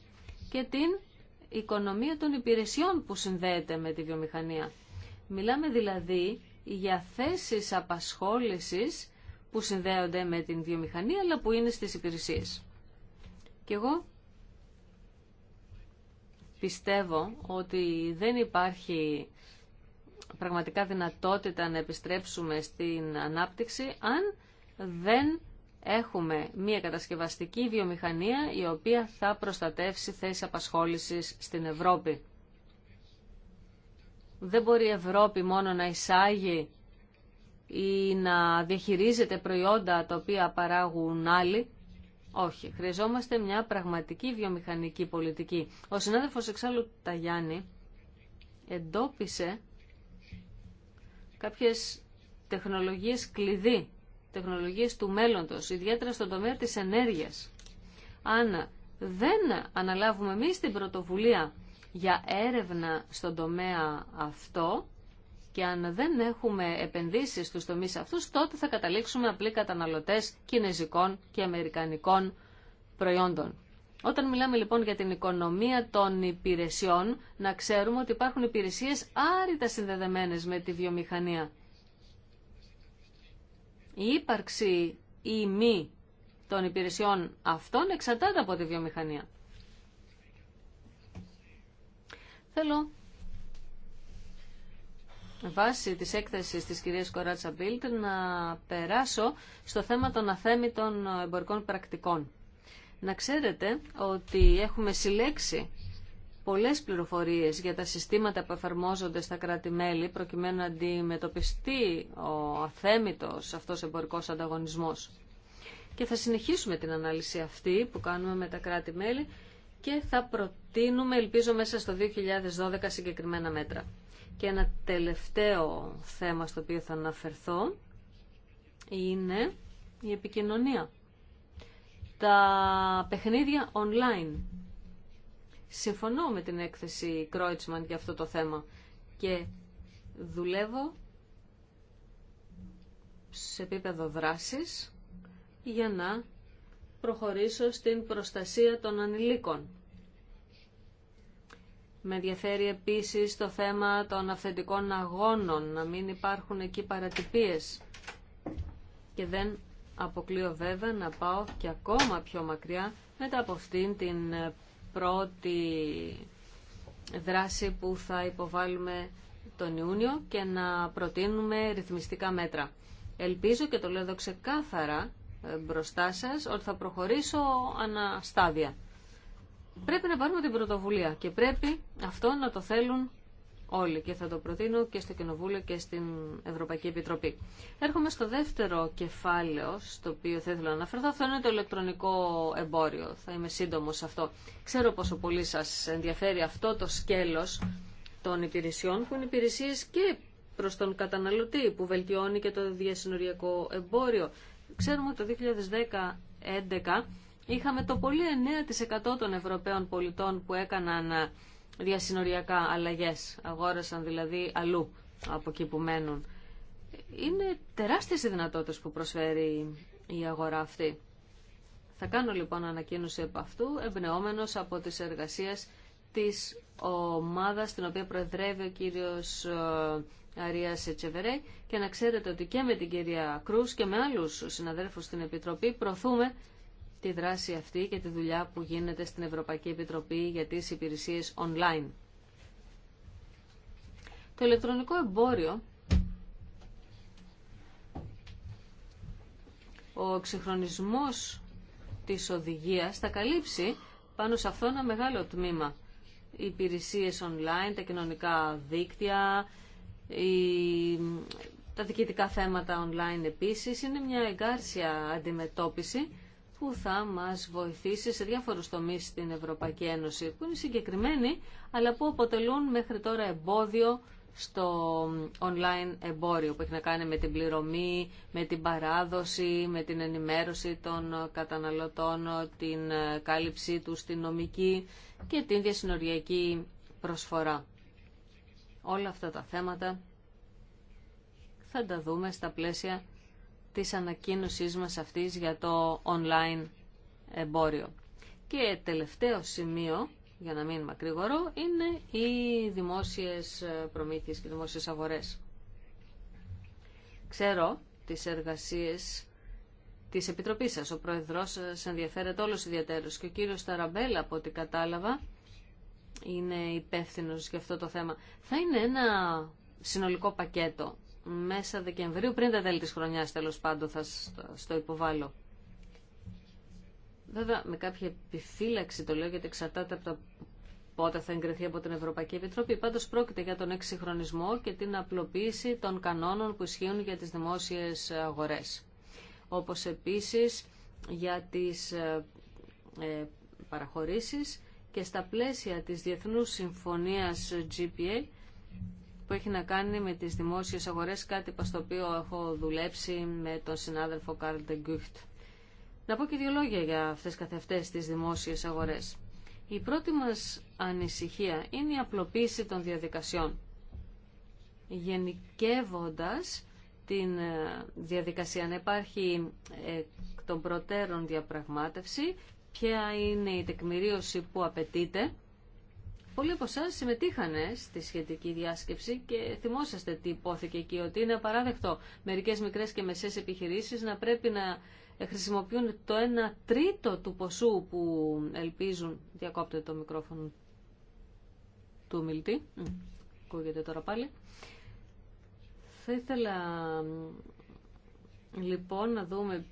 και την οικονομία των υπηρεσιών που συνδέεται με τη βιομηχανία. Μιλάμε δηλαδή για θέσεις απασχόλησης που συνδέονται με την βιομηχανία αλλά που είναι στις υπηρεσίες. Και εγώ πιστεύω ότι δεν υπάρχει πραγματικά δυνατότητα να επιστρέψουμε στην ανάπτυξη αν δεν έχουμε μια κατασκευαστική βιομηχανία η οποία θα προστατεύσει θέσεις απασχόλησης στην Ευρώπη. Δεν μπορεί η Ευρώπη μόνο να εισάγει ή να διαχειρίζεται προϊόντα τα οποία παράγουν άλλοι. Όχι, χρειαζόμαστε μια πραγματική βιομηχανική πολιτική. Ο συνάδελφος εξάλλου Ταγιάννη εντόπισε κάποιες τεχνολογίες κλειδί, τεχνολογίες του μέλλοντος, ιδιαίτερα στον τομέα της ενέργειας. Αν δεν αναλάβουμε εμεί την πρωτοβουλία για έρευνα στον τομέα αυτό, και αν δεν έχουμε επενδύσει στους τομείς αυτούς, τότε θα καταλήξουμε απλοί καταναλωτές κινέζικων και αμερικανικών προϊόντων. Όταν μιλάμε λοιπόν για την οικονομία των υπηρεσιών, να ξέρουμε ότι υπάρχουν υπηρεσίες άρρητα συνδεδεμένες με τη βιομηχανία. Η ύπαρξη ή μη των υπηρεσιών αυτών εξαρτάται από τη βιομηχανία. Θέλω βάσει της έκθεσης της κυρίας Κοράτσα Μπίλτ να περάσω στο θέμα των αθέμητων εμπορικών πρακτικών. Να ξέρετε ότι έχουμε συλλέξει πολλές πληροφορίες για τα συστήματα που εφαρμόζονται στα κράτη-μέλη προκειμένου να αντιμετωπιστεί ο αθέμητος αυτός εμπορικός ανταγωνισμός. Και θα συνεχίσουμε την ανάλυση αυτή που κάνουμε με τα κράτη-μέλη και θα προτείνουμε, ελπίζω, μέσα στο 2012 συγκεκριμένα μέτρα. Και ένα τελευταίο θέμα στο οποίο θα αναφερθώ είναι η επικοινωνία. Τα παιχνίδια online. Συμφωνώ με την έκθεση Κρόιτσμαν για αυτό το θέμα και δουλεύω σε επίπεδο δράσης για να προχωρήσω στην προστασία των ανηλίκων. Με ενδιαφέρει επίσης το θέμα των αυθεντικών αγώνων, να μην υπάρχουν εκεί παρατυπίες. Και δεν αποκλείω βέβαια να πάω και ακόμα πιο μακριά μετά από αυτήν την πρώτη δράση που θα υποβάλουμε τον Ιούνιο και να προτείνουμε ρυθμιστικά μέτρα. Ελπίζω και το λέω εδώ ξεκάθαρα ε, μπροστά σας ότι θα προχωρήσω αναστάδια. Πρέπει να πάρουμε την πρωτοβουλία και πρέπει αυτό να το θέλουν όλοι και θα το προτείνω και στο Κοινοβούλιο και στην Ευρωπαϊκή Επιτροπή. Έρχομαι στο δεύτερο κεφάλαιο στο οποίο θα ήθελα να αναφερθώ. Αυτό είναι το ηλεκτρονικό εμπόριο. Θα είμαι σύντομο σε αυτό. Ξέρω πόσο πολύ σα ενδιαφέρει αυτό το σκέλο των υπηρεσιών που είναι υπηρεσίε και προ τον καταναλωτή που βελτιώνει και το διασυνοριακό εμπόριο. Ξέρουμε ότι το 2010-2011 Είχαμε το πολύ 9% των Ευρωπαίων πολιτών που έκαναν ε, διασυνοριακά αλλαγές, αγόρασαν δηλαδή αλλού από εκεί που μένουν. Είναι τεράστιες οι δυνατότητες που προσφέρει η αγορά αυτή. Θα κάνω λοιπόν ανακοίνωση από αυτού, εμπνεόμενος από τις εργασίες της ομάδας την οποία προεδρεύει ο κύριος ε, Αρία και να ξέρετε ότι και με την κυρία Κρούς και με άλλους συναδέλφους στην Επιτροπή προωθούμε τη δράση αυτή και τη δουλειά που γίνεται στην Ευρωπαϊκή Επιτροπή για τις υπηρεσίες online. Το ηλεκτρονικό εμπόριο, ο εξυγχρονισμός της οδηγίας θα καλύψει πάνω σε αυτό ένα μεγάλο τμήμα. Οι υπηρεσίες online, τα κοινωνικά δίκτυα, τα διοικητικά θέματα online επίσης είναι μια εγκάρσια αντιμετώπιση που θα μας βοηθήσει σε διάφορους τομείς στην Ευρωπαϊκή Ένωση, που είναι συγκεκριμένοι, αλλά που αποτελούν μέχρι τώρα εμπόδιο στο online εμπόριο που έχει να κάνει με την πληρωμή, με την παράδοση, με την ενημέρωση των καταναλωτών, την κάλυψή του στην νομική και την διασυνοριακή προσφορά. Όλα αυτά τα θέματα θα τα δούμε στα πλαίσια της ανακοίνωσής μας αυτής για το online εμπόριο. Και τελευταίο σημείο, για να μην μακρύγορο είναι οι δημόσιες προμήθειες και δημόσιες αγορές. Ξέρω τις εργασίες της Επιτροπής σας. Ο Πρόεδρος σας ενδιαφέρεται όλος ιδιαίτερος και ο κύριος Ταραμπέλα, από ό,τι κατάλαβα, είναι υπεύθυνο για αυτό το θέμα. Θα είναι ένα συνολικό πακέτο μέσα Δεκεμβρίου, πριν τα τέλη της χρονιάς τέλος πάντων θα στο υποβάλω. Βέβαια με κάποια επιφύλαξη το λέω γιατί εξαρτάται από το πότε θα εγκριθεί από την Ευρωπαϊκή Επιτροπή. Πάντως πρόκειται για τον εξυγχρονισμό και την απλοποίηση των κανόνων που ισχύουν για τις δημόσιες αγορές. Όπως επίσης για τις ε, ε, παραχωρήσεις και στα πλαίσια της Διεθνούς Συμφωνίας GPA που έχει να κάνει με τις δημόσιες αγορές, κάτι στο οποίο έχω δουλέψει με τον συνάδελφο Κάρλ Τεγκούχτ. Να πω και δύο λόγια για αυτές καθευτές τις δημόσιες αγορές. Η πρώτη μας ανησυχία είναι η απλοποίηση των διαδικασιών, γενικεύοντας την ε, διαδικασία να υπάρχει ε, των προτέρων διαπραγμάτευση, ποια είναι η τεκμηρίωση που απαιτείται, Πολλοί από εσά συμμετείχαν στη σχετική διάσκεψη και θυμόσαστε τι υπόθηκε εκεί, ότι είναι απαράδεκτο μερικέ μικρέ και μεσαίε επιχειρήσει να πρέπει να χρησιμοποιούν το 1 τρίτο του ποσού που ελπίζουν. Διακόπτε το μικρόφωνο του μιλτή. Ακούγεται τώρα πάλι. Θα ήθελα λοιπόν να δούμε,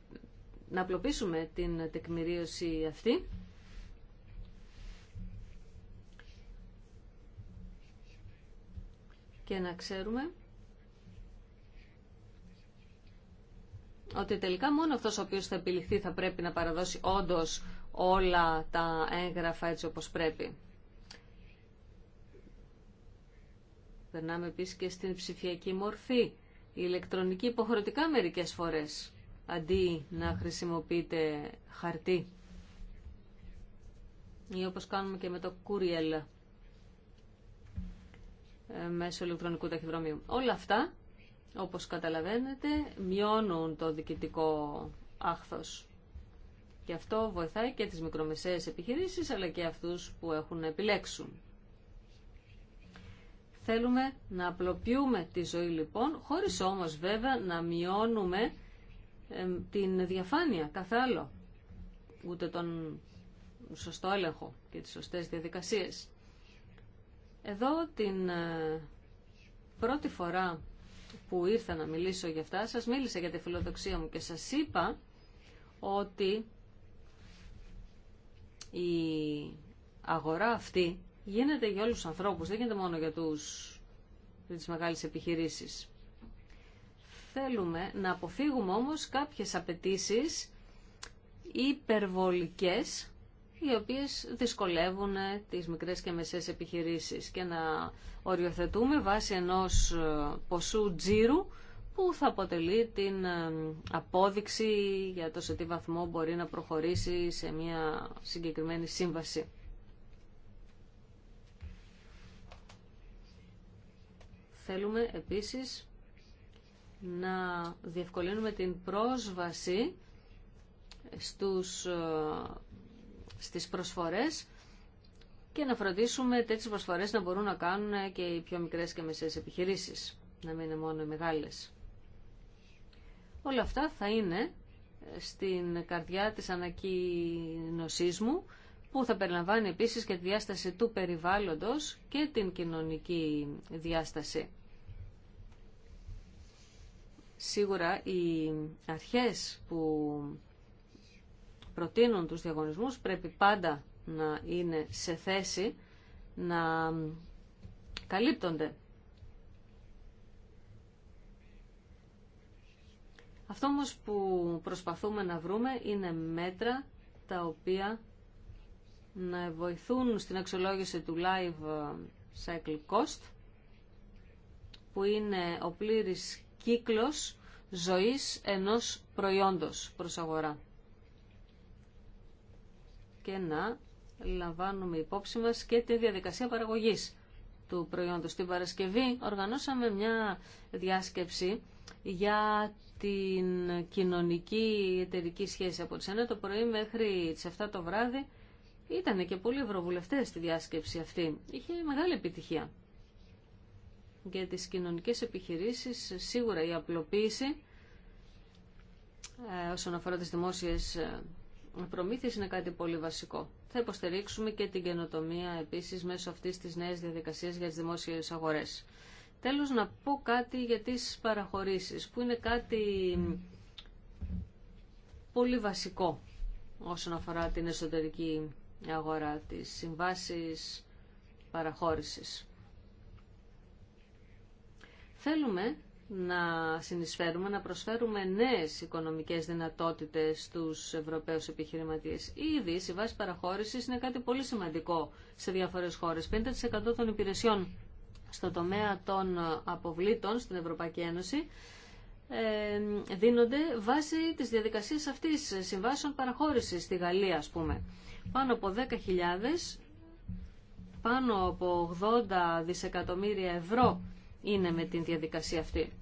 να απλοποιήσουμε την τεκμηρίωση αυτή και να ξέρουμε ότι τελικά μόνο αυτός ο οποίος θα επιληχθεί θα πρέπει να παραδώσει όντως όλα τα έγγραφα έτσι όπως πρέπει. Περνάμε επίσης και στην ψηφιακή μορφή, η ηλεκτρονική υποχρεωτικά μερικές φορές, αντί να χρησιμοποιείτε χαρτί. Ή όπως κάνουμε και με το κούριελ. Ε, μέσω ηλεκτρονικού ταχυδρομείου. Όλα αυτά, όπως καταλαβαίνετε, μειώνουν το διοικητικό άχθος. Και αυτό βοηθάει και τις μικρομεσαίες επιχειρήσεις, αλλά και αυτούς που έχουν να επιλέξουν. Θέλουμε να απλοποιούμε τη ζωή λοιπόν, χωρίς όμως βέβαια να μειώνουμε ε, την διαφάνεια καθ' άλλο, ούτε τον σωστό έλεγχο και τις σωστές διαδικασίες. Εδώ την ε, πρώτη φορά που ήρθα να μιλήσω για αυτά, σας μίλησα για τη φιλοδοξία μου και σας είπα ότι η αγορά αυτή γίνεται για όλους τους ανθρώπους, δεν γίνεται μόνο για, τους, τις μεγάλες επιχειρήσεις. Θέλουμε να αποφύγουμε όμως κάποιες απαιτήσει υπερβολικές οι οποίες δυσκολεύουν ε, τις μικρές και μεσές επιχειρήσεις και να οριοθετούμε βάσει ενός ε, ποσού τζίρου που θα αποτελεί την ε, απόδειξη για το σε τι βαθμό μπορεί να προχωρήσει σε μια συγκεκριμένη σύμβαση. Θέλουμε επίσης να διευκολύνουμε την πρόσβαση στους στις προσφορές και να φροντίσουμε τέτοιες προσφορές να μπορούν να κάνουν και οι πιο μικρές και μεσαίες επιχειρήσεις, να μην είναι μόνο οι μεγάλες. Όλα αυτά θα είναι ε, στην καρδιά της ανακοίνωσής μου, που θα περιλαμβάνει επίσης και τη διάσταση του περιβάλλοντος και την κοινωνική διάσταση. Σίγουρα οι αρχές που προτείνουν τους διαγωνισμούς πρέπει πάντα να είναι σε θέση να καλύπτονται. Αυτό όμως που προσπαθούμε να βρούμε είναι μέτρα τα οποία να βοηθούν στην αξιολόγηση του live ε, cycle cost που είναι ο πλήρης κύκλος ζωής ενός προϊόντος προς αγορά και να λαμβάνουμε υπόψη μας και τη διαδικασία παραγωγής του προϊόντος. Στην Παρασκευή οργανώσαμε μια διάσκεψη για την κοινωνική εταιρική σχέση από τις 9 το πρωί μέχρι τις 7 το βράδυ. Ήταν και πολλοί ευρωβουλευτέ στη διάσκεψη αυτή. Είχε μεγάλη επιτυχία. Για τις κοινωνικές επιχειρήσεις σίγουρα η απλοποίηση ε, όσον αφορά τις δημόσιες ε, προμήθειες είναι κάτι πολύ βασικό. Θα υποστηρίξουμε και την καινοτομία επίσης μέσω αυτής της νέας διαδικασίας για τις δημόσιες αγορές. Τέλος να πω κάτι για τις παραχωρήσεις που είναι κάτι πολύ βασικό όσον αφορά την εσωτερική αγορά της συμβάσεις παραχώρησης. Θέλουμε να συνεισφέρουμε, να προσφέρουμε νέες οικονομικές δυνατότητες στους Ευρωπαίους επιχειρηματίες. Ήδη η βάση παραχώρησης είναι κάτι πολύ σημαντικό σε διάφορες χώρες. 50% των υπηρεσιών στο τομέα των αποβλήτων στην Ευρωπαϊκή Ένωση ε, δίνονται βάσει της διαδικασίας αυτής συμβάσεων παραχώρησης στη Γαλλία ας πούμε. Πάνω από 10.000, πάνω από 80 δισεκατομμύρια ευρώ είναι με την διαδικασία αυτή.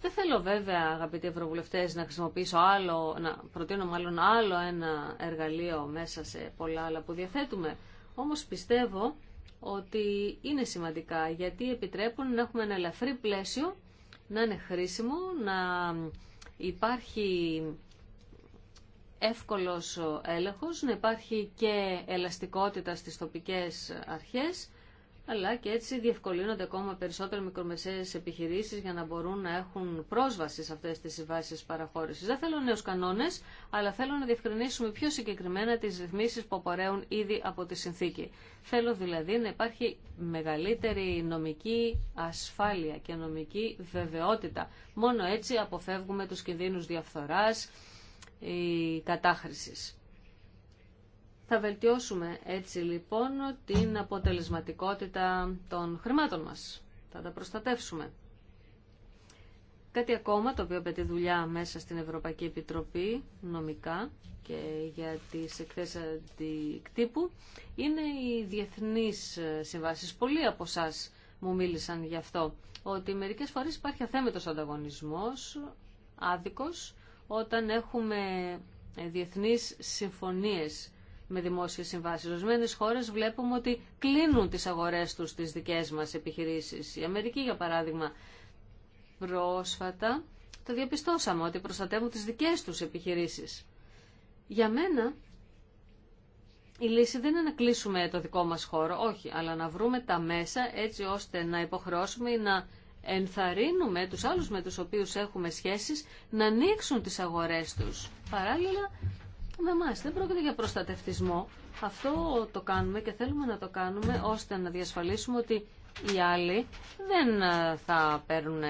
Δεν θέλω βέβαια, αγαπητοί ευρωβουλευτέ, να χρησιμοποιήσω άλλο, να προτείνω μάλλον άλλο ένα εργαλείο μέσα σε πολλά άλλα που διαθέτουμε. Όμως πιστεύω ότι είναι σημαντικά γιατί επιτρέπουν να έχουμε ένα ελαφρύ πλαίσιο, να είναι χρήσιμο, να υπάρχει εύκολος έλεγχος, να υπάρχει και ελαστικότητα στις τοπικές αρχές αλλά και έτσι διευκολύνονται ακόμα περισσότερο μικρομεσαίε επιχειρήσει για να μπορούν να έχουν πρόσβαση σε αυτέ τι συμβάσει παραχώρηση. Δεν θέλω νέου κανόνε, αλλά θέλω να διευκρινίσουμε πιο συγκεκριμένα τι ρυθμίσει που απορρέουν ήδη από τη συνθήκη. Θέλω δηλαδή να υπάρχει μεγαλύτερη νομική ασφάλεια και νομική βεβαιότητα. Μόνο έτσι αποφεύγουμε του κινδύνου διαφθορά ή κατάχρηση. Θα βελτιώσουμε έτσι λοιπόν την αποτελεσματικότητα των χρημάτων μας. Θα τα προστατεύσουμε. Κάτι ακόμα το οποίο απαιτεί δουλειά μέσα στην Ευρωπαϊκή Επιτροπή νομικά και για τις εκθέσεις αντικτύπου είναι οι διεθνείς συμβάσεις. Πολλοί από εσά μου μίλησαν γι' αυτό, ότι μερικές φορές υπάρχει αθέμητος ανταγωνισμός, άδικος, όταν έχουμε διεθνείς συμφωνίες με δημόσιες συμβάσεις. Ορισμένε χώρες βλέπουμε ότι κλείνουν τις αγορές τους στις δικές μας επιχειρήσεις. Η Αμερική, για παράδειγμα, πρόσφατα το διαπιστώσαμε ότι προστατεύουν τις δικές τους επιχειρήσεις. Για μένα, η λύση δεν είναι να κλείσουμε το δικό μας χώρο, όχι, αλλά να βρούμε τα μέσα έτσι ώστε να υποχρεώσουμε ή να ενθαρρύνουμε τους άλλους με τους οποίους έχουμε σχέσεις να ανοίξουν τις αγορές τους. Παράλληλα, με εμά. Δεν πρόκειται για προστατευτισμό. Αυτό το κάνουμε και θέλουμε να το κάνουμε ώστε να διασφαλίσουμε ότι οι άλλοι δεν ε, θα, παίρνουν,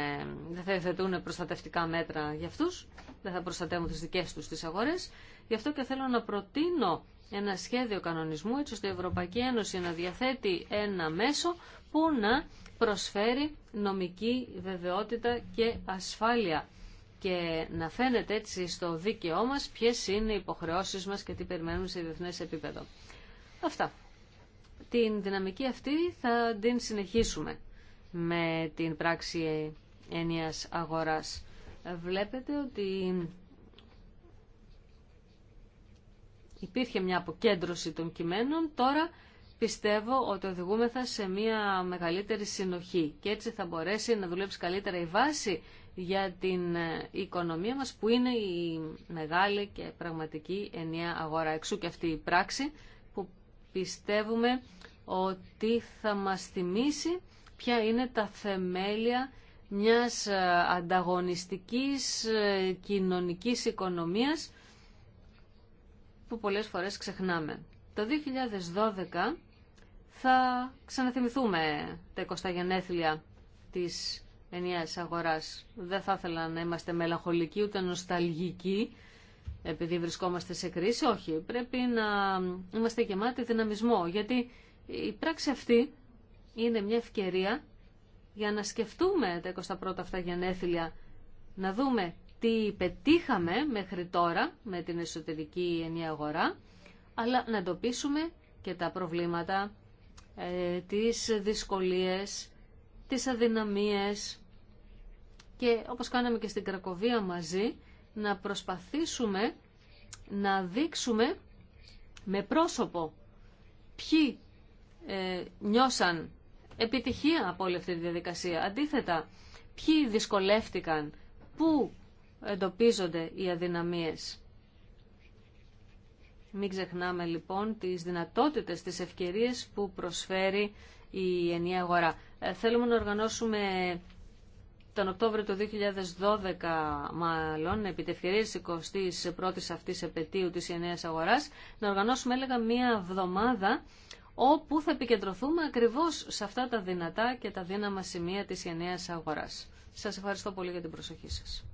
δεν θα προστατευτικά μέτρα για αυτούς, δεν θα προστατεύουν τις δικές τους τις αγορές. Γι' αυτό και θέλω να προτείνω ένα σχέδιο κανονισμού έτσι ώστε η Ευρωπαϊκή Ένωση να διαθέτει ένα μέσο που να προσφέρει νομική βεβαιότητα και ασφάλεια και να φαίνεται έτσι στο δίκαιό μας ποιες είναι οι υποχρεώσεις μας και τι περιμένουμε σε διεθνέ επίπεδο. Αυτά. Την δυναμική αυτή θα την συνεχίσουμε με την πράξη ενίας αγοράς. Βλέπετε ότι υπήρχε μια αποκέντρωση των κειμένων, τώρα πιστεύω ότι οδηγούμεθα σε μια μεγαλύτερη συνοχή και έτσι θα μπορέσει να δουλέψει καλύτερα η βάση για την ε, οικονομία μας που είναι η μεγάλη και πραγματική ενιαία αγορά. Εξού και αυτή η πράξη που πιστεύουμε ότι θα μας θυμίσει ποια είναι τα θεμέλια μιας ε, ανταγωνιστικής ε, κοινωνικής οικονομίας που πολλές φορές ξεχνάμε. Το 2012 θα ξαναθυμηθούμε τα 20 γενέθλια της ενιαίας αγοράς. Δεν θα ήθελα να είμαστε μελαγχολικοί ούτε νοσταλγικοί επειδή βρισκόμαστε σε κρίση. Όχι, πρέπει να είμαστε γεμάτοι δυναμισμό γιατί η πράξη αυτή είναι μια ευκαιρία για να σκεφτούμε τα 21 αυτά γενέθλια, να δούμε τι πετύχαμε μέχρι τώρα με την εσωτερική ενιαία αγορά, αλλά να εντοπίσουμε και τα προβλήματα, ε, τις δυσκολίες, τις αδυναμίες και όπως κάναμε και στην Κρακοβία μαζί, να προσπαθήσουμε να δείξουμε με πρόσωπο ποιοι ε, νιώσαν επιτυχία από όλη αυτή τη διαδικασία. Αντίθετα, ποιοι δυσκολεύτηκαν, πού εντοπίζονται οι αδυναμίες. Μην ξεχνάμε λοιπόν τις δυνατότητες, τις ευκαιρίες που προσφέρει η ενιαία αγορά. Ε, θέλουμε να οργανώσουμε τον Οκτώβριο του 2012 μάλλον, επί τευκαιρίας 21ης αυτής επαιτίου της ενέας αγοράς, να οργανώσουμε έλεγα μία εβδομάδα όπου θα επικεντρωθούμε ακριβώς σε αυτά τα δυνατά και τα δύναμα σημεία της ενέας αγοράς. Σας ευχαριστώ πολύ για την προσοχή σας.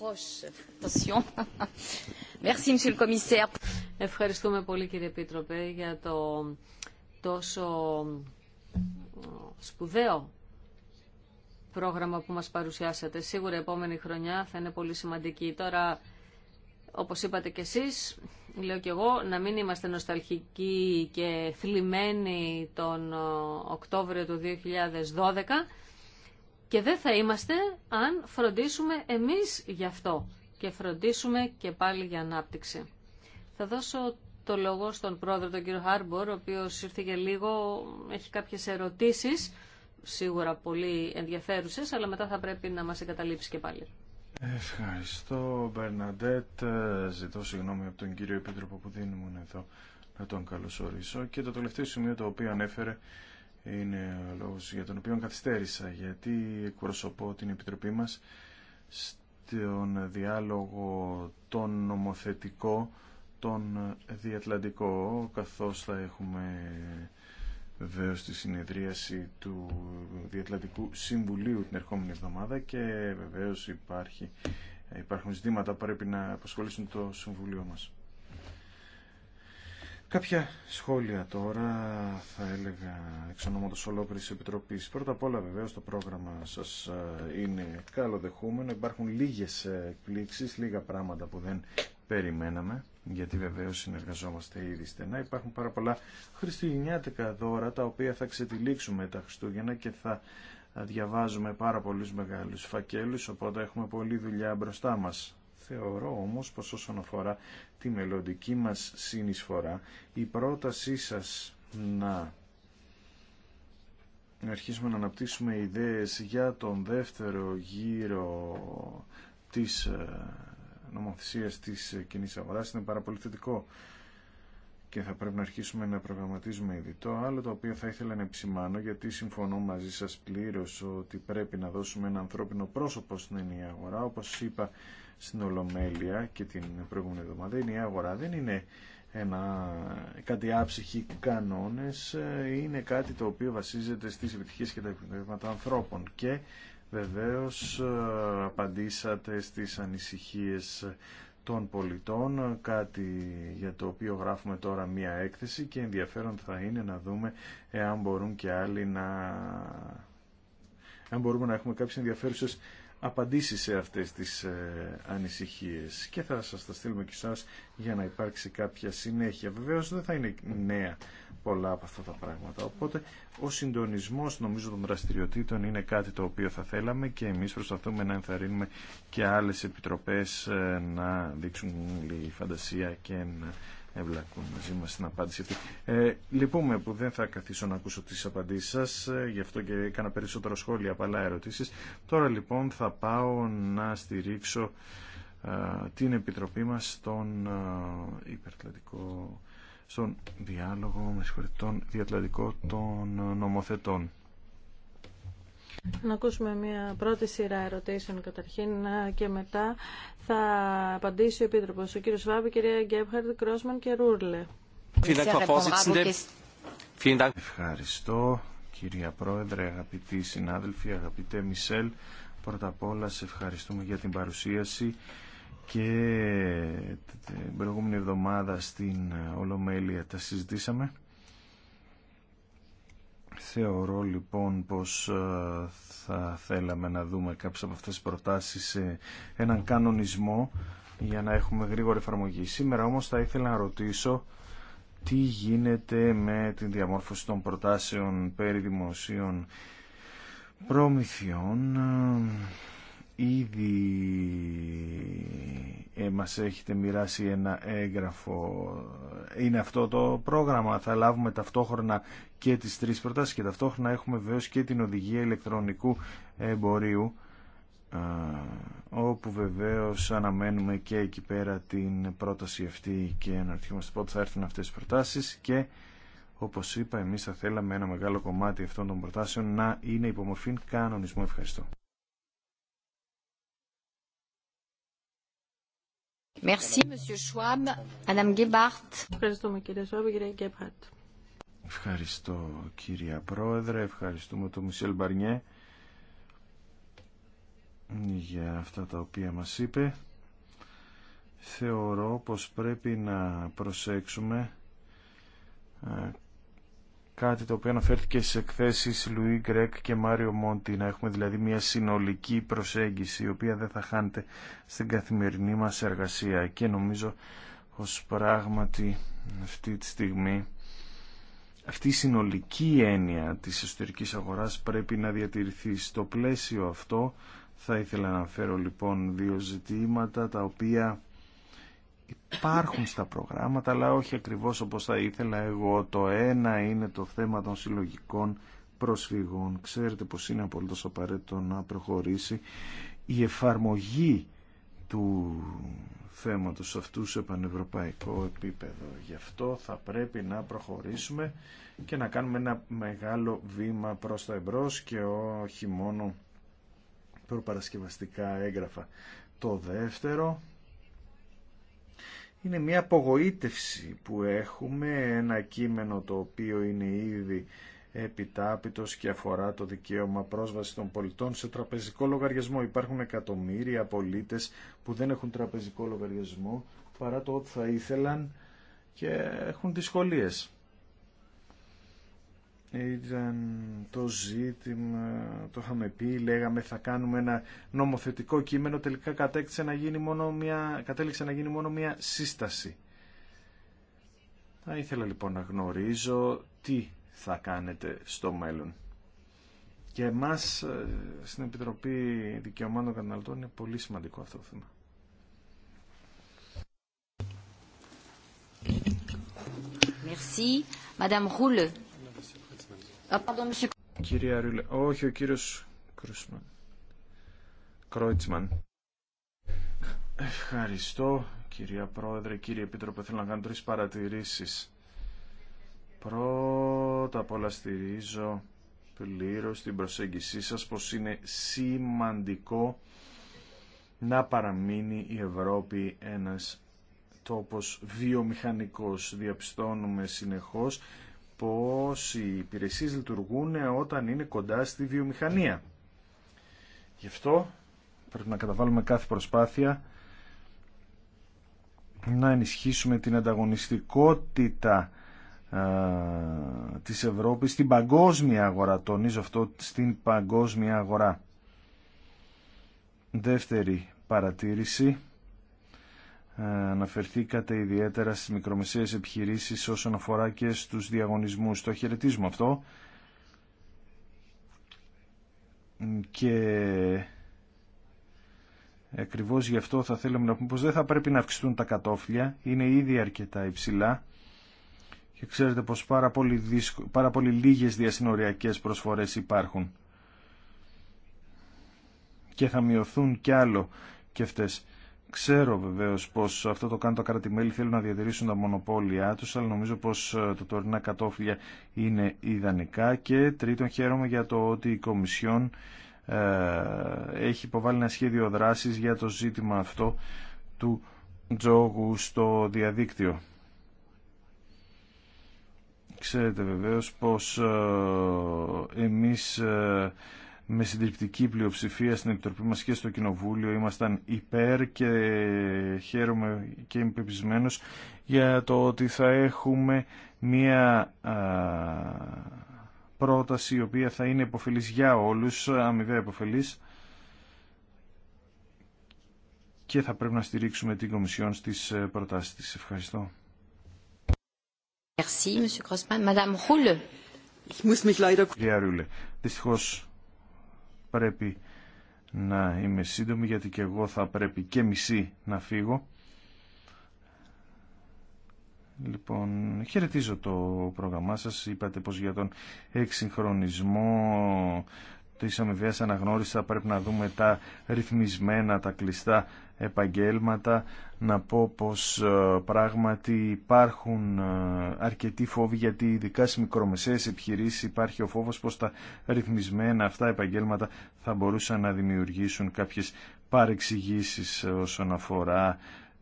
Ευχαριστούμε πολύ κύριε Επίτροπε για το τόσο ε, σπουδαίο πρόγραμμα που μας παρουσιάσατε. Σίγουρα η επόμενη χρονιά θα είναι πολύ σημαντική. Τώρα, όπως είπατε και εσείς, λέω κι εγώ, να μην είμαστε νοσταλχικοί και θλιμμένοι τον ε, Οκτώβριο του 2012, και δεν θα είμαστε αν φροντίσουμε εμείς γι' αυτό και φροντίσουμε και πάλι για ανάπτυξη. Θα δώσω το λόγο στον πρόεδρο, τον κύριο Χάρμπορ, ο οποίος ήρθε για λίγο, έχει κάποιες ερωτήσεις, σίγουρα πολύ ενδιαφέρουσες, αλλά μετά θα πρέπει να μας εγκαταλείψει και πάλι. Ευχαριστώ, Μπερναντέτ. Ζητώ συγγνώμη από τον κύριο Επίτροπο που δίνει μου εδώ να τον καλωσορίσω. Και το τελευταίο σημείο το οποίο ανέφερε είναι ο λόγος για τον οποίο καθυστέρησα, γιατί εκπροσωπώ την Επιτροπή μας στον διάλογο τον νομοθετικό, τον διατλαντικό, καθώς θα έχουμε βεβαίω τη συνεδρίαση του Διατλαντικού Συμβουλίου την ερχόμενη εβδομάδα και βεβαίω υπάρχει, υπάρχουν ζητήματα που πρέπει να απασχολήσουν το Συμβουλίο μας. Κάποια σχόλια τώρα θα έλεγα εξ ονόματος ολόκληρης επιτροπής. Πρώτα απ' όλα βεβαίως το πρόγραμμα σας ε, είναι καλοδεχούμενο. Υπάρχουν λίγες εκπλήξεις, λίγα πράγματα που δεν περιμέναμε, γιατί βεβαίως συνεργαζόμαστε ήδη στενά. Υπάρχουν πάρα πολλά χριστουγεννιάτικα δώρα τα οποία θα ξετυλίξουμε τα Χριστούγεννα και θα διαβάζουμε πάρα πολλούς μεγάλους φακέλους, οπότε έχουμε πολλή δουλειά μπροστά μας. Θεωρώ όμως πως όσον αφορά τη μελλοντική μας συνεισφορά, η πρότασή σας να αρχίσουμε να αναπτύσσουμε ιδέες για τον δεύτερο γύρο της ε, νομοθεσίας της ε, κοινή αγοράς είναι πάρα πολύ θετικό και θα πρέπει να αρχίσουμε να προγραμματίζουμε ήδη. Το άλλο το οποίο θα ήθελα να επισημάνω, γιατί συμφωνώ μαζί σας πλήρως ότι πρέπει να δώσουμε ένα ανθρώπινο πρόσωπο στην ενιαία αγορά, όπως είπα στην Ολομέλεια και την προηγούμενη εβδομάδα. Η αγορά δεν είναι ένα, κάτι άψυχη κανόνες, είναι κάτι το οποίο βασίζεται στις επιτυχίες και τα επιτυχήματα ανθρώπων. Και βεβαίως ε, απαντήσατε στις ανησυχίες των πολιτών, κάτι για το οποίο γράφουμε τώρα μία έκθεση και ενδιαφέρον θα είναι να δούμε εάν μπορούν και άλλοι να... εάν μπορούμε να έχουμε κάποιες ενδιαφέρουσες απαντήσει σε αυτές τις ε, ανησυχίες και θα σας τα στείλουμε και εσάς για να υπάρξει κάποια συνέχεια. Βεβαίως δεν θα είναι νέα πολλά από αυτά τα πράγματα. Οπότε ο συντονισμός νομίζω των δραστηριοτήτων είναι κάτι το οποίο θα θέλαμε και εμείς προσπαθούμε να ενθαρρύνουμε και άλλες επιτροπές ε, να δείξουν λίγη φαντασία και να ευλακούν μαζί μας την απάντηση αυτή. Ε, λυπούμε που δεν θα καθίσω να ακούσω τι απαντήσεις σας, ε, γι' αυτό και έκανα περισσότερο σχόλια, παλά ερωτήσεις. Τώρα λοιπόν θα πάω να στηρίξω ε, την Επιτροπή μας στον ε, υπερτλαντικό στον διάλογο με διατλαντικό των νομοθετών. Να ακούσουμε μια πρώτη σειρά ερωτήσεων καταρχήν και μετά θα απαντήσει ο Επίτροπος. Ο κύριος Βάμπη, κυρία Γκέμπχαρντ, Κρόσμαν και Ρούρλε. Ευχαριστώ κυρία Πρόεδρε, αγαπητοί συνάδελφοι, αγαπητέ Μισελ. Πρώτα απ' όλα σε ευχαριστούμε για την παρουσίαση και την προηγούμενη εβδομάδα στην Ολομέλεια τα συζητήσαμε Θεωρώ λοιπόν πως ε, θα θέλαμε να δούμε κάποιες από αυτές τις προτάσεις σε έναν κανονισμό για να έχουμε γρήγορη εφαρμογή. Σήμερα όμως θα ήθελα να ρωτήσω τι γίνεται με την διαμόρφωση των προτάσεων περί δημοσίων προμηθειών ήδη ε, μας έχετε μοιράσει ένα έγγραφο. Είναι αυτό το πρόγραμμα. Θα λάβουμε ταυτόχρονα και τις τρεις προτάσεις και ταυτόχρονα έχουμε βεβαίως και την οδηγία ηλεκτρονικού εμπορίου όπου βεβαίως αναμένουμε και εκεί πέρα την πρόταση αυτή και αναρωτιόμαστε πότε θα έρθουν αυτές τις προτάσεις και όπως είπα εμείς θα θέλαμε ένα μεγάλο κομμάτι αυτών των προτάσεων να είναι υπομορφή κανονισμού. Ευχαριστώ. Ευχαριστούμε κύριε κύριε Γκέμπαρτ. Ευχαριστώ κύριε Πρόεδρε, ευχαριστούμε τον Μισελ Μπαρνιέ για αυτά τα οποία μας είπε. Θεωρώ πως πρέπει να προσέξουμε ε, κάτι το οποίο αναφέρθηκε στι εκθέσει Λουί Γκρέκ και Μάριο Μόντι. Να έχουμε δηλαδή μια συνολική προσέγγιση η οποία δεν θα χάνεται στην καθημερινή μα εργασία. Και νομίζω πω πράγματι αυτή τη στιγμή αυτή η συνολική έννοια της εσωτερικής αγοράς πρέπει να διατηρηθεί. Στο πλαίσιο αυτό θα ήθελα να αναφέρω λοιπόν δύο ζητήματα τα οποία υπάρχουν στα προγράμματα αλλά όχι ακριβώς όπως θα ήθελα εγώ. Το ένα είναι το θέμα των συλλογικών προσφύγων. Ξέρετε πως είναι απολύτως απαραίτητο να προχωρήσει η εφαρμογή του θέματος αυτού σε πανευρωπαϊκό επίπεδο. Γι' αυτό θα πρέπει να προχωρήσουμε και να κάνουμε ένα μεγάλο βήμα προς τα εμπρός και όχι μόνο προπαρασκευαστικά έγγραφα. Το δεύτερο είναι μια απογοήτευση που έχουμε ένα κείμενο το οποίο είναι ήδη επιτάπητος και αφορά το δικαίωμα πρόσβαση των πολιτών σε τραπεζικό λογαριασμό. Υπάρχουν εκατομμύρια πολίτες που δεν έχουν τραπεζικό λογαριασμό παρά το ότι θα ήθελαν και έχουν δυσκολίες ήταν το ζήτημα, το είχαμε πει, λέγαμε θα κάνουμε ένα νομοθετικό κείμενο, τελικά κατέληξε να γίνει μόνο μια, κατέληξε να γίνει μόνο μια σύσταση. Θα ήθελα λοιπόν να γνωρίζω τι θα κάνετε στο μέλλον. Και εμάς ε, στην Επιτροπή Δικαιωμάτων Καταναλωτών είναι πολύ σημαντικό αυτό το θέμα. Merci. Madame Ah, κυρία Ρουλε, όχι ο κύριος Κρούσμαν. Κρόιτσμαν. Ευχαριστώ κυρία Πρόεδρε, κύριε Επίτροπε, θέλω να κάνω τρεις παρατηρήσεις. Πρώτα απ' όλα στηρίζω πλήρως την προσέγγισή σας πως είναι σημαντικό να παραμείνει η Ευρώπη ένας τόπος βιομηχανικός. Διαπιστώνουμε συνεχώς πως οι υπηρεσίες λειτουργούν όταν είναι κοντά στη βιομηχανία. Γι' αυτό πρέπει να καταβάλουμε κάθε προσπάθεια να ενισχύσουμε την ανταγωνιστικότητα α, της Ευρώπης στην παγκόσμια αγορά. Τονίζω αυτό στην παγκόσμια αγορά. Δεύτερη παρατήρηση ε, αναφερθήκατε ιδιαίτερα στις μικρομεσαίες επιχειρήσεις όσον αφορά και στους διαγωνισμούς. Το χαιρετίζουμε αυτό και ακριβώς γι' αυτό θα θέλαμε να πούμε πως δεν θα πρέπει να αυξηθούν τα κατόφλια, είναι ήδη αρκετά υψηλά και ξέρετε πως πάρα πολύ, δύσκο, πάρα πολύ λίγες διασυνοριακές προσφορές υπάρχουν και θα μειωθούν κι άλλο και αυτές. Ξέρω βεβαίω πω αυτό το κάνουν τα κράτη-μέλη, θέλουν να διατηρήσουν τα μονοπόλια του, αλλά νομίζω πω ε, τα τωρινά κατόφλια είναι ιδανικά. Και τρίτον, χαίρομαι για το ότι η Κομισιόν ε, έχει υποβάλει ένα σχέδιο δράσης για το ζήτημα αυτό του τζόγου στο διαδίκτυο. Ξέρετε βεβαίως πως ε, εμείς με συντριπτική πλειοψηφία στην Επιτροπή μας και στο Κοινοβούλιο ήμασταν υπέρ και χαίρομαι και είμαι για το ότι θα έχουμε μία πρόταση η οποία θα είναι υποφελής για όλους, αμοιβαία υποφελής και θα πρέπει να στηρίξουμε την Κομισιόν στις ε, προτάσεις της. Ευχαριστώ. Merci, Monsieur πρέπει να είμαι σύντομη γιατί και εγώ θα πρέπει και μισή να φύγω. Λοιπόν, χαιρετίζω το πρόγραμμά σας. Είπατε πως για τον εξυγχρονισμό τη αμοιβαίας αναγνώριση. θα πρέπει να δούμε τα ρυθμισμένα, τα κλειστά επαγγέλματα. Να πω πως ε, πράγματι υπάρχουν ε, αρκετοί φόβοι γιατί ειδικά στις μικρομεσαίες επιχειρήσεις υπάρχει ο φόβος πως τα ρυθμισμένα αυτά επαγγέλματα θα μπορούσαν να δημιουργήσουν κάποιες παρεξηγήσεις όσον αφορά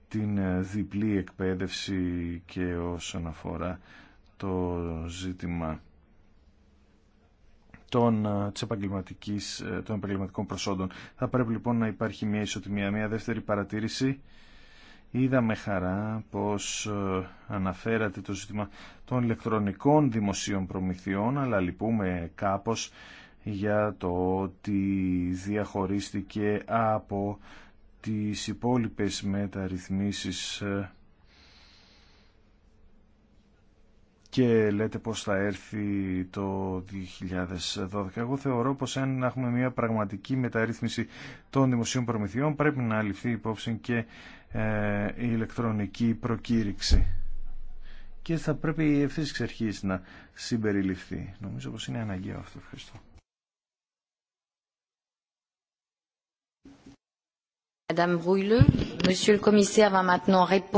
την ε, διπλή εκπαίδευση και όσον αφορά το ζήτημα των, ε, της ε, των επαγγελματικών προσόντων. Θα πρέπει λοιπόν να υπάρχει μια ισοτιμία. Μια δεύτερη παρατήρηση. Είδαμε χαρά πως ε, αναφέρατε το ζήτημα των ηλεκτρονικών δημοσίων προμηθειών, αλλά λυπούμε κάπως για το ότι διαχωρίστηκε από τις υπόλοιπες μεταρρυθμίσεις και λέτε πως θα έρθει το 2012. Εγώ θεωρώ πως αν έχουμε μια πραγματική μεταρρύθμιση των δημοσίων προμηθειών πρέπει να ληφθεί υπόψη και ε, η ηλεκτρονική προκήρυξη. Και θα πρέπει η εξ εξερχής να συμπεριληφθεί. Νομίζω πως είναι αναγκαίο αυτό. Ευχαριστώ. Madame Monsieur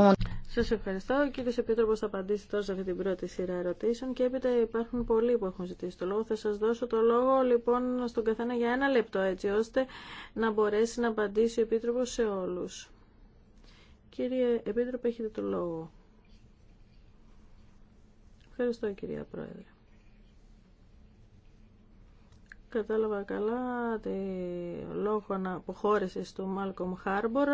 le Σα ευχαριστώ. Ο κύριος Επίτροπος θα απαντήσει τώρα σε αυτή την πρώτη σειρά ερωτήσεων και έπειτα υπάρχουν πολλοί που έχουν ζητήσει το λόγο. Θα σας δώσω το λόγο λοιπόν στον καθένα για ένα λεπτό έτσι ώστε να μπορέσει να απαντήσει ο επίτροπο σε όλους. Κύριε Επίτροπε, έχετε το λόγο. Ευχαριστώ κυρία Πρόεδρε. Κατάλαβα καλά τη λόγω αποχώρηση του Μάλκομ Χάρμπορ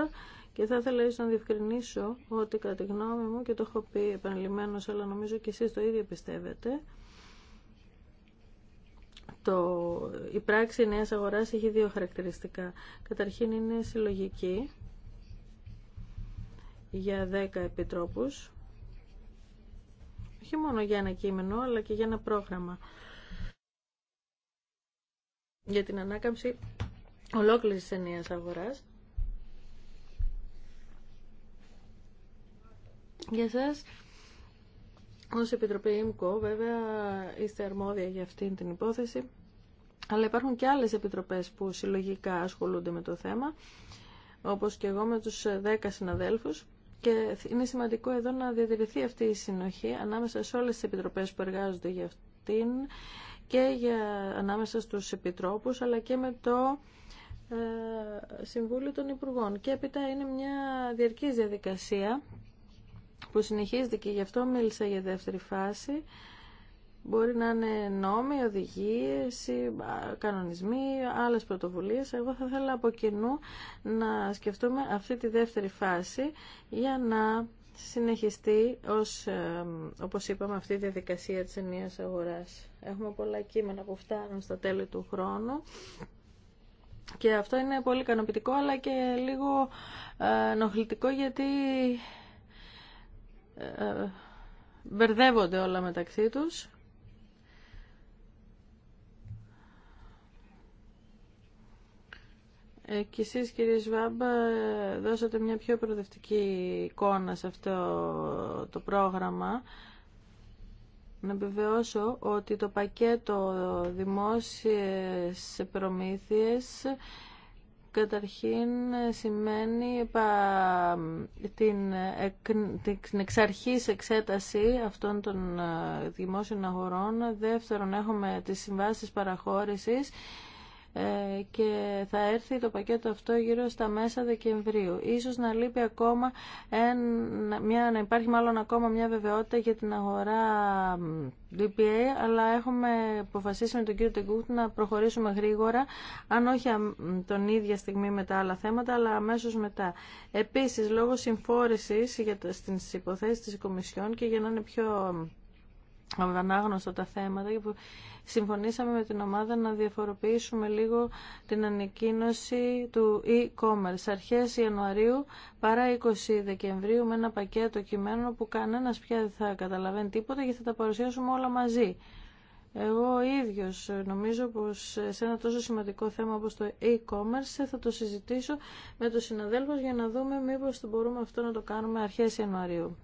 και θα ήθελα ίσως να διευκρινίσω ότι κατά τη γνώμη μου, και το έχω πει επαναλημμένως, αλλά νομίζω και εσείς το ίδιο πιστεύετε, το, η πράξη νέα αγορά έχει δύο χαρακτηριστικά. Καταρχήν είναι συλλογική για 10 επιτρόπους, όχι μόνο για ένα κείμενο, αλλά και για ένα πρόγραμμα για την ανάκαμψη ολόκληρης της ενίας αγοράς. Για σας, ως Επιτροπή ΜΚΟ, βέβαια είστε αρμόδια για αυτήν την υπόθεση, αλλά υπάρχουν και άλλες επιτροπές που συλλογικά ασχολούνται με το θέμα, όπως και εγώ με τους 10 συναδέλφους, και είναι σημαντικό εδώ να διατηρηθεί αυτή η συνοχή ανάμεσα σε όλες τις επιτροπές που εργάζονται για αυτήν και για, ανάμεσα στους επιτρόπους, αλλά και με το ε, Συμβούλιο των Υπουργών. Και έπειτα είναι μια διαρκής διαδικασία που συνεχίζεται και γι' αυτό μίλησα για δεύτερη φάση. Μπορεί να είναι νόμοι, οδηγίες, κανονισμοί, άλλες πρωτοβουλίες. Εγώ θα ήθελα από κοινού να σκεφτούμε αυτή τη δεύτερη φάση για να συνεχιστεί ως, όπως είπαμε, αυτή η διαδικασία της ενίας αγοράς. Έχουμε πολλά κείμενα που φτάνουν στα τέλη του χρόνου και αυτό είναι πολύ ικανοποιητικό αλλά και λίγο ε, ενοχλητικό γιατί ε, ε, μπερδεύονται όλα μεταξύ τους. Ε, και εσείς κύριε ε, δώσατε μια πιο προοδευτική εικόνα σε αυτό το πρόγραμμα. Να επιβεβαιώσω ότι το πακέτο δημόσιες προμήθειες καταρχήν σημαίνει την, την εξαρχής εξέταση αυτών των ε, δημόσιων αγορών. Δεύτερον, έχουμε τις συμβάσεις παραχώρησης ε, και θα έρθει το πακέτο αυτό γύρω στα μέσα Δεκεμβρίου. Ίσως να λείπει ακόμα, μια, να υπάρχει μάλλον ακόμα μια βεβαιότητα για την αγορά DPA, αλλά έχουμε αποφασίσει με τον κύριο Τεγκούχτ να προχωρήσουμε γρήγορα, αν όχι τον ίδια στιγμή με τα άλλα θέματα, αλλά αμέσως μετά. Επίσης, λόγω συμφόρησης για, στις υποθέσεις της Κομισιόν και για να είναι πιο ανάγνωστα τα θέματα και που συμφωνήσαμε με την ομάδα να διαφοροποιήσουμε λίγο την ανακοίνωση του e-commerce αρχές Ιανουαρίου παρά 20 Δεκεμβρίου με ένα πακέτο κειμένων που κανένας πια δεν θα καταλαβαίνει τίποτα και θα τα παρουσιάσουμε όλα μαζί. Εγώ ίδιος νομίζω πως σε ένα τόσο σημαντικό θέμα όπως το e-commerce θα το συζητήσω με τους συναδέλφους για να δούμε μήπως μπορούμε αυτό να το κάνουμε αρχές Ιανουαρίου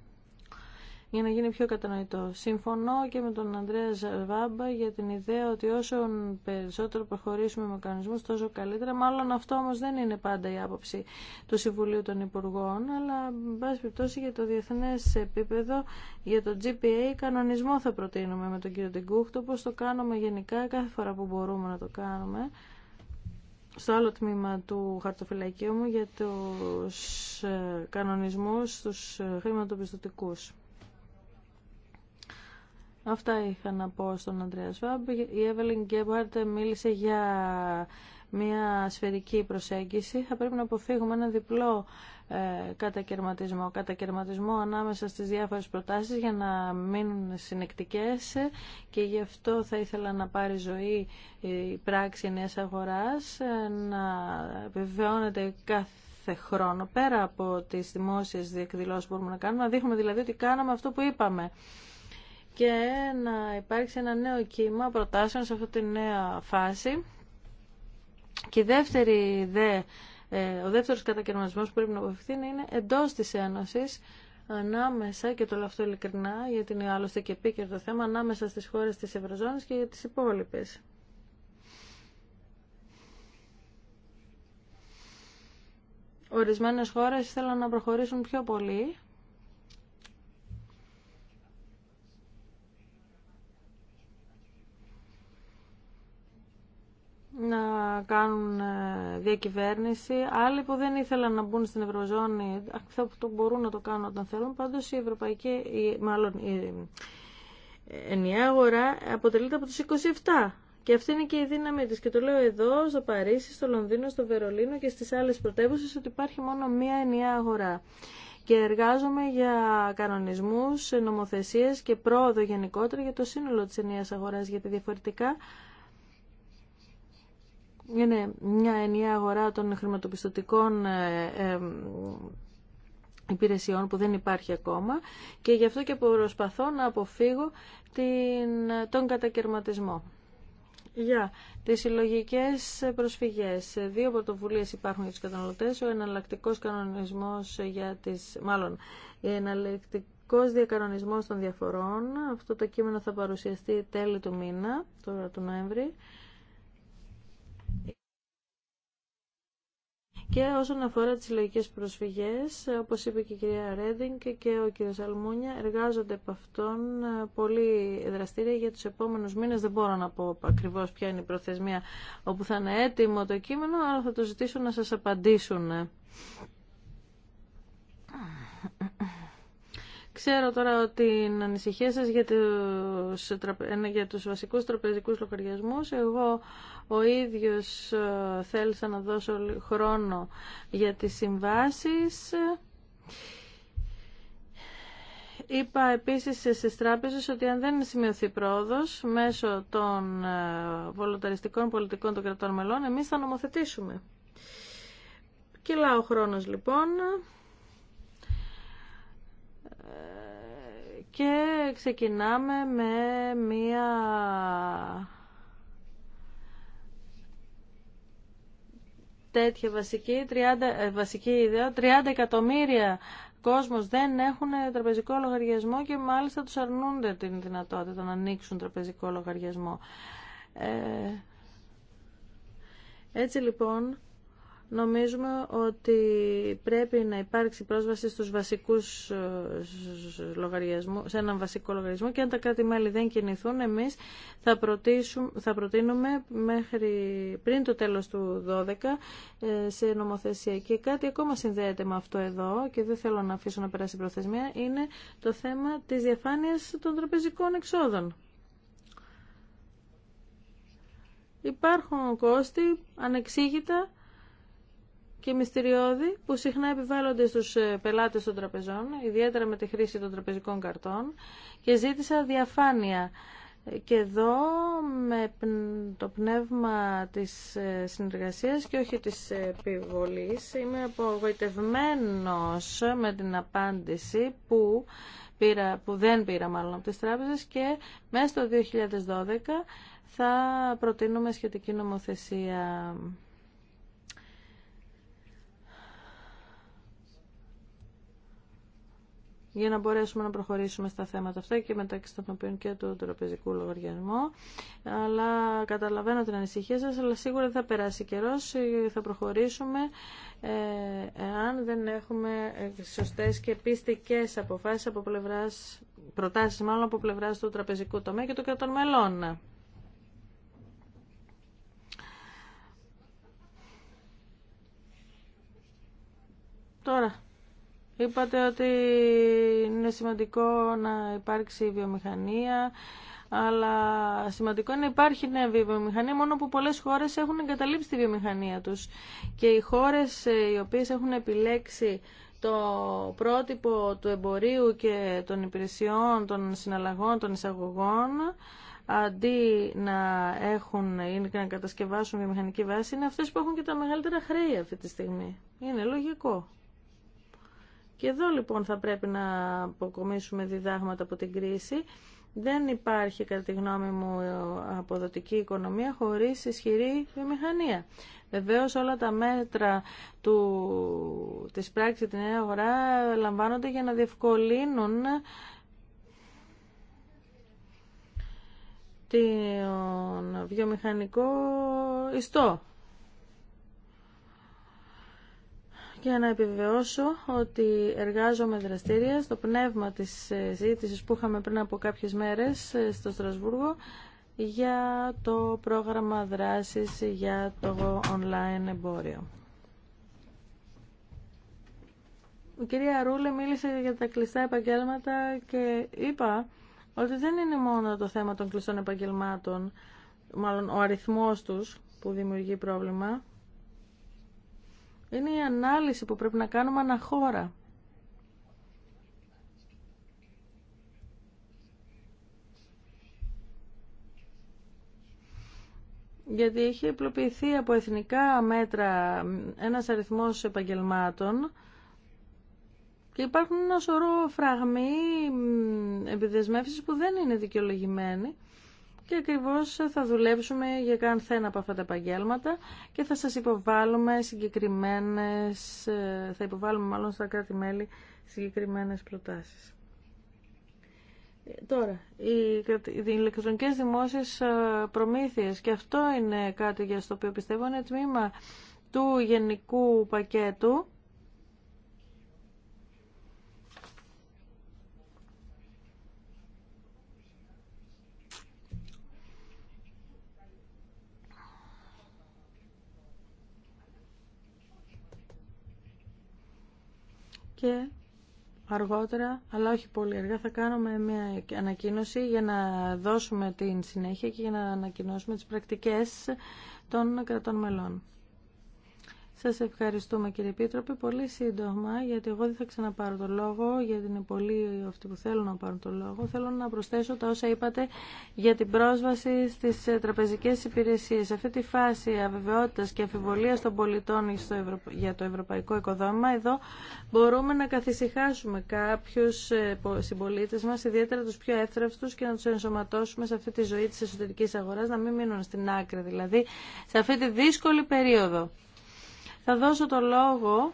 για να γίνει πιο κατανοητό. Συμφωνώ και με τον Ανδρέα Ζαρβάμπα για την ιδέα ότι όσο περισσότερο προχωρήσουμε με μηχανισμού, τόσο καλύτερα. Μάλλον αυτό όμω δεν είναι πάντα η άποψη του Συμβουλίου των Υπουργών, αλλά εν πάση περιπτώσει για το διεθνέ επίπεδο, για το GPA, κανονισμό θα προτείνουμε με τον κύριο Τιγκούχτο, όπω το κάνουμε γενικά κάθε φορά που μπορούμε να το κάνουμε στο άλλο τμήμα του χαρτοφυλακίου μου για τους ε, κανονισμούς, τους ε, χρηματοπιστωτικούς. Αυτά είχα να πω στον Αντρέα Σβάμπ. Η Εύελιν Γκέμπαρτ μίλησε για μια σφαιρική προσέγγιση. Θα πρέπει να αποφύγουμε ένα διπλό ε, κατακαιρματισμό. Κατακαιρματισμό ανάμεσα στις διάφορες προτάσεις για να μείνουν συνεκτικές και γι' αυτό θα ήθελα να πάρει ζωή η πράξη νέας αγοράς, ε, να επιβεβαιώνεται κάθε χρόνο πέρα από τις δημόσιες διεκδηλώσεις που μπορούμε να κάνουμε, να δείχνουμε δηλαδή ότι κάναμε αυτό που είπαμε και να υπάρξει ένα νέο κύμα προτάσεων σε αυτή τη νέα φάση. Και δεύτερη δε, ε, ο δεύτερος κατακαιρματισμός που πρέπει να αποφευθεί είναι εντός της Ένωσης ανάμεσα, και το λέω αυτό ειλικρινά, γιατί είναι άλλωστε και επίκαιρο το θέμα, ανάμεσα στις χώρες της Ευρωζώνης και για τις υπόλοιπες. Ορισμένες χώρες θέλουν να προχωρήσουν πιο πολύ να κάνουν ε, διακυβέρνηση. Άλλοι που δεν ήθελαν να μπουν στην Ευρωζώνη θα το μπορούν να το κάνουν όταν θέλουν. Πάντως η Ευρωπαϊκή, η, μάλλον η ενιαία αγορά αποτελείται από τους 27. Και αυτή είναι και η δύναμη της. Και το λέω εδώ, στο Παρίσι, στο Λονδίνο, στο Βερολίνο και στις άλλες πρωτεύουσες ότι υπάρχει μόνο μία ενιαία αγορά και εργάζομαι για κανονισμούς, νομοθεσίες και πρόοδο γενικότερα για το σύνολο της ενιαίας αγοράς, γιατί διαφορετικά είναι μια ενιαία αγορά των χρηματοπιστωτικών ε, ε, υπηρεσιών που δεν υπάρχει ακόμα και γι' αυτό και προσπαθώ να αποφύγω τον κατακαιρματισμό. Για τις συλλογικέ προσφυγές. Δύο πρωτοβουλίες υπάρχουν για τους καταναλωτές. Ο εναλλακτικός κανονισμός για τις... Μάλλον, εναλλακτικός διακανονισμός των διαφορών. Αυτό το κείμενο θα παρουσιαστεί τέλη του μήνα, τώρα του Νοέμβρη. Και όσον αφορά τις λογικές προσφυγές, όπως είπε και η κυρία Ρέντινγκ και ο κύριος Αλμούνια, εργάζονται από αυτόν ε, πολύ δραστήρια για τους επόμενους μήνες. Δεν μπορώ να πω ακριβώς ποια είναι η προθεσμία όπου θα είναι έτοιμο το κείμενο, αλλά θα το ζητήσω να σας απαντήσουν. Ξέρω τώρα ότι την ανησυχία σας για τους, για τους βασικούς τραπεζικούς λογαριασμούς. Εγώ ο ίδιος ε, θέλησα να δώσω χρόνο για τις συμβάσεις. Είπα επίσης στις τράπεζες ότι αν δεν σημειωθεί πρόοδος μέσω των ε, βολονταριστικών πολιτικών των κρατών μελών, εμείς θα νομοθετήσουμε. Κυλά ο χρόνος λοιπόν και ξεκινάμε με μία τέτοια βασική, 30, ε, βασική ιδέα, 30 εκατομμύρια κόσμος δεν έχουν τραπεζικό λογαριασμό και μάλιστα τους αρνούνται την δυνατότητα να ανοίξουν τραπεζικό λογαριασμό. Ε, έτσι λοιπόν, Νομίζουμε ότι πρέπει να υπάρξει πρόσβαση στους βασικούς ε, λογαριασμού, σε έναν βασικό λογαριασμό και αν τα κράτη-μέλη δεν κινηθούν, εμείς θα, θα προτείνουμε μέχρι πριν το τέλος του 12 ε, σε νομοθεσία. Και κάτι ακόμα συνδέεται με αυτό εδώ και δεν θέλω να αφήσω να περάσει προθεσμία, είναι το θέμα της διαφάνειας των τραπεζικών εξόδων. Υπάρχουν κόστη ανεξήγητα και μυστηριώδη που συχνά επιβάλλονται στους ε, πελάτες των τραπεζών, ιδιαίτερα με τη χρήση των τραπεζικών καρτών και ζήτησα διαφάνεια. Και εδώ με το πνεύμα της ε, συνεργασίας και όχι της επιβολής είμαι απογοητευμένος με την απάντηση που, δεν πήρα μάλλον από τις τράπεζες και μέσα στο 2012 θα προτείνουμε σχετική νομοθεσία. για να μπορέσουμε να προχωρήσουμε στα θέματα αυτά και μεταξύ των οποίων και του τραπεζικού λογαριασμού. Αλλά καταλαβαίνω την ανησυχία σας, αλλά σίγουρα θα περάσει καιρός, ε, θα προχωρήσουμε ε, εάν δεν έχουμε ε, σωστές και πιστικές αποφάσεις από πλευράς, προτάσεις μάλλον από πλευράς του τραπεζικού τομέα και των κρατών μελών. Τώρα, Είπατε ότι είναι σημαντικό να υπάρξει βιομηχανία, αλλά σημαντικό είναι να υπάρχει νέα βιομηχανία, μόνο που πολλές χώρες έχουν εγκαταλείψει τη βιομηχανία τους. Και οι χώρες ε, οι οποίες έχουν επιλέξει το πρότυπο του εμπορίου και των υπηρεσιών, των συναλλαγών, των εισαγωγών, αντί να έχουν ή να κατασκευάσουν βιομηχανική βάση, είναι αυτές που έχουν και τα μεγαλύτερα χρέη αυτή τη στιγμή. Είναι λογικό. Και εδώ λοιπόν θα πρέπει να αποκομίσουμε διδάγματα από την κρίση. Δεν υπάρχει, κατά τη γνώμη μου, αποδοτική οικονομία χωρίς ισχυρή βιομηχανία. Βεβαίως όλα τα μέτρα του, της πράξης την νέα αγορά λαμβάνονται για να διευκολύνουν τον βιομηχανικό ιστό. για να επιβεβαιώσω ότι εργάζομαι δραστήρια στο πνεύμα της ε, συζήτηση που είχαμε πριν από κάποιες μέρες ε, στο Στρασβούργο για το πρόγραμμα δράσης για το online εμπόριο. Η κυρία Ρούλε μίλησε για τα κλειστά επαγγέλματα και είπα ότι δεν είναι μόνο το θέμα των κλειστών επαγγελμάτων, μάλλον ο αριθμός τους που δημιουργεί πρόβλημα, είναι η ανάλυση που πρέπει να κάνουμε αναχώρα. γιατί έχει απλοποιηθεί από εθνικά μέτρα ένας αριθμός επαγγελμάτων και υπάρχουν ένα σωρό φραγμοί επιδεσμεύσεις που δεν είναι δικαιολογημένοι και ακριβώς θα δουλέψουμε για κανθένα από αυτά τα επαγγέλματα και θα σας υποβάλουμε συγκεκριμένες, ε, θα υποβάλουμε μάλλον στα κράτη-μέλη συγκεκριμένες προτάσεις. Ε, τώρα, οι ηλεκτρονικές δημόσιες ε, προμήθειες και αυτό είναι κάτι για στο οποίο πιστεύω είναι τμήμα του γενικού πακέτου και αργότερα, αλλά όχι πολύ αργά, θα κάνουμε μια ανακοίνωση για να δώσουμε την συνέχεια και για να ανακοινώσουμε τις πρακτικές των κρατών μελών. Σα ευχαριστούμε κύριε Πίτροπε. Πολύ σύντομα, γιατί εγώ δεν θα ξαναπάρω το λόγο, γιατί είναι πολλοί αυτοί που θέλουν να πάρουν το λόγο. Θέλω να προσθέσω τα όσα είπατε για την πρόσβαση στι ε, τραπεζικέ υπηρεσίε. Σε αυτή τη φάση αβεβαιότητας και αφιβολίας των πολιτών για το ευρωπαϊκό οικοδόμημα, εδώ μπορούμε να καθησυχάσουμε κάποιου ε, συμπολίτε μα ιδιαίτερα του πιο εύθραυστου, και να του ενσωματώσουμε σε αυτή τη ζωή τη εσωτερική αγορά, να μην μείνουν στην άκρη δηλαδή, σε αυτή τη δύσκολη περίοδο. Θα δώσω το λόγο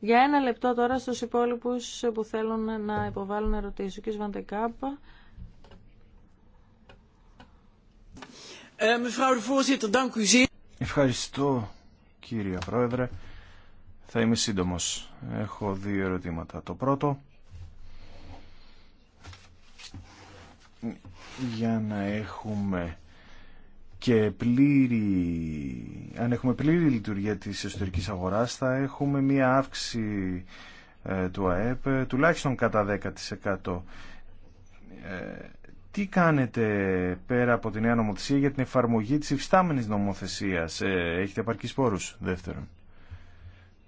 για ένα λεπτό τώρα στους υπόλοιπους που θέλουν να υποβάλουν ερωτήσεις. Βαντεκάπα. Ε, Ευχαριστώ κύριε Πρόεδρε. Θα είμαι σύντομος. Έχω δύο ερωτήματα. Το πρώτο, για να έχουμε και αν έχουμε πλήρη λειτουργία της εσωτερικής αγοράς θα έχουμε μία αύξηση ε, του ΑΕΠ ε, τουλάχιστον κατά 10%. Ε, τι κάνετε πέρα από τη νέα νομοθεσία για την εφαρμογή της υφιστάμενης νομοθεσίας. Έχετε επαρκείς πόρους δεύτερον.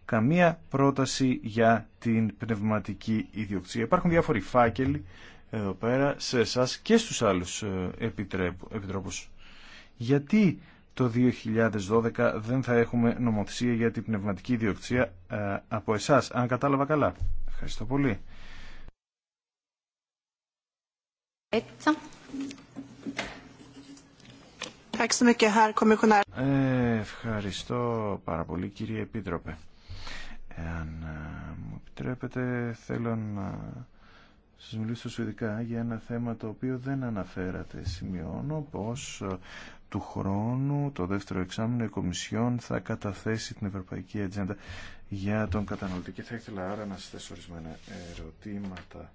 Καμία πρόταση για την πνευματική ιδιοκτησία. Υπάρχουν διάφοροι φάκελοι εδώ πέρα σε εσά και στους άλλους επιτρόπους γιατί το 2012 δεν θα έχουμε νομοθεσία για την πνευματική ιδιοκτησία ε, από εσάς, αν κατάλαβα καλά. Ευχαριστώ πολύ. Ε, ευχαριστώ πάρα πολύ κύριε Επίτροπε. Εάν ε, μου επιτρέπετε θέλω να σας μιλήσω σου ειδικά για ένα θέμα το οποίο δεν αναφέρατε. Σημειώνω πως του χρόνου, το δεύτερο εξάμεινο, η Κομισιόν θα καταθέσει την Ευρωπαϊκή Ατζέντα για τον καταναλωτή. Και θα ήθελα άρα να σας θέσω ορισμένα ερωτήματα.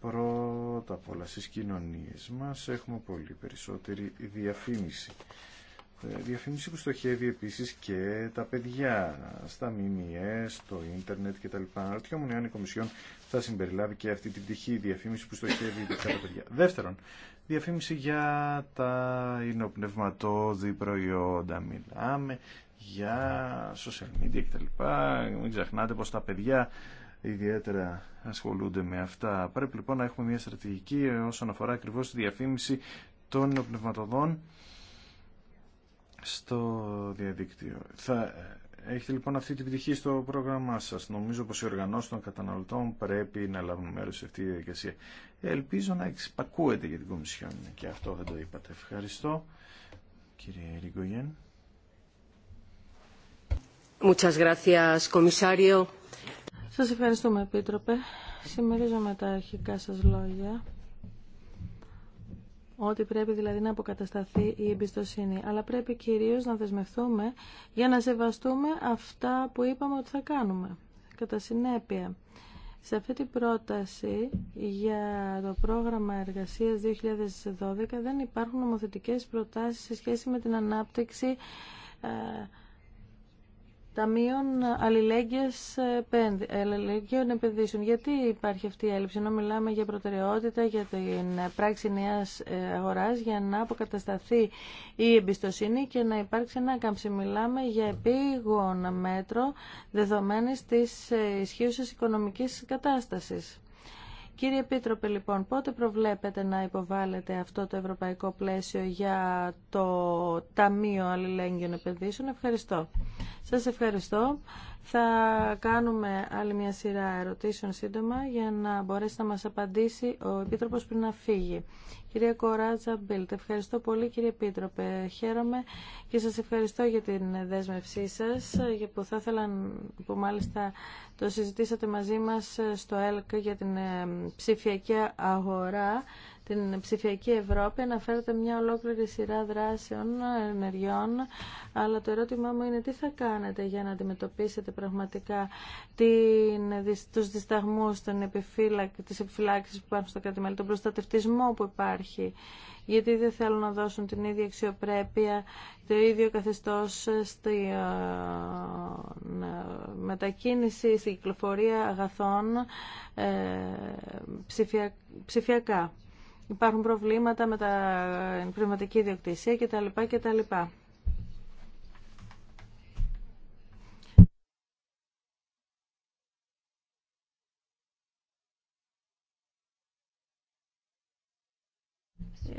Πρώτα απ' όλα στις κοινωνίες μας έχουμε πολύ περισσότερη διαφήμιση. Ε, διαφήμιση που στοχεύει επίσης και τα παιδιά στα ΜΜΕ, στο ίντερνετ κτλ. Αναρωτιόμουν αν η Κομισιόν θα συμπεριλάβει και αυτή την τυχή διαφήμιση που στοχεύει τα παιδιά. Δεύτερον, Διαφήμιση για τα υνοπνευματώδη προϊόντα. Μιλάμε για social media κτλ. Μην ξεχνάτε πως τα παιδιά ιδιαίτερα ασχολούνται με αυτά. Πρέπει λοιπόν να έχουμε μια στρατηγική όσον αφορά ακριβώς τη διαφήμιση των υνοπνευματοδών στο διαδίκτυο. Θα Έχετε λοιπόν αυτή την πτυχή στο πρόγραμμά σας. Νομίζω πως οι οργανώσεις των καταναλωτών πρέπει να λάβουν μέρος σε αυτή τη διαδικασία. Ελπίζω να εξυπακούεται για την Κομισιόν και αυτό δεν το είπατε. Ευχαριστώ. Κύριε Ριγκογέν. Muchas gracias, comisario. Σας ευχαριστούμε, Επίτροπε. με τα αρχικά σας λόγια ότι πρέπει δηλαδή να αποκατασταθεί η εμπιστοσύνη, αλλά πρέπει κυρίως να δεσμευτούμε για να σεβαστούμε αυτά που είπαμε ότι θα κάνουμε. Κατά συνέπεια, σε αυτή την πρόταση για το πρόγραμμα εργασίας 2012 δεν υπάρχουν νομοθετικές προτάσεις σε σχέση με την ανάπτυξη ε, ταμείων αλληλέγγυων επενδύσεων. Γιατί υπάρχει αυτή η έλλειψη, ενώ μιλάμε για προτεραιότητα, για την πράξη νέα ε, αγορά, για να αποκατασταθεί η εμπιστοσύνη και να υπάρξει ανάκαμψη. Μιλάμε για επίγον μέτρο δεδομένη τη ε, ισχύουσα οικονομική κατάσταση. Κύριε Πίτροπε, λοιπόν, πότε προβλέπετε να υποβάλλετε αυτό το ευρωπαϊκό πλαίσιο για το Ταμείο Αλληλέγγυων Επενδύσεων. Ευχαριστώ. Σας ευχαριστώ. Θα κάνουμε άλλη μια σειρά ερωτήσεων σύντομα για να μπορέσει να μας απαντήσει ο Επίτροπος πριν να φύγει. Κυρία Κοράτζα Μπίλτ, ευχαριστώ πολύ κύριε Επίτροπε. Χαίρομαι και σας ευχαριστώ για την δέσμευσή σας που θα ήθελα που μάλιστα το συζητήσατε μαζί μας στο ΕΛΚ για την ε, ψηφιακή αγορά την ψηφιακή Ευρώπη αναφέρεται μια ολόκληρη σειρά δράσεων, ενεργειών, αλλά το ερώτημά μου είναι τι θα κάνετε για να αντιμετωπίσετε πραγματικά την, τους δισταγμούς, των επιφύλακ, της επιφύλαξης που υπάρχουν στο κράτη τον προστατευτισμό που υπάρχει, γιατί δεν θέλουν να δώσουν την ίδια αξιοπρέπεια, το ίδιο καθεστώς στη ε, μετακίνηση, στη κυκλοφορία αγαθών ε, ψηφιακά υπάρχουν προβλήματα με την πνευματική ιδιοκτησία κτλ. κτλ.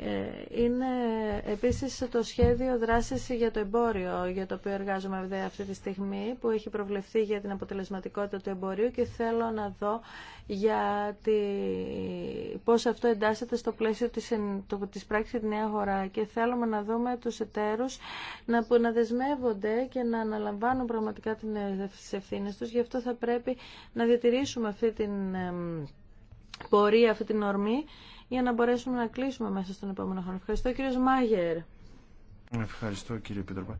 Ε, είναι επίσης το σχέδιο δράσης για το εμπόριο, για το οποίο εργάζομαι αυτή τη στιγμή, που έχει προβλεφθεί για την αποτελεσματικότητα του εμπορίου και θέλω να δω για τη... πώς αυτό εντάσσεται στο πλαίσιο της, της πράξης της νέα αγορά και θέλουμε να δούμε τους εταίρους να, που να δεσμεύονται και να αναλαμβάνουν πραγματικά τις ευθύνες τους. Γι' αυτό θα πρέπει να διατηρήσουμε αυτή την πορεία, αυτή την ορμή για να μπορέσουμε να κλείσουμε μέσα στον επόμενο χρόνο. Ευχαριστώ κύριος Μάγερ. Ευχαριστώ κύριε Πίτροπα.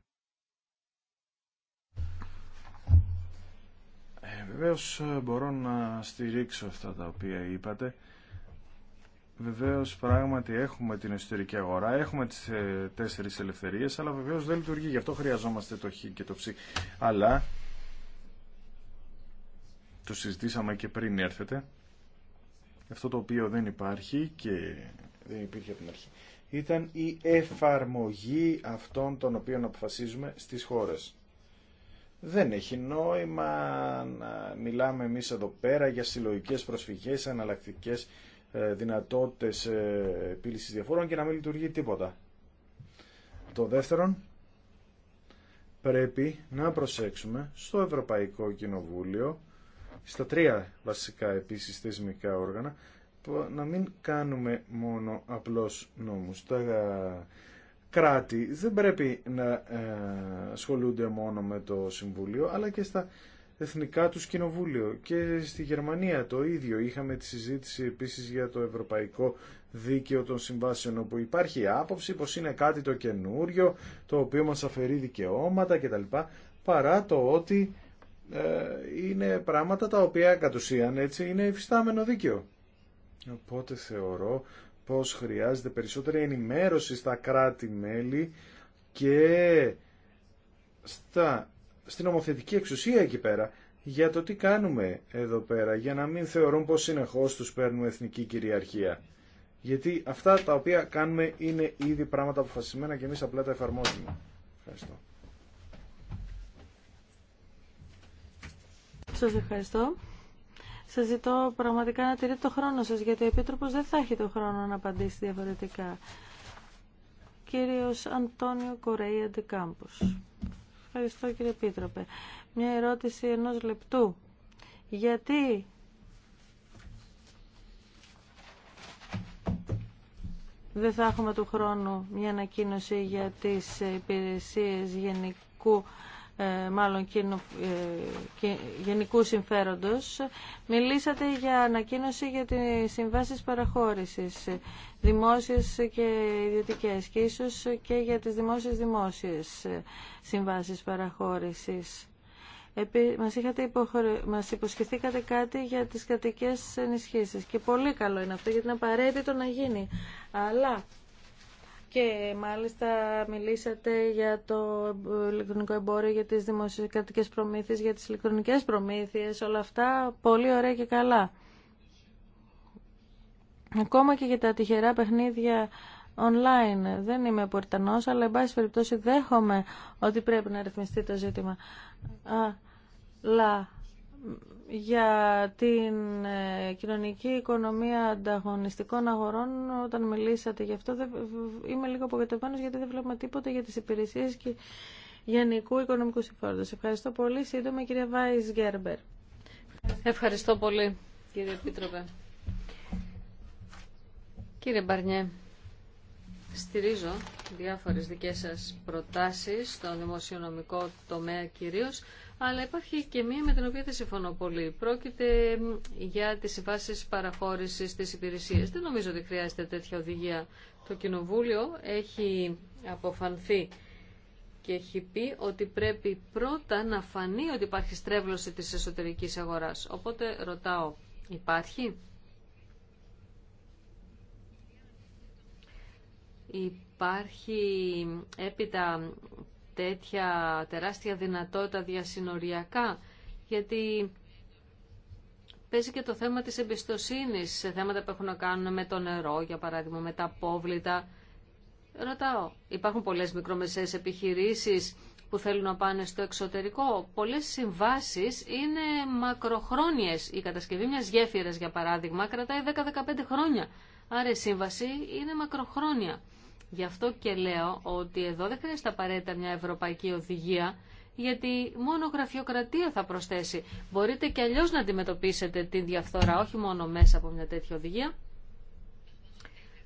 Ε, βεβαίως ε, μπορώ να στηρίξω αυτά τα οποία είπατε. Βεβαίως πράγματι έχουμε την εσωτερική αγορά, έχουμε τις ε, τέσσερις ελευθερίες, αλλά βεβαίως δεν λειτουργεί, γι' αυτό χρειαζόμαστε το χ και το ψ. Αλλά το συζητήσαμε και πριν έρθετε αυτό το οποίο δεν υπάρχει και δεν υπήρχε από την αρχή, ήταν η εφαρμογή αυτών των οποίων αποφασίζουμε στις χώρες. Δεν έχει νόημα να μιλάμε εμείς εδώ πέρα για συλλογικές προσφυγές, αναλλακτικέ ε, δυνατότητες ε, επίλυσης διαφόρων και να μην λειτουργεί τίποτα. Το δεύτερον, πρέπει να προσέξουμε στο Ευρωπαϊκό Κοινοβούλιο στα τρία βασικά επίσης θεσμικά όργανα, να μην κάνουμε μόνο απλώς νόμους. Τα κράτη δεν πρέπει να ε, ασχολούνται μόνο με το Συμβούλιο, αλλά και στα εθνικά τους κοινοβούλιο. Και στη Γερμανία το ίδιο. Είχαμε τη συζήτηση επίσης για το Ευρωπαϊκό Δίκαιο των Συμβάσεων, όπου υπάρχει άποψη πως είναι κάτι το καινούριο, το οποίο μας αφαιρεί δικαιώματα κτλ. Παρά το ότι ε, είναι πράγματα τα οποία κατ' ουσίαν έτσι είναι υφιστάμενο δίκαιο. Οπότε θεωρώ πως χρειάζεται περισσότερη ενημέρωση στα κράτη-μέλη και στα, στην ομοθετική εξουσία εκεί πέρα για το τι κάνουμε εδώ πέρα, για να μην θεωρούν πως συνεχώς τους παίρνουμε εθνική κυριαρχία. Γιατί αυτά τα οποία κάνουμε είναι ήδη πράγματα αποφασισμένα και εμείς απλά τα εφαρμόζουμε. Ευχαριστώ. Σας ευχαριστώ. Σας ζητώ πραγματικά να τηρείτε το χρόνο σας, γιατί ο Επίτροπος δεν θα έχει το χρόνο να απαντήσει διαφορετικά. Κύριος Αντώνιο Κορέια Ντεκάμπος. Ευχαριστώ κύριε Επίτροπε. Μια ερώτηση ενός λεπτού. Γιατί δεν θα έχουμε του χρόνου μια ανακοίνωση για τις υπηρεσίες γενικού ε, μάλλον κοινο, ε, γενικού συμφέροντος, μιλήσατε για ανακοίνωση για τις συμβάσεις παραχώρησης, δημόσιες και ιδιωτικές και ίσως και για τις δημόσιες-δημόσιες συμβάσεις παραχώρησης. Επί, μας, είχατε μας υποσχεθήκατε κάτι για τις κατοικές ενισχύσεις και πολύ καλό είναι αυτό γιατί είναι απαραίτητο να γίνει. Αλλά και μάλιστα μιλήσατε για το ηλεκτρονικό εμπόριο, για τις δημοσιοκρατικές προμήθειες, για τις ηλεκτρονικές προμήθειες, όλα αυτά πολύ ωραία και καλά. Ακόμα και για τα τυχερά παιχνίδια online. Δεν είμαι πορτανός, αλλά εν πάση περιπτώσει δέχομαι ότι πρέπει να ρυθμιστεί το ζήτημα. Αλλά για την ε, κοινωνική οικονομία ανταγωνιστικών αγορών, όταν μιλήσατε γι' αυτό, είμαι λίγο απογοητευμένος γιατί δεν βλέπουμε τίποτα για τις υπηρεσίες και γενικού οικονομικού συμφόρτου. Ευχαριστώ πολύ. Σύντομα, κυρία Βάις Γκέρμπερ. Ευχαριστώ πολύ, κύριε Επίτροπε. Κύριε Μπαρνιέ, στηρίζω διάφορες δικές σας προτάσεις στο δημοσιονομικό τομέα κυρίως, αλλά υπάρχει και μία με την οποία δεν συμφωνώ πολύ. Πρόκειται για τις συμβάσει παραχώρησης της υπηρεσίας. Δεν νομίζω ότι χρειάζεται τέτοια οδηγία. Το Κοινοβούλιο έχει αποφανθεί και έχει πει ότι πρέπει πρώτα να φανεί ότι υπάρχει στρέβλωση της εσωτερικής αγοράς. Οπότε ρωτάω, υπάρχει? Υπάρχει έπειτα τέτοια τεράστια δυνατότητα διασυνοριακά, γιατί παίζει και το θέμα της εμπιστοσύνης σε θέματα που έχουν να κάνουν με το νερό, για παράδειγμα, με τα απόβλητα. Ρωτάω, υπάρχουν πολλές μικρομεσαίες επιχειρήσεις που θέλουν να πάνε στο εξωτερικό. Πολλές συμβάσεις είναι μακροχρόνιες. Η κατασκευή μιας γέφυρας, για παράδειγμα, κρατάει 10-15 χρόνια. Άρα η σύμβαση είναι μακροχρόνια. Γι' αυτό και λέω ότι εδώ δεν χρειάζεται απαραίτητα μια ευρωπαϊκή οδηγία, γιατί μόνο γραφειοκρατία θα προσθέσει. Μπορείτε και αλλιώ να αντιμετωπίσετε την διαφθορά, όχι μόνο μέσα από μια τέτοια οδηγία.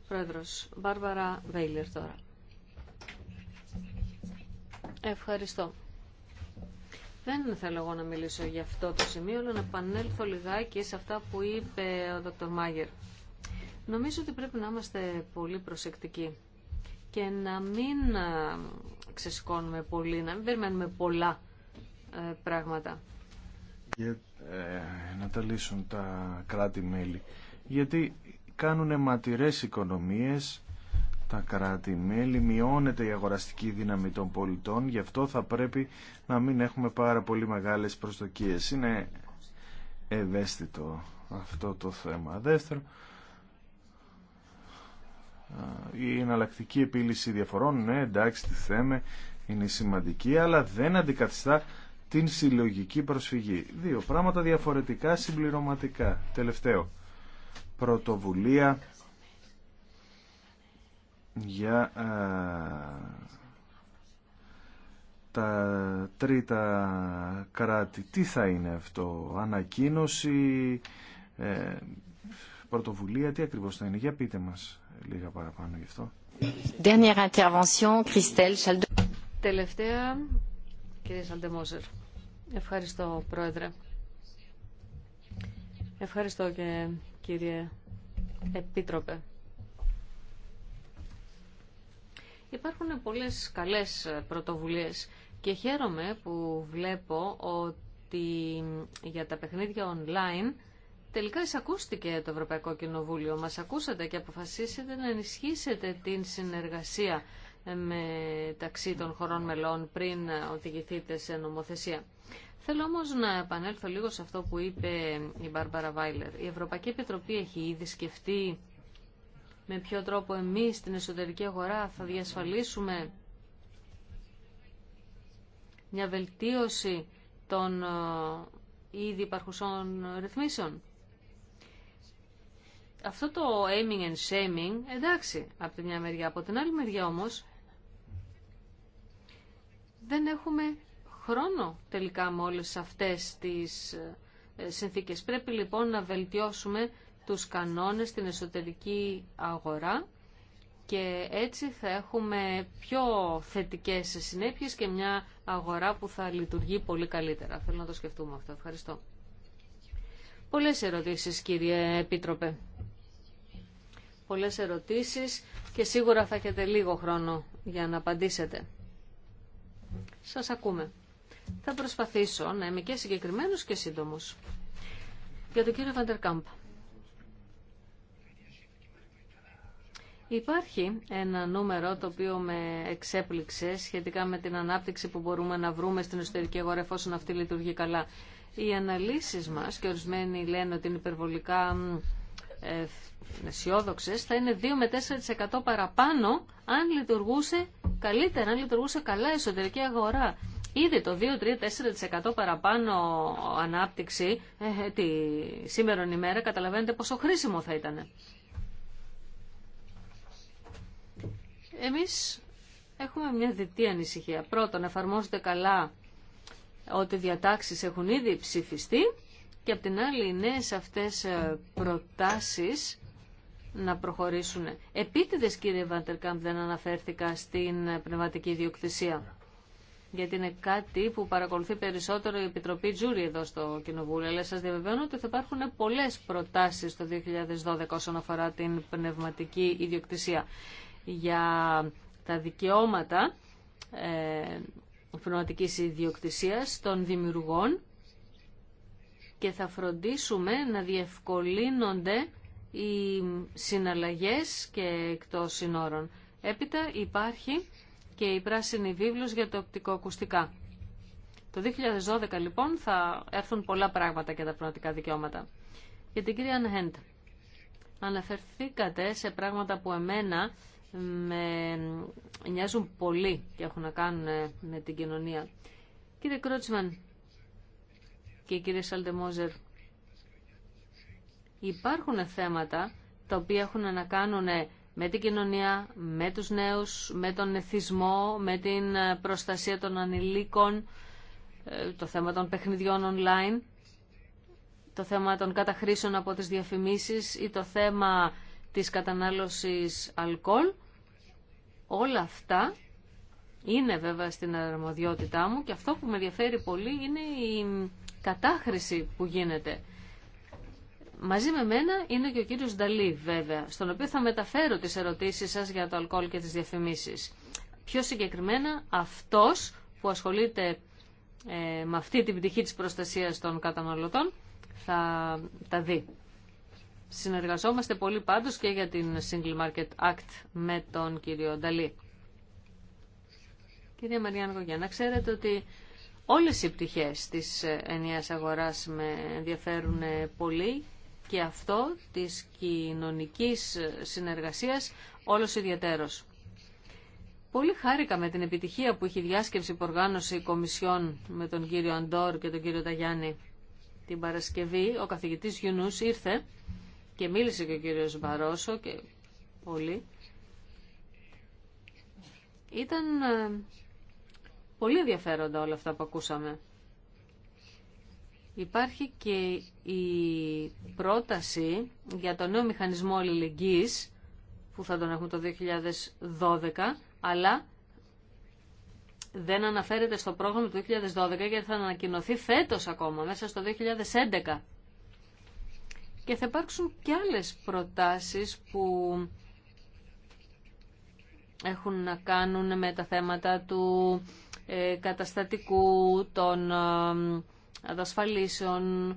Πρόεδρος, Μπάρβαρα Βέιλερ τώρα. Ευχαριστώ. Δεν θέλω εγώ να μιλήσω για αυτό το σημείο, αλλά να επανέλθω λιγάκι σε αυτά που είπε ο Δ. Μάγερ. Νομίζω ότι πρέπει να είμαστε πολύ προσεκτικοί και να μην ξεσκώνουμε πολύ, να μην περιμένουμε πολλά ε, πράγματα. Για, ε, να τα λύσουν τα κράτη-μέλη. Γιατί κάνουν ματιρές οικονομίες τα κράτη-μέλη, μειώνεται η αγοραστική δύναμη των πολιτών, γι' αυτό θα πρέπει να μην έχουμε πάρα πολύ μεγάλες προσδοκίες. Είναι ευαίσθητο αυτό το θέμα. Δεύτερο, η εναλλακτική επίλυση διαφορών, ναι εντάξει τη θέμε, είναι σημαντική, αλλά δεν αντικαθιστά την συλλογική προσφυγή. Δύο πράγματα διαφορετικά συμπληρωματικά. Τελευταίο, πρωτοβουλία για τα τρίτα κράτη. Τι θα είναι αυτό, ανακοίνωση, ε, πρωτοβουλία, τι ακριβώς θα είναι, για πείτε μας λίγα παραπάνω γι' αυτό. Τελευταία, κύριε Σαλτεμόζερ. Ευχαριστώ, Πρόεδρε. Ευχαριστώ και κύριε Επίτροπε. Υπάρχουν πολλές καλές πρωτοβουλίες και χαίρομαι που βλέπω ότι για τα παιχνίδια online Τελικά εισακούστηκε το Ευρωπαϊκό Κοινοβούλιο. Μας ακούσατε και αποφασίσετε να ενισχύσετε την συνεργασία μεταξύ των χωρών μελών πριν οδηγηθείτε σε νομοθεσία. Θέλω όμως να επανέλθω λίγο σε αυτό που είπε η Μπάρμπαρα Βάιλερ. Η Ευρωπαϊκή Επιτροπή έχει ήδη σκεφτεί με ποιο τρόπο εμείς στην εσωτερική αγορά θα διασφαλίσουμε μια βελτίωση των ε, ήδη υπαρχουσών ρυθμίσεων αυτό το aiming and shaming, εντάξει, από τη μια μεριά. Από την άλλη μεριά όμως, δεν έχουμε χρόνο τελικά με όλες αυτές τις ε, συνθήκες. Πρέπει λοιπόν να βελτιώσουμε τους κανόνες στην εσωτερική αγορά και έτσι θα έχουμε πιο θετικές συνέπειες και μια αγορά που θα λειτουργεί πολύ καλύτερα. Θέλω να το σκεφτούμε αυτό. Ευχαριστώ. Πολλές ερωτήσεις κύριε Επίτροπε πολλές ερωτήσεις και σίγουρα θα έχετε λίγο χρόνο για να απαντήσετε. Σας ακούμε. Θα προσπαθήσω να είμαι και συγκεκριμένος και σύντομος. Για τον κύριο Βαντερκάμπ. Υπάρχει ένα νούμερο το οποίο με εξέπληξε σχετικά με την ανάπτυξη που μπορούμε να βρούμε στην εσωτερική αγορά εφόσον αυτή λειτουργεί καλά. Οι αναλύσεις μας και ορισμένοι λένε ότι είναι υπερβολικά ε, αισιόδοξε θα είναι 2 με 4% παραπάνω αν λειτουργούσε καλύτερα, αν λειτουργούσε καλά η εσωτερική αγορά. Ήδη το 2-3-4% παραπάνω ανάπτυξη ε, ε τη σήμερα ημέρα καταλαβαίνετε πόσο χρήσιμο θα ήταν. Εμείς έχουμε μια διτή ανησυχία. Πρώτον, εφαρμόζεται καλά ότι οι διατάξεις έχουν ήδη ψηφιστεί και απ' την άλλη οι νέες αυτές ε, προτάσεις να προχωρήσουν. Επίτηδες κύριε Βαντερκάμπ δεν αναφέρθηκα στην ε, πνευματική ιδιοκτησία. Γιατί είναι κάτι που παρακολουθεί περισσότερο η Επιτροπή Τζούρι εδώ στο Κοινοβούλιο. Αλλά σας διαβεβαιώνω ότι θα υπάρχουν πολλές προτάσεις το 2012 όσον αφορά την πνευματική ιδιοκτησία. Για τα δικαιώματα ε, πνευματικής ιδιοκτησίας των δημιουργών και θα φροντίσουμε να διευκολύνονται οι συναλλαγές και εκτός συνόρων. Έπειτα υπάρχει και η πράσινη βίβλος για το οπτικοακουστικά. Το 2012 λοιπόν θα έρθουν πολλά πράγματα και τα πνευματικά δικαιώματα. Για την κυρία Ανχέντ, αναφερθήκατε σε πράγματα που εμένα με νοιάζουν πολύ και έχουν να κάνουν με την κοινωνία. Κύριε Κρότσμαν, και η Σαλτεμόζερ. Υπάρχουν θέματα τα οποία έχουν να κάνουν με την κοινωνία, με τους νέους, με τον εθισμό, με την ε, προστασία των ανηλίκων, ε, το θέμα των παιχνιδιών online, το θέμα των καταχρήσεων από τις διαφημίσεις ή το θέμα της κατανάλωσης αλκοόλ. Όλα αυτά είναι βέβαια στην αρμοδιότητά μου και αυτό που με ενδιαφέρει πολύ είναι η κατάχρηση που γίνεται. Μαζί με μένα είναι και ο κύριος Νταλή βέβαια, στον οποίο θα μεταφέρω τις ερωτήσεις σας για το αλκοόλ και τις διαφημίσεις. Πιο συγκεκριμένα αυτός που ασχολείται ε, με αυτή την πτυχή της προστασίας των καταναλωτών θα τα δει. Συνεργαζόμαστε πολύ πάντως και για την Single Market Act με τον κύριο Νταλή. Κυρία Μαριάννα Κογιά, ξέρετε ότι Όλες οι πτυχές της ενιαίας αγοράς με ενδιαφέρουν πολύ και αυτό της κοινωνικής συνεργασίας όλος ιδιαίτερος. Πολύ χάρηκα με την επιτυχία που είχε διάσκεψη που οργάνωσε Κομισιόν με τον κύριο Αντόρ και τον κύριο Ταγιάννη την Παρασκευή. Ο καθηγητής Γιουνούς ήρθε και μίλησε και ο κύριος Μπαρόσο και πολύ. Ήταν ε, Πολύ ενδιαφέροντα όλα αυτά που ακούσαμε. Υπάρχει και η πρόταση για το νέο μηχανισμό αλληλεγγύης που θα τον έχουμε το 2012, αλλά δεν αναφέρεται στο πρόγραμμα του 2012 γιατί θα ανακοινωθεί φέτος ακόμα, μέσα στο 2011. Και θα υπάρξουν και άλλες προτάσεις που έχουν να κάνουν με τα θέματα του ε, καταστατικού, των ε, ασφαλίσεων,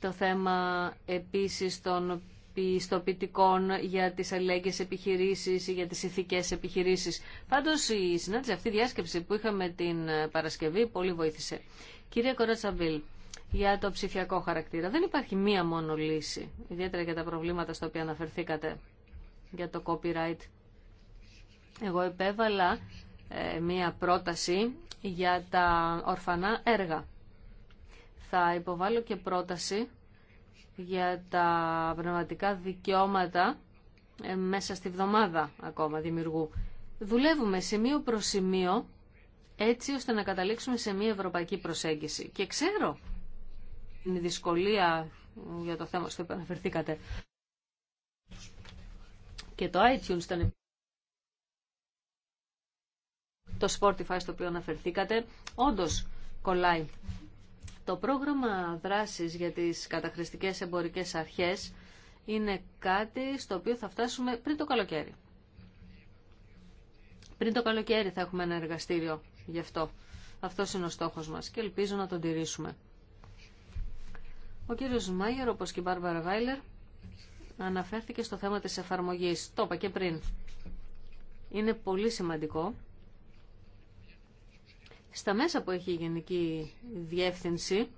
το θέμα επίσης των πιστοποιητικών για τις αλληλέγγυες επιχειρήσεις ή για τις ηθικές επιχειρήσεις. Πάντως η συνάντηση αυτή η διάσκεψη που είχαμε την ε, Παρασκευή πολύ βοήθησε. Κυρία Κορατσαβίλ, για το ψηφιακό χαρακτήρα. Δεν υπάρχει μία μόνο λύση, ιδιαίτερα για τα προβλήματα στα οποία αναφερθήκατε για το copyright. Εγώ επέβαλα ε, μία πρόταση για τα ορφανά έργα. Θα υποβάλω και πρόταση για τα πνευματικά δικαιώματα ε, μέσα στη βδομάδα ακόμα δημιουργού. Δουλεύουμε σημείο προς σημείο έτσι ώστε να καταλήξουμε σε μια ευρωπαϊκή προσέγγιση. Και ξέρω την δυσκολία για το θέμα στο οποίο αναφερθήκατε. Και το iTunes ήταν το Sportify στο οποίο αναφερθήκατε, όντω κολλάει. Το πρόγραμμα δράσης για τις καταχρηστικές εμπορικές αρχές είναι κάτι στο οποίο θα φτάσουμε πριν το καλοκαίρι. Πριν το καλοκαίρι θα έχουμε ένα εργαστήριο γι' αυτό. Αυτός είναι ο στόχος μας και ελπίζω να τον τηρήσουμε. Ο κύριος Μάγερ, όπως και η Μπάρμπαρα Βάιλερ, αναφέρθηκε στο θέμα της εφαρμογής. Το είπα και πριν. Είναι πολύ σημαντικό στα μέσα που έχει η Γενική Διεύθυνση,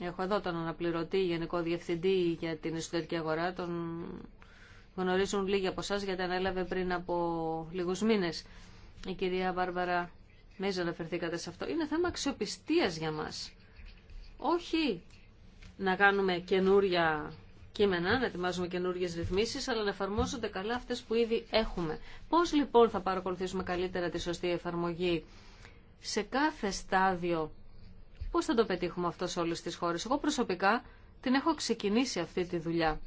έχω εδώ τον αναπληρωτή Γενικό Διευθυντή για την εσωτερική αγορά, τον γνωρίζουν λίγοι από εσά γιατί ανέλαβε πριν από λίγους μήνες. Η κυρία Βάρβαρα. Μέζα αναφερθήκατε σε αυτό. Είναι θέμα αξιοπιστία για μας. Όχι να κάνουμε καινούρια κείμενα, να ετοιμάζουμε καινούριε ρυθμίσει, αλλά να εφαρμόζονται καλά αυτέ που ήδη έχουμε. Πώ λοιπόν θα παρακολουθήσουμε καλύτερα τη σωστή εφαρμογή σε κάθε στάδιο. Πώς θα το πετύχουμε αυτό σε όλες τις χώρες. Εγώ προσωπικά την έχω ξεκινήσει αυτή τη δουλειά.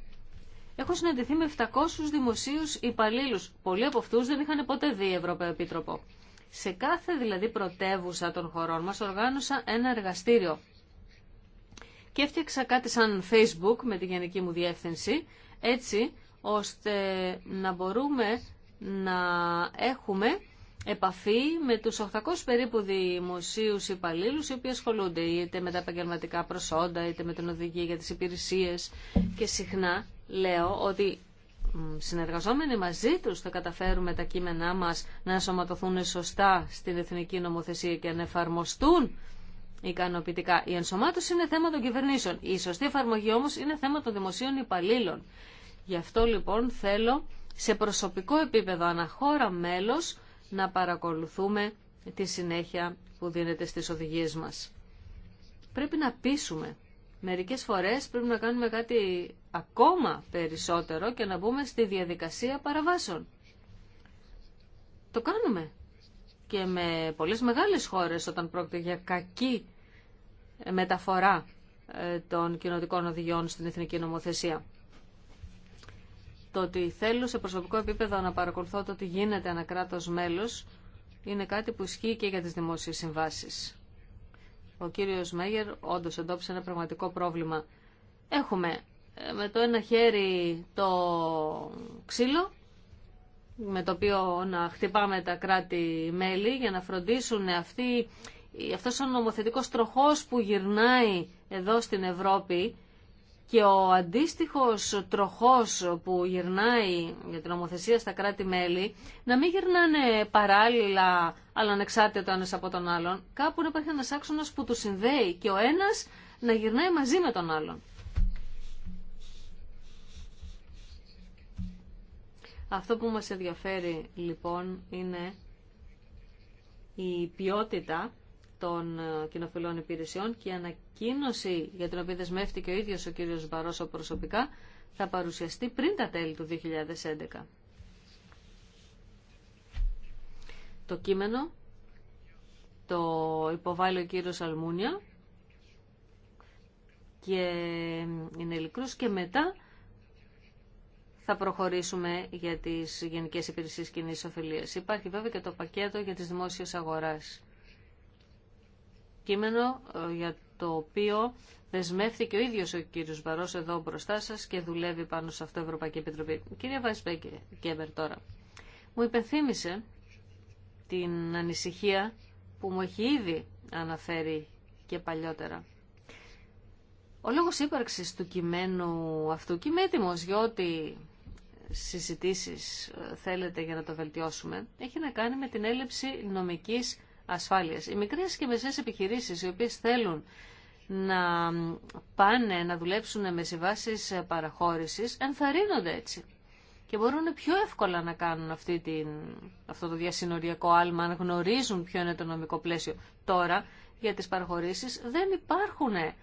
Έχω συναντηθεί με 700 δημοσίους υπαλλήλου. Πολλοί από αυτού δεν είχαν ποτέ δει Ευρωπαίο Επίτροπο. Σε κάθε δηλαδή πρωτεύουσα των χωρών μας οργάνωσα ένα εργαστήριο. Και έφτιαξα κάτι σαν Facebook με τη γενική μου διεύθυνση, έτσι ώστε να μπορούμε να έχουμε επαφή με τους 800 περίπου δημοσίους υπαλλήλους οι οποίοι ασχολούνται είτε με τα επαγγελματικά προσόντα είτε με την οδηγία για τις υπηρεσίες και συχνά λέω ότι συνεργαζόμενοι μαζί τους θα καταφέρουμε τα κείμενά μας να ενσωματωθούν σωστά στην εθνική νομοθεσία και να εφαρμοστούν ικανοποιητικά. Η ενσωμάτωση είναι θέμα των κυβερνήσεων. Η σωστή εφαρμογή όμως είναι θέμα των δημοσίων υπαλλήλων. Γι' αυτό λοιπόν θέλω σε προσωπικό επίπεδο αναχώρα μέλος να παρακολουθούμε τη συνέχεια που δίνεται στις οδηγίες μας. Πρέπει να πείσουμε. Μερικές φορές πρέπει να κάνουμε κάτι ακόμα περισσότερο και να μπούμε στη διαδικασία παραβάσεων. Το κάνουμε και με πολλές μεγάλες χώρες όταν πρόκειται για κακή μεταφορά ε, των κοινοτικών οδηγιών στην εθνική νομοθεσία. Το ότι θέλω σε προσωπικό επίπεδο να παρακολουθώ το ότι γίνεται ένα κράτο μέλο είναι κάτι που ισχύει και για τι δημόσιε συμβάσει. Ο κύριο Μέγερ όντω εντόπισε ένα πραγματικό πρόβλημα. Έχουμε ε, με το ένα χέρι το ξύλο με το οποίο να χτυπάμε τα κράτη-μέλη για να φροντίσουν αυτή, αυτός ο νομοθετικός τροχός που γυρνάει εδώ στην Ευρώπη και ο αντίστοιχος τροχός που γυρνάει για την ομοθεσία στα κράτη-μέλη να μην γυρνάνε παράλληλα αλλά ανεξάρτητα ο ένας από τον άλλον. Κάπου να υπάρχει ένας άξονας που τους συνδέει και ο ένας να γυρνάει μαζί με τον άλλον. Αυτό που μας ενδιαφέρει λοιπόν είναι η ποιότητα των ε, κοινοφιλών υπηρεσιών και η ανακοίνωση για την οποία δεσμεύτηκε ο ίδιος ο κύριος Βαρόσο προσωπικά θα παρουσιαστεί πριν τα τέλη του 2011. Το κείμενο το υποβάλλει ο κύριος Αλμούνια και ε, είναι ειλικρούς και μετά θα προχωρήσουμε για τις Γενικές Υπηρεσίες Κοινής Οφειλίας. Υπάρχει βέβαια και το πακέτο για τις δημόσιες αγοράς κείμενο ε, για το οποίο δεσμεύθηκε ο ίδιος ο κύριος Βαρός εδώ μπροστά σας και δουλεύει πάνω σε αυτό η Ευρωπαϊκή Επιτροπή. Κύριε και Κέμπερ τώρα, μου υπενθύμησε την ανησυχία που μου έχει ήδη αναφέρει και παλιότερα. Ο λόγος ύπαρξης του κειμένου αυτού και είμαι έτοιμο για ό,τι συζητήσεις ε, θέλετε για να το βελτιώσουμε έχει να κάνει με την έλλειψη νομικής ασφάλειας. Οι μικρές και μεσαίες επιχειρήσεις οι οποίες θέλουν να πάνε να δουλέψουν με συμβάσεις παραχώρησης ενθαρρύνονται έτσι και μπορούν πιο εύκολα να κάνουν αυτή την, αυτό το διασυνοριακό άλμα αν γνωρίζουν ποιο είναι το νομικό πλαίσιο. Τώρα για τις παραχωρήσεις δεν,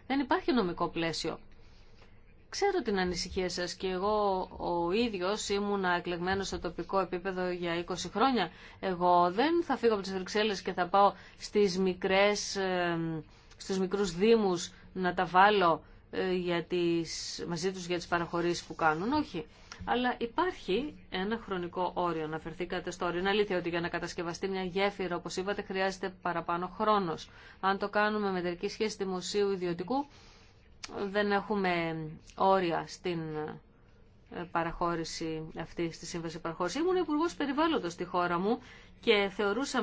δεν υπάρχει νομικό πλαίσιο. Ξέρω την ανησυχία σας και εγώ ο ίδιος ήμουνα εκλεγμένος στο τοπικό επίπεδο για 20 χρόνια. Εγώ δεν θα φύγω από τις Βρυξέλλες και θα πάω στις μικρές, στους μικρούς δήμους να τα βάλω ε, για τις, μαζί τους για τις παραχωρήσεις που κάνουν. Όχι. Αλλά υπάρχει ένα χρονικό όριο. Αναφερθήκατε στο όριο. Είναι αλήθεια ότι για να κατασκευαστεί μια γέφυρα, όπως είπατε, χρειάζεται παραπάνω χρόνος. Αν το κάνουμε με σχέση δημοσίου ιδιωτικού, δεν έχουμε όρια στην ε, παραχώρηση αυτή στη σύμβαση παραχώρηση. Ήμουν υπουργό περιβάλλοντος στη χώρα μου και θεωρούσαμε